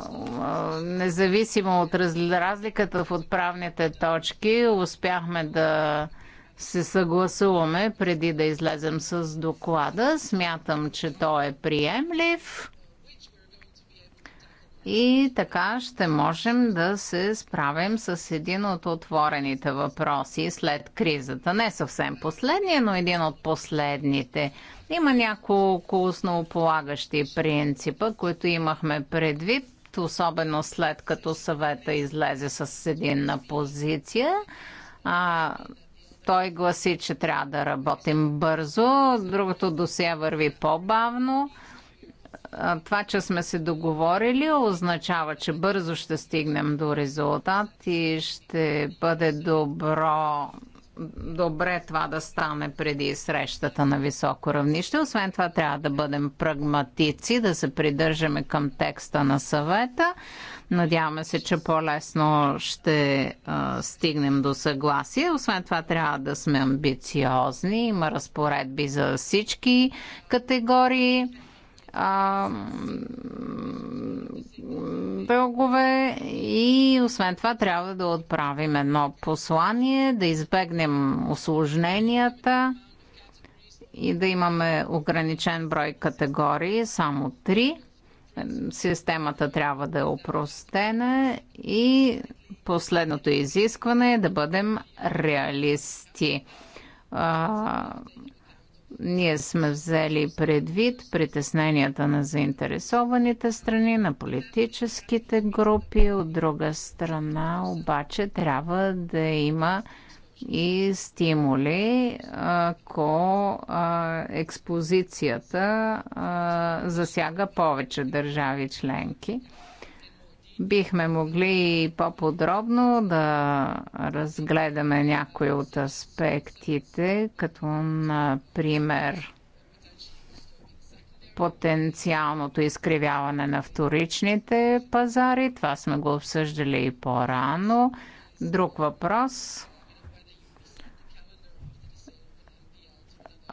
независимо от разликата в отправните точки, успяхме да се съгласуваме преди да излезем с доклада. Смятам, че той е приемлив и така ще можем да се справим с един от отворените въпроси след кризата. Не съвсем последния, но един от последните. Има няколко основополагащи принципа, които имахме предвид, особено след като съвета излезе с единна позиция. А, той гласи, че трябва да работим бързо, другото досия върви по-бавно това, че сме се договорили, означава, че бързо ще стигнем до резултат и ще бъде добро добре това да стане преди срещата на високо равнище. Освен това трябва да бъдем прагматици, да се придържаме към текста на съвета. Надяваме се, че по-лесно ще а, стигнем до съгласие. Освен това трябва да сме амбициозни. Има разпоредби за всички категории а, дългове и освен това трябва да отправим едно послание, да избегнем осложненията и да имаме ограничен брой категории, само три. Системата трябва да е опростена и последното изискване е да бъдем реалисти. А, ние сме взели предвид притесненията на заинтересованите страни, на политическите групи. От друга страна, обаче, трябва да има и стимули, ако експозицията засяга повече държави членки бихме могли по-подробно да разгледаме някои от аспектите, като например потенциалното изкривяване на вторичните пазари. Това сме го обсъждали и по-рано. Друг въпрос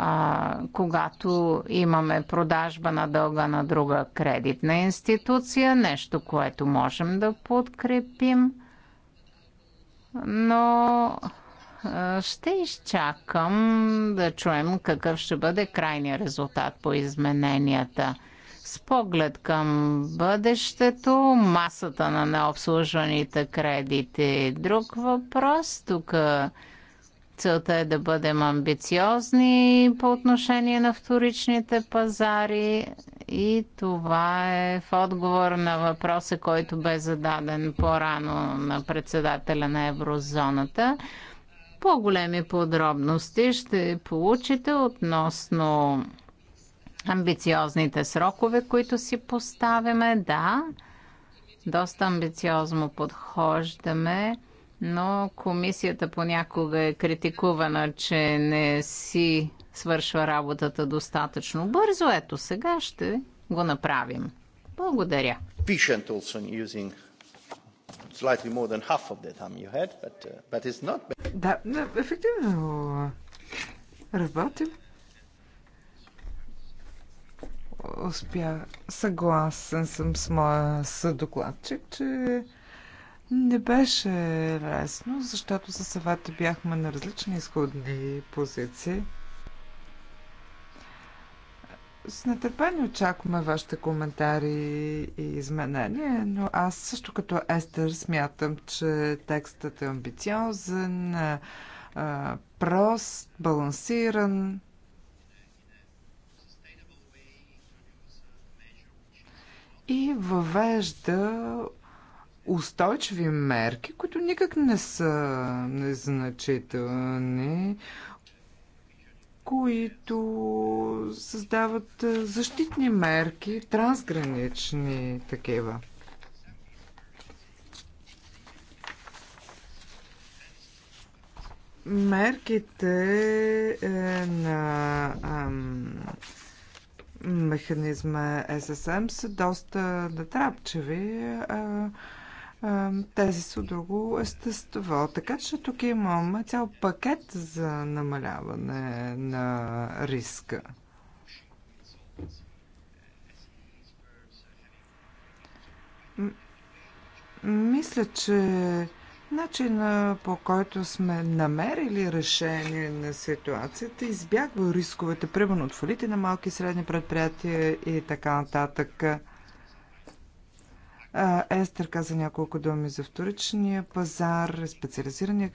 а, когато имаме продажба на дълга на друга кредитна институция, нещо, което можем да подкрепим. Но ще изчакам да чуем какъв ще бъде крайният резултат по измененията. С поглед към бъдещето, масата на необслужваните кредити друг въпрос. Тук Целта е да бъдем амбициозни по отношение на вторичните пазари и това е в отговор на въпроса, който бе зададен по-рано на председателя на еврозоната. По-големи подробности ще получите относно амбициозните срокове, които си поставяме. Да, доста амбициозно подхождаме но комисията понякога е критикувана, че не си свършва работата достатъчно бързо. Ето сега ще го направим. Благодаря. Uh, да, ефективно работим. Успя. Съгласен съм с моя съдокладчик, че не беше лесно, защото със съвета бяхме на различни изходни позиции. С нетърпение очакваме вашите коментари и изменения, но аз също като Естер смятам, че текстът е амбициозен, прост, балансиран. И въвежда устойчиви мерки, които никак не са незначителни, които създават защитни мерки, трансгранични такива. Мерките е, на механизма ССМ са доста натрапчеви тези са друго естество. Така че тук имаме цял пакет за намаляване на риска. Мисля, че начина по който сме намерили решение на ситуацията избягва рисковете, примерно от фалити на малки и средни предприятия и така нататък. Естер каза няколко думи за вторичния пазар, специализирани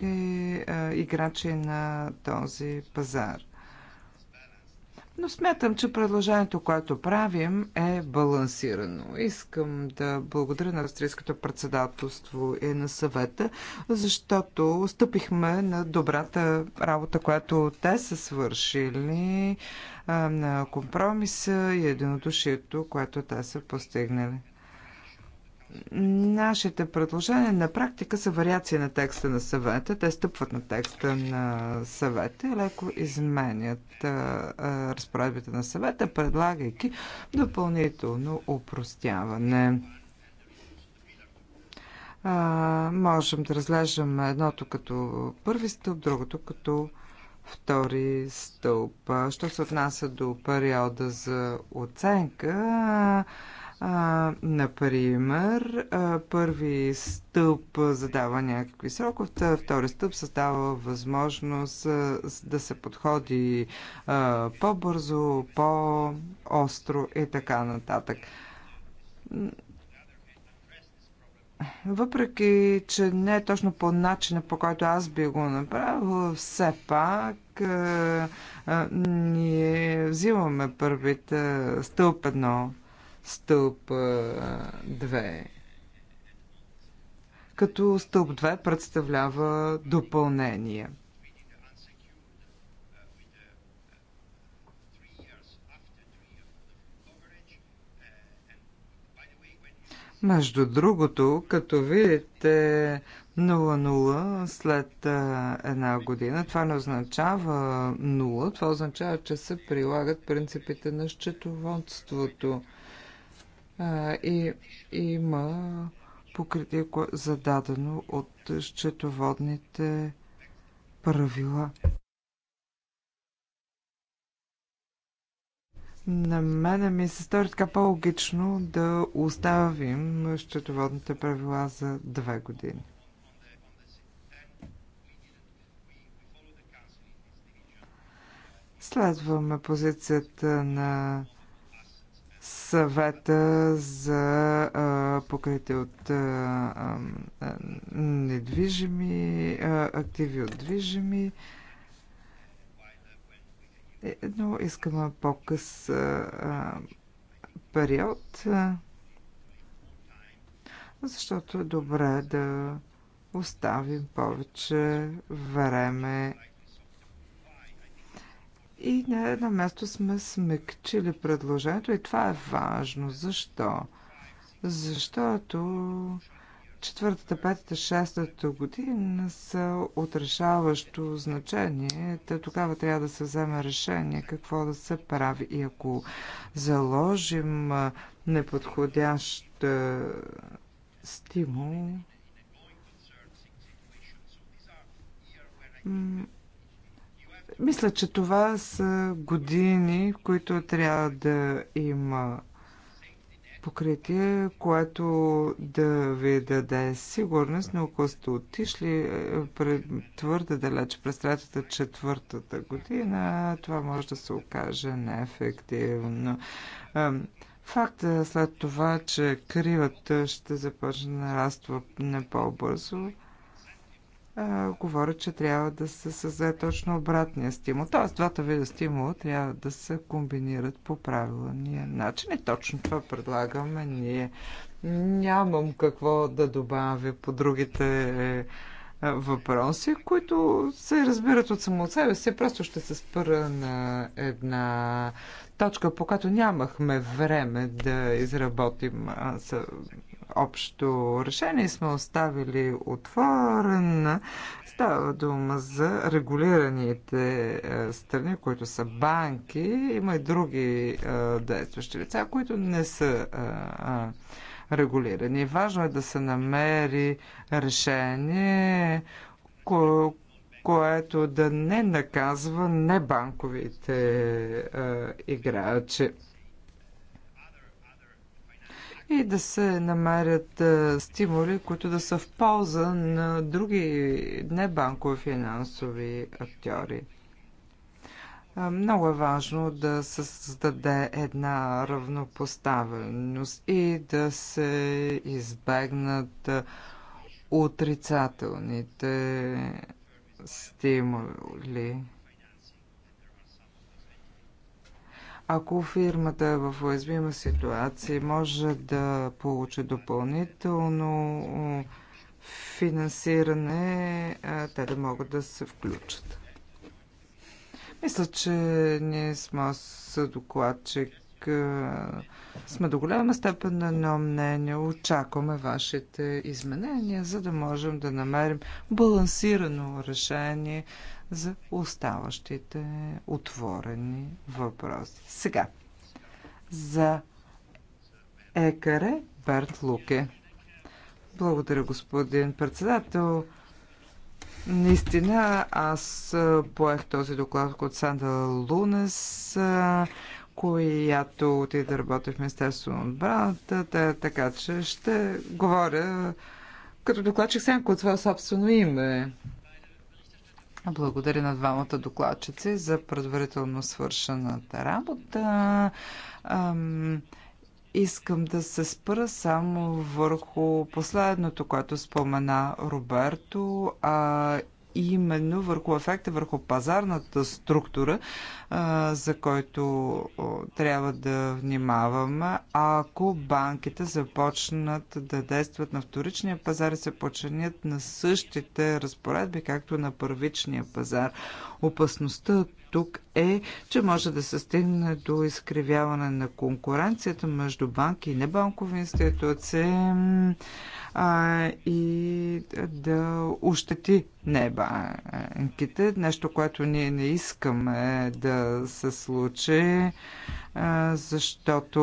играчи на този пазар. Но смятам, че предложението, което правим, е балансирано. Искам да благодаря на австрийското председателство и на съвета, защото стъпихме на добрата работа, която те са свършили, на компромиса и единодушието, което те са постигнали. Нашите предложения на практика са вариации на текста на съвета. Те стъпват на текста на съвета и леко изменят а, а, разпоредбите на съвета, предлагайки допълнително упростяване. А, можем да разглеждаме едното като първи стълб, другото като втори стълб. Що се отнася до периода за оценка, а, например, първи стълб задава някакви срокове, втори стълб създава възможност да се подходи по-бързо, по-остро и така нататък. Въпреки, че не е точно по начина, по който аз би го направил, все пак а, а, ние взимаме първите стълб едно стълб 2. Като стълб 2 представлява допълнение. Между другото, като видите 0.0 след една година, това не означава 0, това означава, че се прилагат принципите на счетоводството и има покритие зададено от счетоводните правила. На мене ми се стори така по-логично да оставим счетоводните правила за две години. Следваме позицията на съвета за а, покритие от а, а, недвижими а, активи от движими. Е, но искаме по-къс период, защото е добре да оставим повече време и на едно място сме смекчили предложението и това е важно. Защо? Защото четвъртата, петата, шестата година са отрешаващо значение. Те тогава трябва да се вземе решение какво да се прави. И ако заложим неподходящ стимул, мисля, че това са години, в които трябва да има покритие, което да ви даде сигурност, но ако сте отишли е, твърде далеч през третата, четвъртата година, това може да се окаже неефективно. Факт е след това, че кривата ще започне да нараства не по-бързо, а, говорят, че трябва да се създаде точно обратния стимул. Тоест, двата вида стимула трябва да се комбинират по правилния начин. И точно това предлагаме ние. Нямам какво да добавя по другите е, е, въпроси, които се разбират от само от себе си. Просто ще се спра на една точка, по която нямахме време да изработим общо решение сме оставили отворен. Става дума за регулираните е, страни, които са банки. Има и други е, действащи лица, които не са е, регулирани. Важно е да се намери решение, което да не наказва небанковите играчи и да се намерят стимули, които да са в полза на други небанкови финансови актьори. Много е важно да се създаде една равнопоставеност и да се избегнат отрицателните стимули. Ако фирмата е в уязвима ситуация, може да получи допълнително финансиране, те да могат да се включат. Мисля, че ние сме с докладчик сме до голяма степен на едно мнение. Очакваме вашите изменения, за да можем да намерим балансирано решение за оставащите отворени въпроси. Сега, за Екаре Берт Луке. Благодаря, господин председател. Наистина, аз поех този доклад от Санда Лунес, която отиде да работи в Министерството на отбраната, така че ще говоря като докладчик сянка от своя собствено име. Благодаря на двамата докладчици за предварително свършената работа. Ам, искам да се спра само върху последното, което спомена Роберто, а именно върху ефекта върху пазарната структура, за който трябва да внимаваме, ако банките започнат да действат на вторичния пазар и се починят на същите разпоредби, както на първичния пазар. Опасността тук е, че може да се стигне до изкривяване на конкуренцията между банки и небанкови институции а, и да ощети небанките. Нещо, което ние не искаме да се случи, а, защото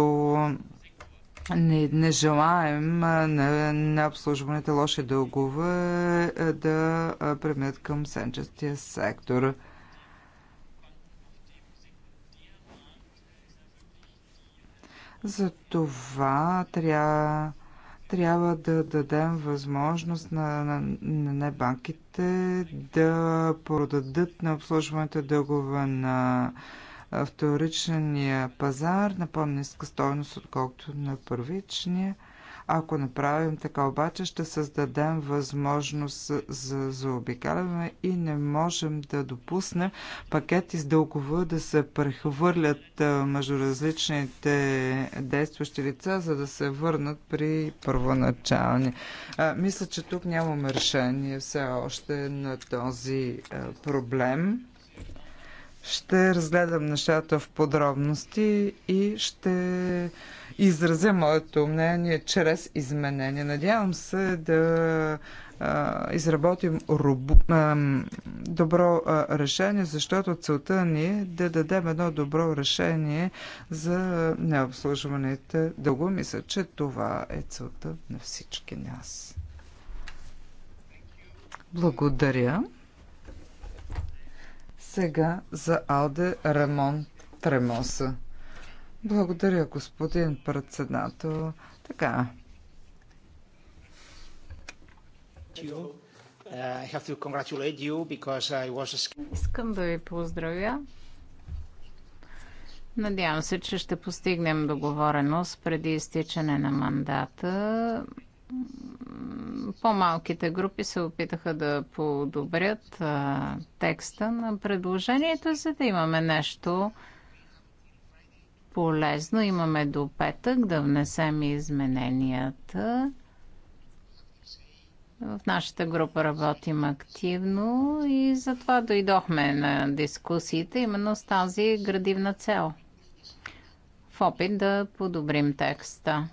не, не желаем на, на обслужваните лоши дългове да преминат към сенчестия сектор. За това трябва трябва да дадем възможност на, на, на небанките да продадат на обслужването дългове на вторичния пазар на по низка стоеност, отколкото на първичния. Ако направим така обаче, ще създадем възможност за заобикаляне и не можем да допуснем пакети с дългове да се прехвърлят между различните действащи лица, за да се върнат при първоначални. Мисля, че тук нямаме решение все още на този проблем. Ще разгледам нещата в подробности и ще изразя моето мнение чрез изменение. Надявам се да изработим добро решение, защото целта ни е да дадем едно добро решение за необслужваните дълго. Мисля, че това е целта на всички нас. Благодаря. Сега за Алде Рамон Тремоса. Благодаря, господин председател. Така. Искам да ви поздравя. Надявам се, че ще постигнем договореност преди изтичане на мандата по-малките групи се опитаха да подобрят а, текста на предложението, за да имаме нещо полезно. Имаме до петък да внесем измененията. В нашата група работим активно и затова дойдохме на дискусиите именно с тази градивна цел в опит да подобрим текста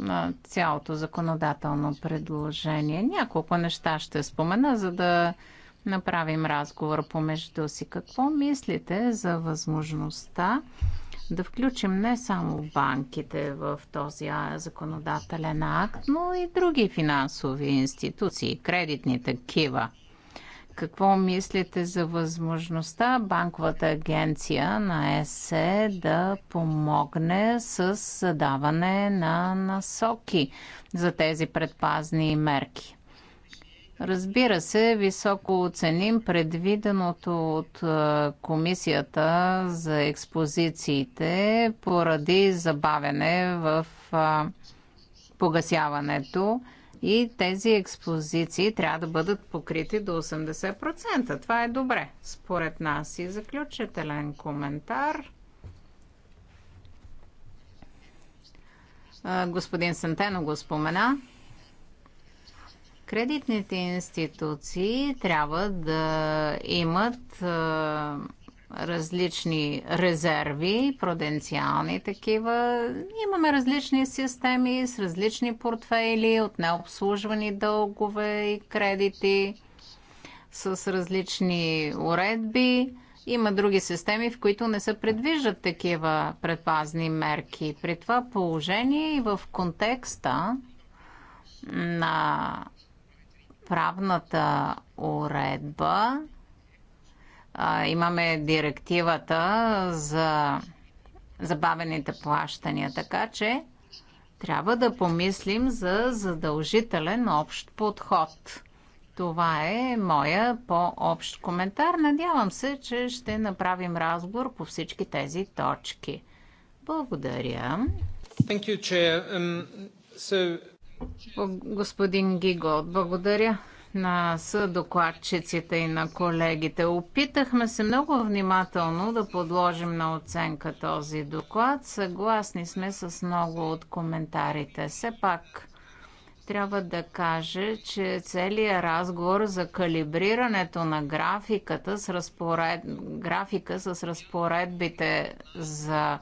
на цялото законодателно предложение. Няколко неща ще спомена, за да направим разговор помежду си. Какво мислите за възможността да включим не само банките в този законодателен акт, но и други финансови институции, кредитни такива? какво мислите за възможността банковата агенция на ЕСЕ да помогне с задаване на насоки за тези предпазни мерки? Разбира се, високо оценим предвиденото от е, комисията за експозициите поради забавене в е, погасяването и тези експозиции трябва да бъдат покрити до 80%. Това е добре, според нас. И заключителен коментар. Господин Сантено го спомена. Кредитните институции трябва да имат различни резерви, проденциални такива. Имаме различни системи с различни портфейли от необслужвани дългове и кредити с различни уредби. Има други системи, в които не се предвиждат такива предпазни мерки. При това положение и в контекста на правната уредба а, имаме директивата за забавените плащания, така че трябва да помислим за задължителен общ подход. Това е моя по-общ коментар. Надявам се, че ще направим разговор по всички тези точки. Благодаря. Thank you, chair. Um, so... Господин Гигот, благодаря на съдокладчиците и на колегите. Опитахме се много внимателно да подложим на оценка този доклад. Съгласни сме с много от коментарите. Все пак трябва да кажа, че целият разговор за калибрирането на графиката с разпоред... графика с разпоредбите за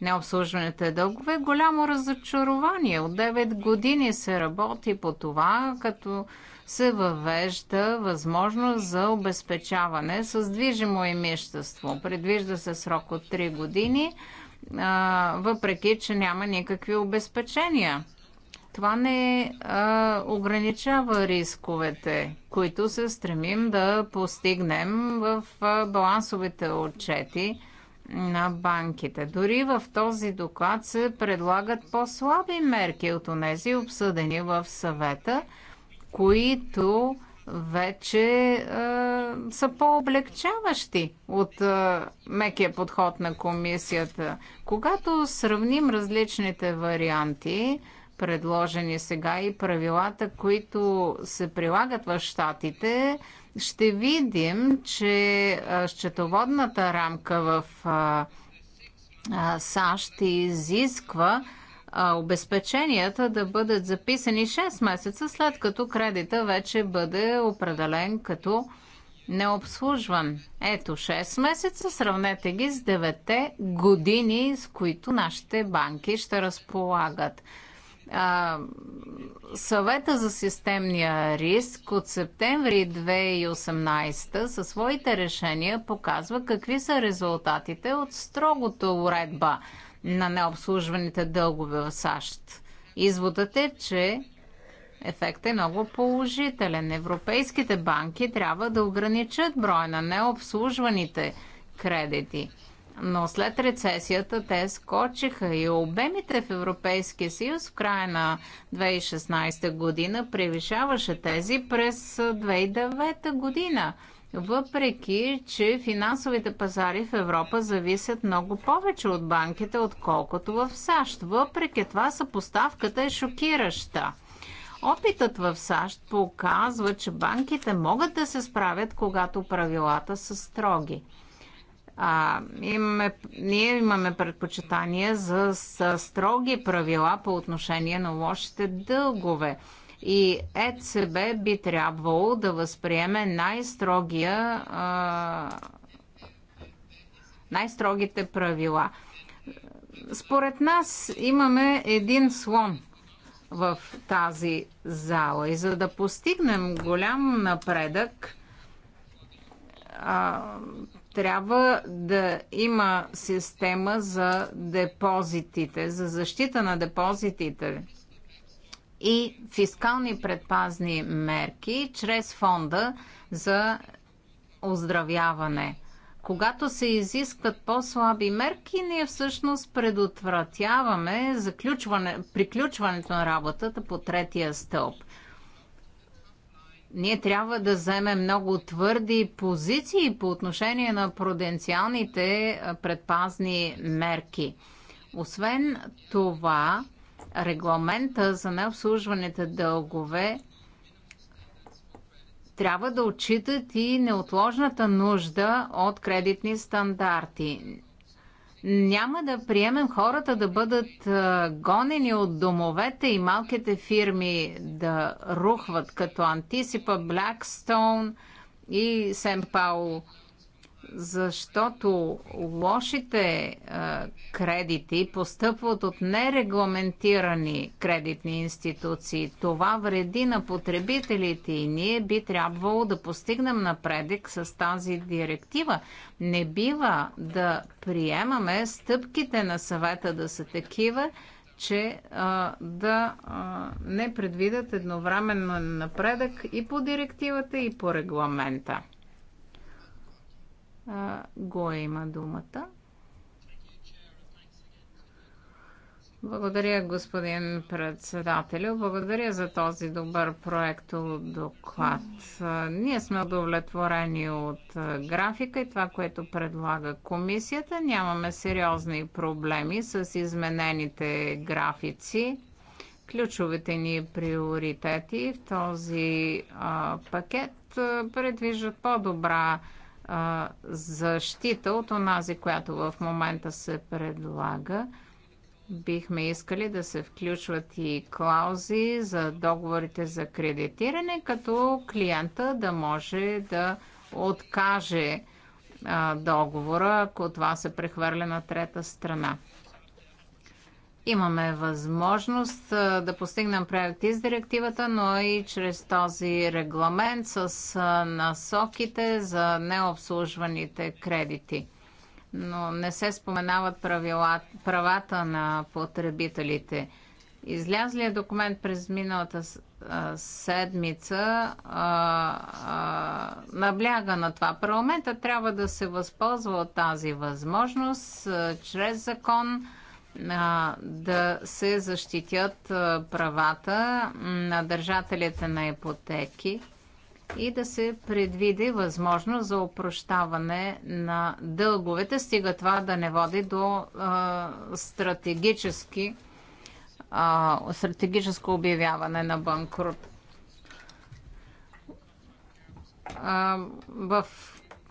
необслужваните дългове, е голямо разочарование. От 9 години се работи по това, като се въвежда възможност за обезпечаване с движимо имещество. Предвижда се срок от 3 години, въпреки че няма никакви обезпечения. Това не а, ограничава рисковете, които се стремим да постигнем в балансовите отчети на банките. Дори в този доклад се предлагат по-слаби мерки от тези, обсъдени в съвета които вече а, са по-облегчаващи от а, мекия подход на комисията. Когато сравним различните варианти, предложени сега и правилата, които се прилагат в щатите, ще видим, че а, счетоводната рамка в а, а, САЩ изисква а, обезпеченията да бъдат записани 6 месеца след като кредита вече бъде определен като необслужван. Ето 6 месеца, сравнете ги с 9 години, с които нашите банки ще разполагат. А, съвета за системния риск от септември 2018 със своите решения показва какви са резултатите от строгото уредба на необслужваните дългове в САЩ. Изводът е, че ефектът е много положителен. Европейските банки трябва да ограничат броя на необслужваните кредити. Но след рецесията те скочиха и обемите в Европейския съюз в края на 2016 година превишаваше тези през 2009 година въпреки че финансовите пазари в Европа зависят много повече от банките, отколкото в САЩ. Въпреки това съпоставката е шокираща. Опитът в САЩ показва, че банките могат да се справят, когато правилата са строги. А, имаме, ние имаме предпочитание за, за строги правила по отношение на лошите дългове. И ЕЦБ би трябвало да възприеме най-строгия най-строгите правила. Според нас имаме един слон в тази зала и за да постигнем голям напредък, а, трябва да има система за депозитите, за защита на депозитите и фискални предпазни мерки чрез фонда за оздравяване. Когато се изискват по-слаби мерки, ние всъщност предотвратяваме заключване, приключването на работата по третия стълб ние трябва да вземем много твърди позиции по отношение на проденциалните предпазни мерки. Освен това, регламента за необслужваните дългове трябва да отчитат и неотложната нужда от кредитни стандарти. Няма да приемем хората да бъдат гонени от домовете и малките фирми да рухват като Антисипа, Blackstone и Сен Паул защото лошите а, е, кредити постъпват от нерегламентирани кредитни институции. Това вреди на потребителите и ние би трябвало да постигнем напредък с тази директива. Не бива да приемаме стъпките на съвета да са такива, че а, е, да а, е, не предвидят едновременно напредък и по директивата, и по регламента. Гоя има думата. Благодаря, господин председателю. Благодаря за този добър проект доклад. Ние сме удовлетворени от графика и това, което предлага комисията. Нямаме сериозни проблеми с изменените графици. Ключовите ни приоритети в този а, пакет предвиждат по-добра защита от онази, която в момента се предлага. Бихме искали да се включват и клаузи за договорите за кредитиране, като клиента да може да откаже договора, ако това се прехвърля на трета страна. Имаме възможност да постигнем проекти с директивата, но и чрез този регламент с насоките за необслужваните кредити. Но не се споменават правила, правата на потребителите. Излязлият е документ през миналата седмица а, а, набляга на това. Парламента трябва да се възползва от тази възможност а, чрез закон да се защитят правата на държателите на ипотеки и да се предвиди възможност за опрощаване на дълговете, стига това да не води до а, стратегически, а, стратегическо обявяване на банкрут. А, в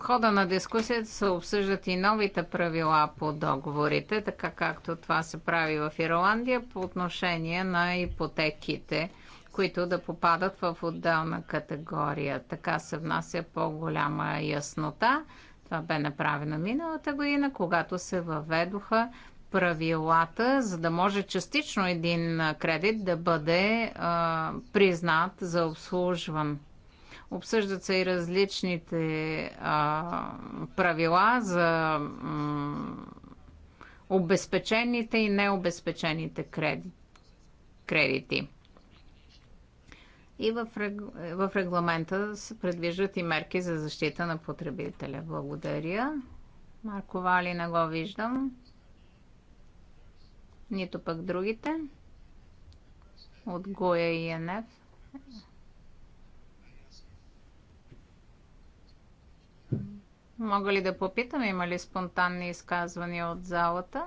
хода на дискусията се обсъждат и новите правила по договорите, така както това се прави в Ирландия по отношение на ипотеките, които да попадат в отделна категория. Така се внася по-голяма яснота. Това бе направено миналата година, когато се въведоха правилата, за да може частично един кредит да бъде а, признат за обслужван Обсъждат се и различните а, правила за обезпечените и необезпечените креди, кредити. И в, в регламента се предвиждат и мерки за защита на потребителя. Благодаря. Марко Вали не го виждам. Нито пък другите. От Гоя и ЕНЕФ. Мога ли да попитам, има ли спонтанни изказвания от залата?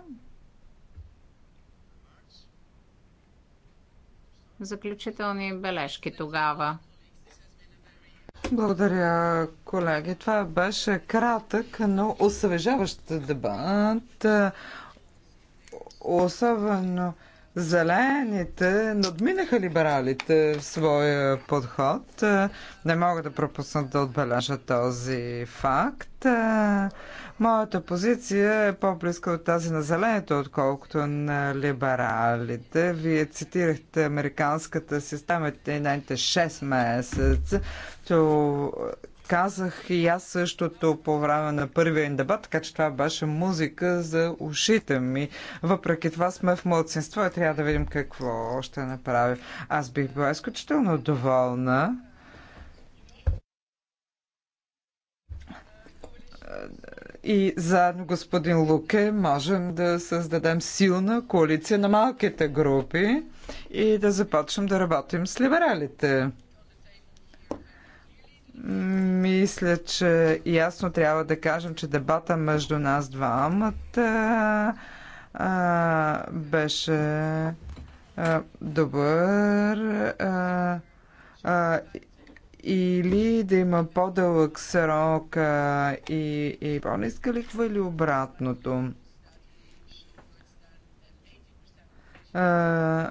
Заключителни бележки тогава. Благодаря, колеги. Това беше кратък, но освежаващ дебат. Особено Зелените надминаха либералите в своя подход. Е, не мога да пропусна да отбележа този факт. Е, моята позиция е по-близка от тази на зелените, отколкото на либералите. Вие цитирахте американската система и нейните 6 месеца казах и аз същото по време на първия дебат, така че това беше музика за ушите ми. Въпреки това сме в младсинство и трябва да видим какво ще направим. Аз бих била изключително доволна. И заедно господин Луке можем да създадем силна коалиция на малките групи и да започнем да работим с либералите. Мисля, че ясно трябва да кажем, че дебата между нас двамата а, беше а, добър. А, а, или да има по-дълъг срок а, и, и по-ниска лихва или обратното. А,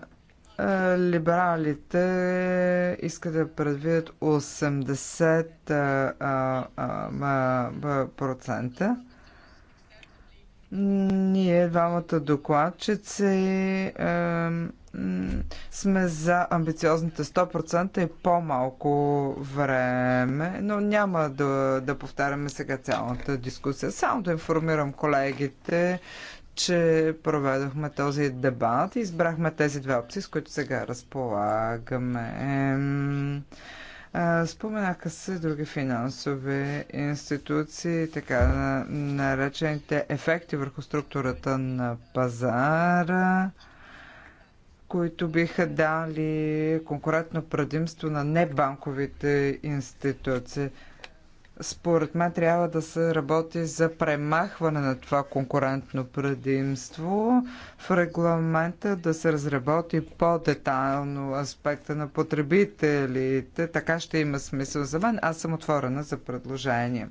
е, либералите искат да предвидят 80%. Е, е, Ние, двамата докладчици, сме за амбициозните 100% и по-малко време, но няма да, да повтаряме сега цялата дискусия. Само да информирам колегите, че проведохме този дебат и избрахме тези две опции, с които сега разполагаме. Споменаха се други финансови институции, така наречените ефекти върху структурата на пазара, които биха дали конкурентно предимство на небанковите институции. Според мен трябва да се работи за премахване на това конкурентно предимство в регламента да се разработи по-детайлно аспекта на потребителите. Така ще има смисъл за мен. Аз съм отворена за предложение.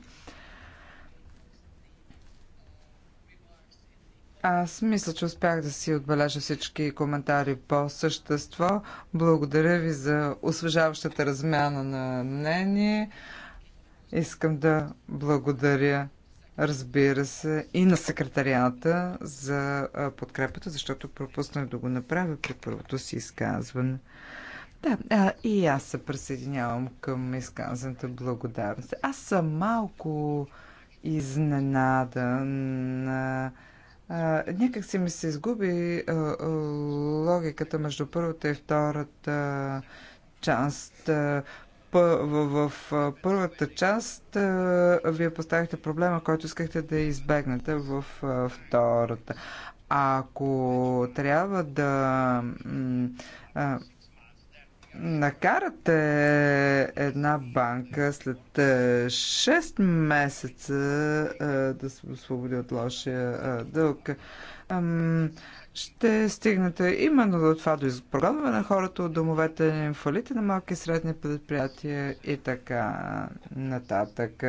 Аз мисля, че успях да си отбележа всички коментари по същество. Благодаря ви за освежаващата размяна на мнение. Искам да благодаря, разбира се, и на секретарията за подкрепата, защото пропуснах да го направя при първото си изказване. Да, а, и аз се присъединявам към изказаната благодарност. Аз съм малко изненадан. А, някак си ми се изгуби а, а, логиката между първата и втората част. А, в, в първата част вие поставихте проблема, който искахте да избегнете в втората. Ако трябва да накарате една банка след 6 месеца да се освободи от лошия дълг, ще стигнете именно до това, до изпрограмване на хората от домовете фалите на малки и средни предприятия и така нататък.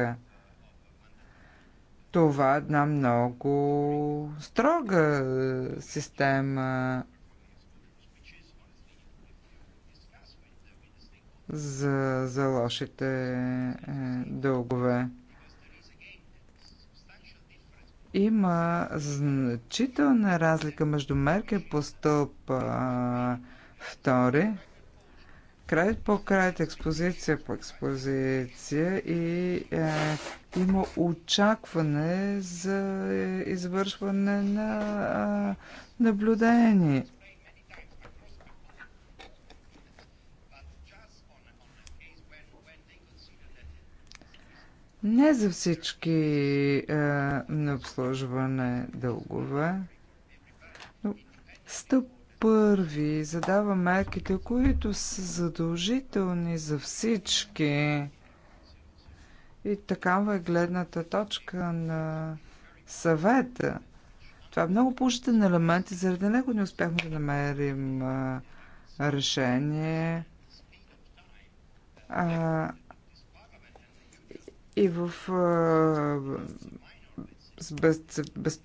Това е една много строга система за, за лошите е, дългове. Има значителна разлика между мерки по стълб втори, край по край, експозиция по експозиция и е, има очакване за извършване на е, наблюдение. Не за всички е, обслужване дългове, но стъп първи задава мерките, които са задължителни за всички. И такава е гледната точка на съвета. Това е много положителен елемент и заради него не успяхме да намерим а, е, решение. А, и в с без,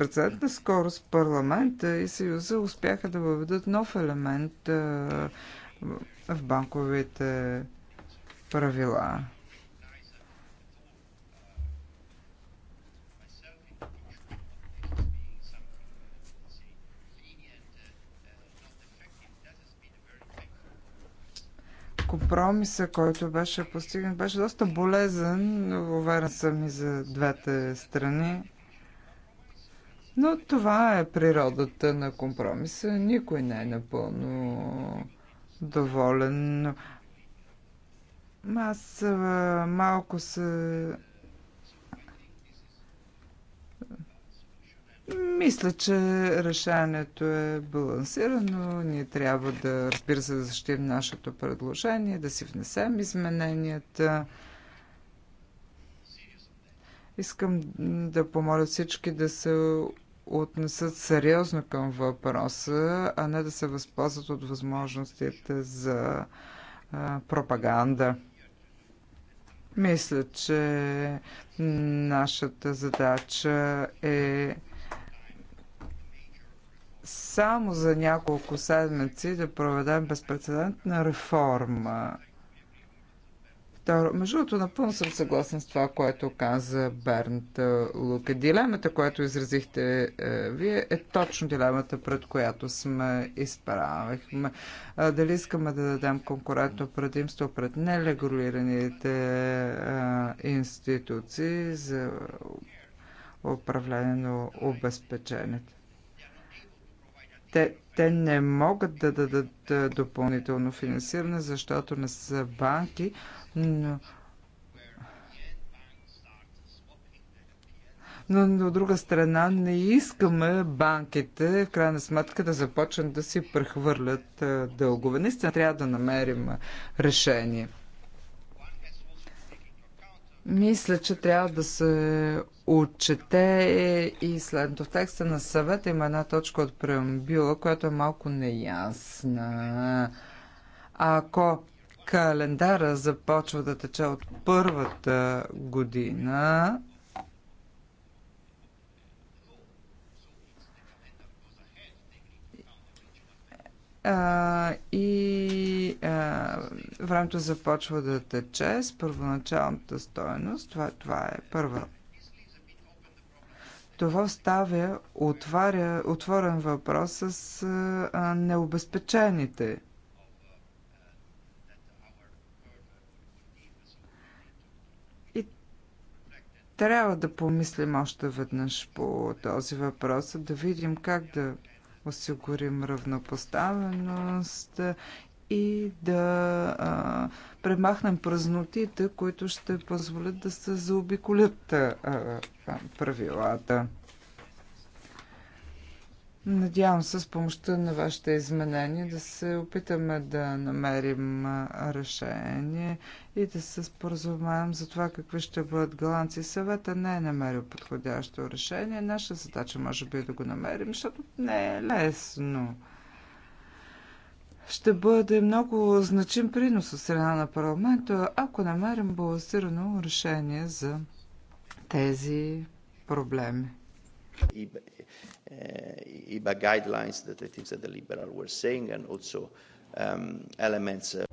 скорост парламента и Съюза успяха да въведат нов елемент в банковите правила. компромиса, който беше постигнат, беше доста болезен. уверен съм и за двете страни. Но това е природата на компромиса. Никой не е напълно доволен. Аз малко се Мисля, че решението е балансирано. Ние трябва да, разбира се, да защитим нашето предложение, да си внесем измененията. Искам да помоля всички да се отнесат сериозно към въпроса, а не да се възползват от възможностите за а, пропаганда. Мисля, че нашата задача е само за няколко седмици да проведем безпредседентна реформа. Второ, между другото, напълно съм съгласен с това, което каза Бернт Лука. Дилемата, която изразихте е, вие, е точно дилемата, пред която сме изправихме. Е, дали искаме да дадем конкурентно предимство пред нелегулираните е, институции за управление на обезпечените? Те, те не могат да дадат допълнително финансиране, защото не са банки, но, но, от друга страна не искаме банките в крайна сметка да започнат да си прехвърлят дългове. Наистина трябва да намерим решение. Мисля, че трябва да се отчете и след в текста на съвета има една точка от преамбюла, която е малко неясна. Ако календара започва да тече от първата година, Uh, и uh, времето започва да тече с първоначалната стоеност. Това, това е първа това оставя отваря, отворен въпрос с а, необезпечените. И трябва да помислим още веднъж по този въпрос, да видим как да осигурим равнопоставеност и да а, премахнем празнотите, които ще позволят да се заобиколят а, а, правилата. Надявам се с помощта на вашите изменения да се опитаме да намерим решение и да се споразумеем за това какви ще бъдат галанци. Съвета не е намерил подходящо решение. Наша задача може би е да го намерим, защото не е лесно ще бъде много значим принос от страна на парламента, ако намерим балансирано решение за тези проблеми. IBA е, guidelines that I think that the liberal were saying and also um, elements uh...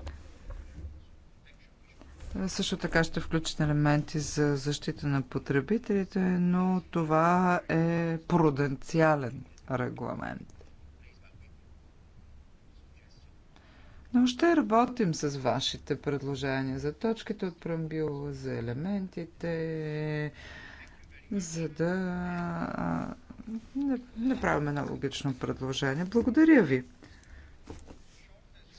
Също така ще включат елементи за защита на потребителите, но това е пруденциален регламент. Но ще работим с вашите предложения за точките от преамбюла, за елементите, за да направим едно логично предложение. Благодаря ви.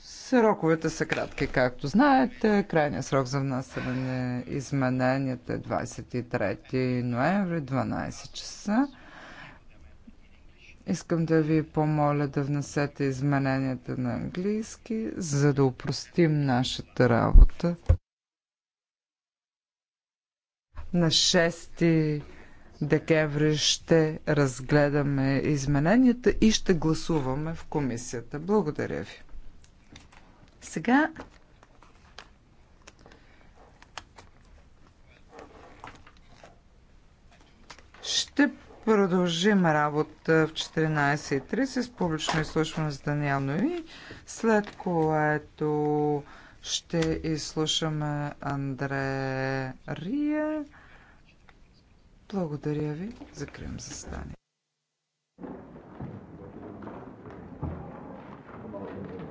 Сроковете са кратки, както знаете. Крайният срок за внасяне измененията е 23 ноември, 12 часа. Искам да ви помоля да внесете измененията на английски, за да упростим нашата работа. На 6 декември ще разгледаме измененията и ще гласуваме в комисията. Благодаря ви. Сега ще продължим работа в 14.30 с публично изслушване с Даниел Нови, след което ще изслушаме Андре Рия. Благодаря ви. Закривам заседание.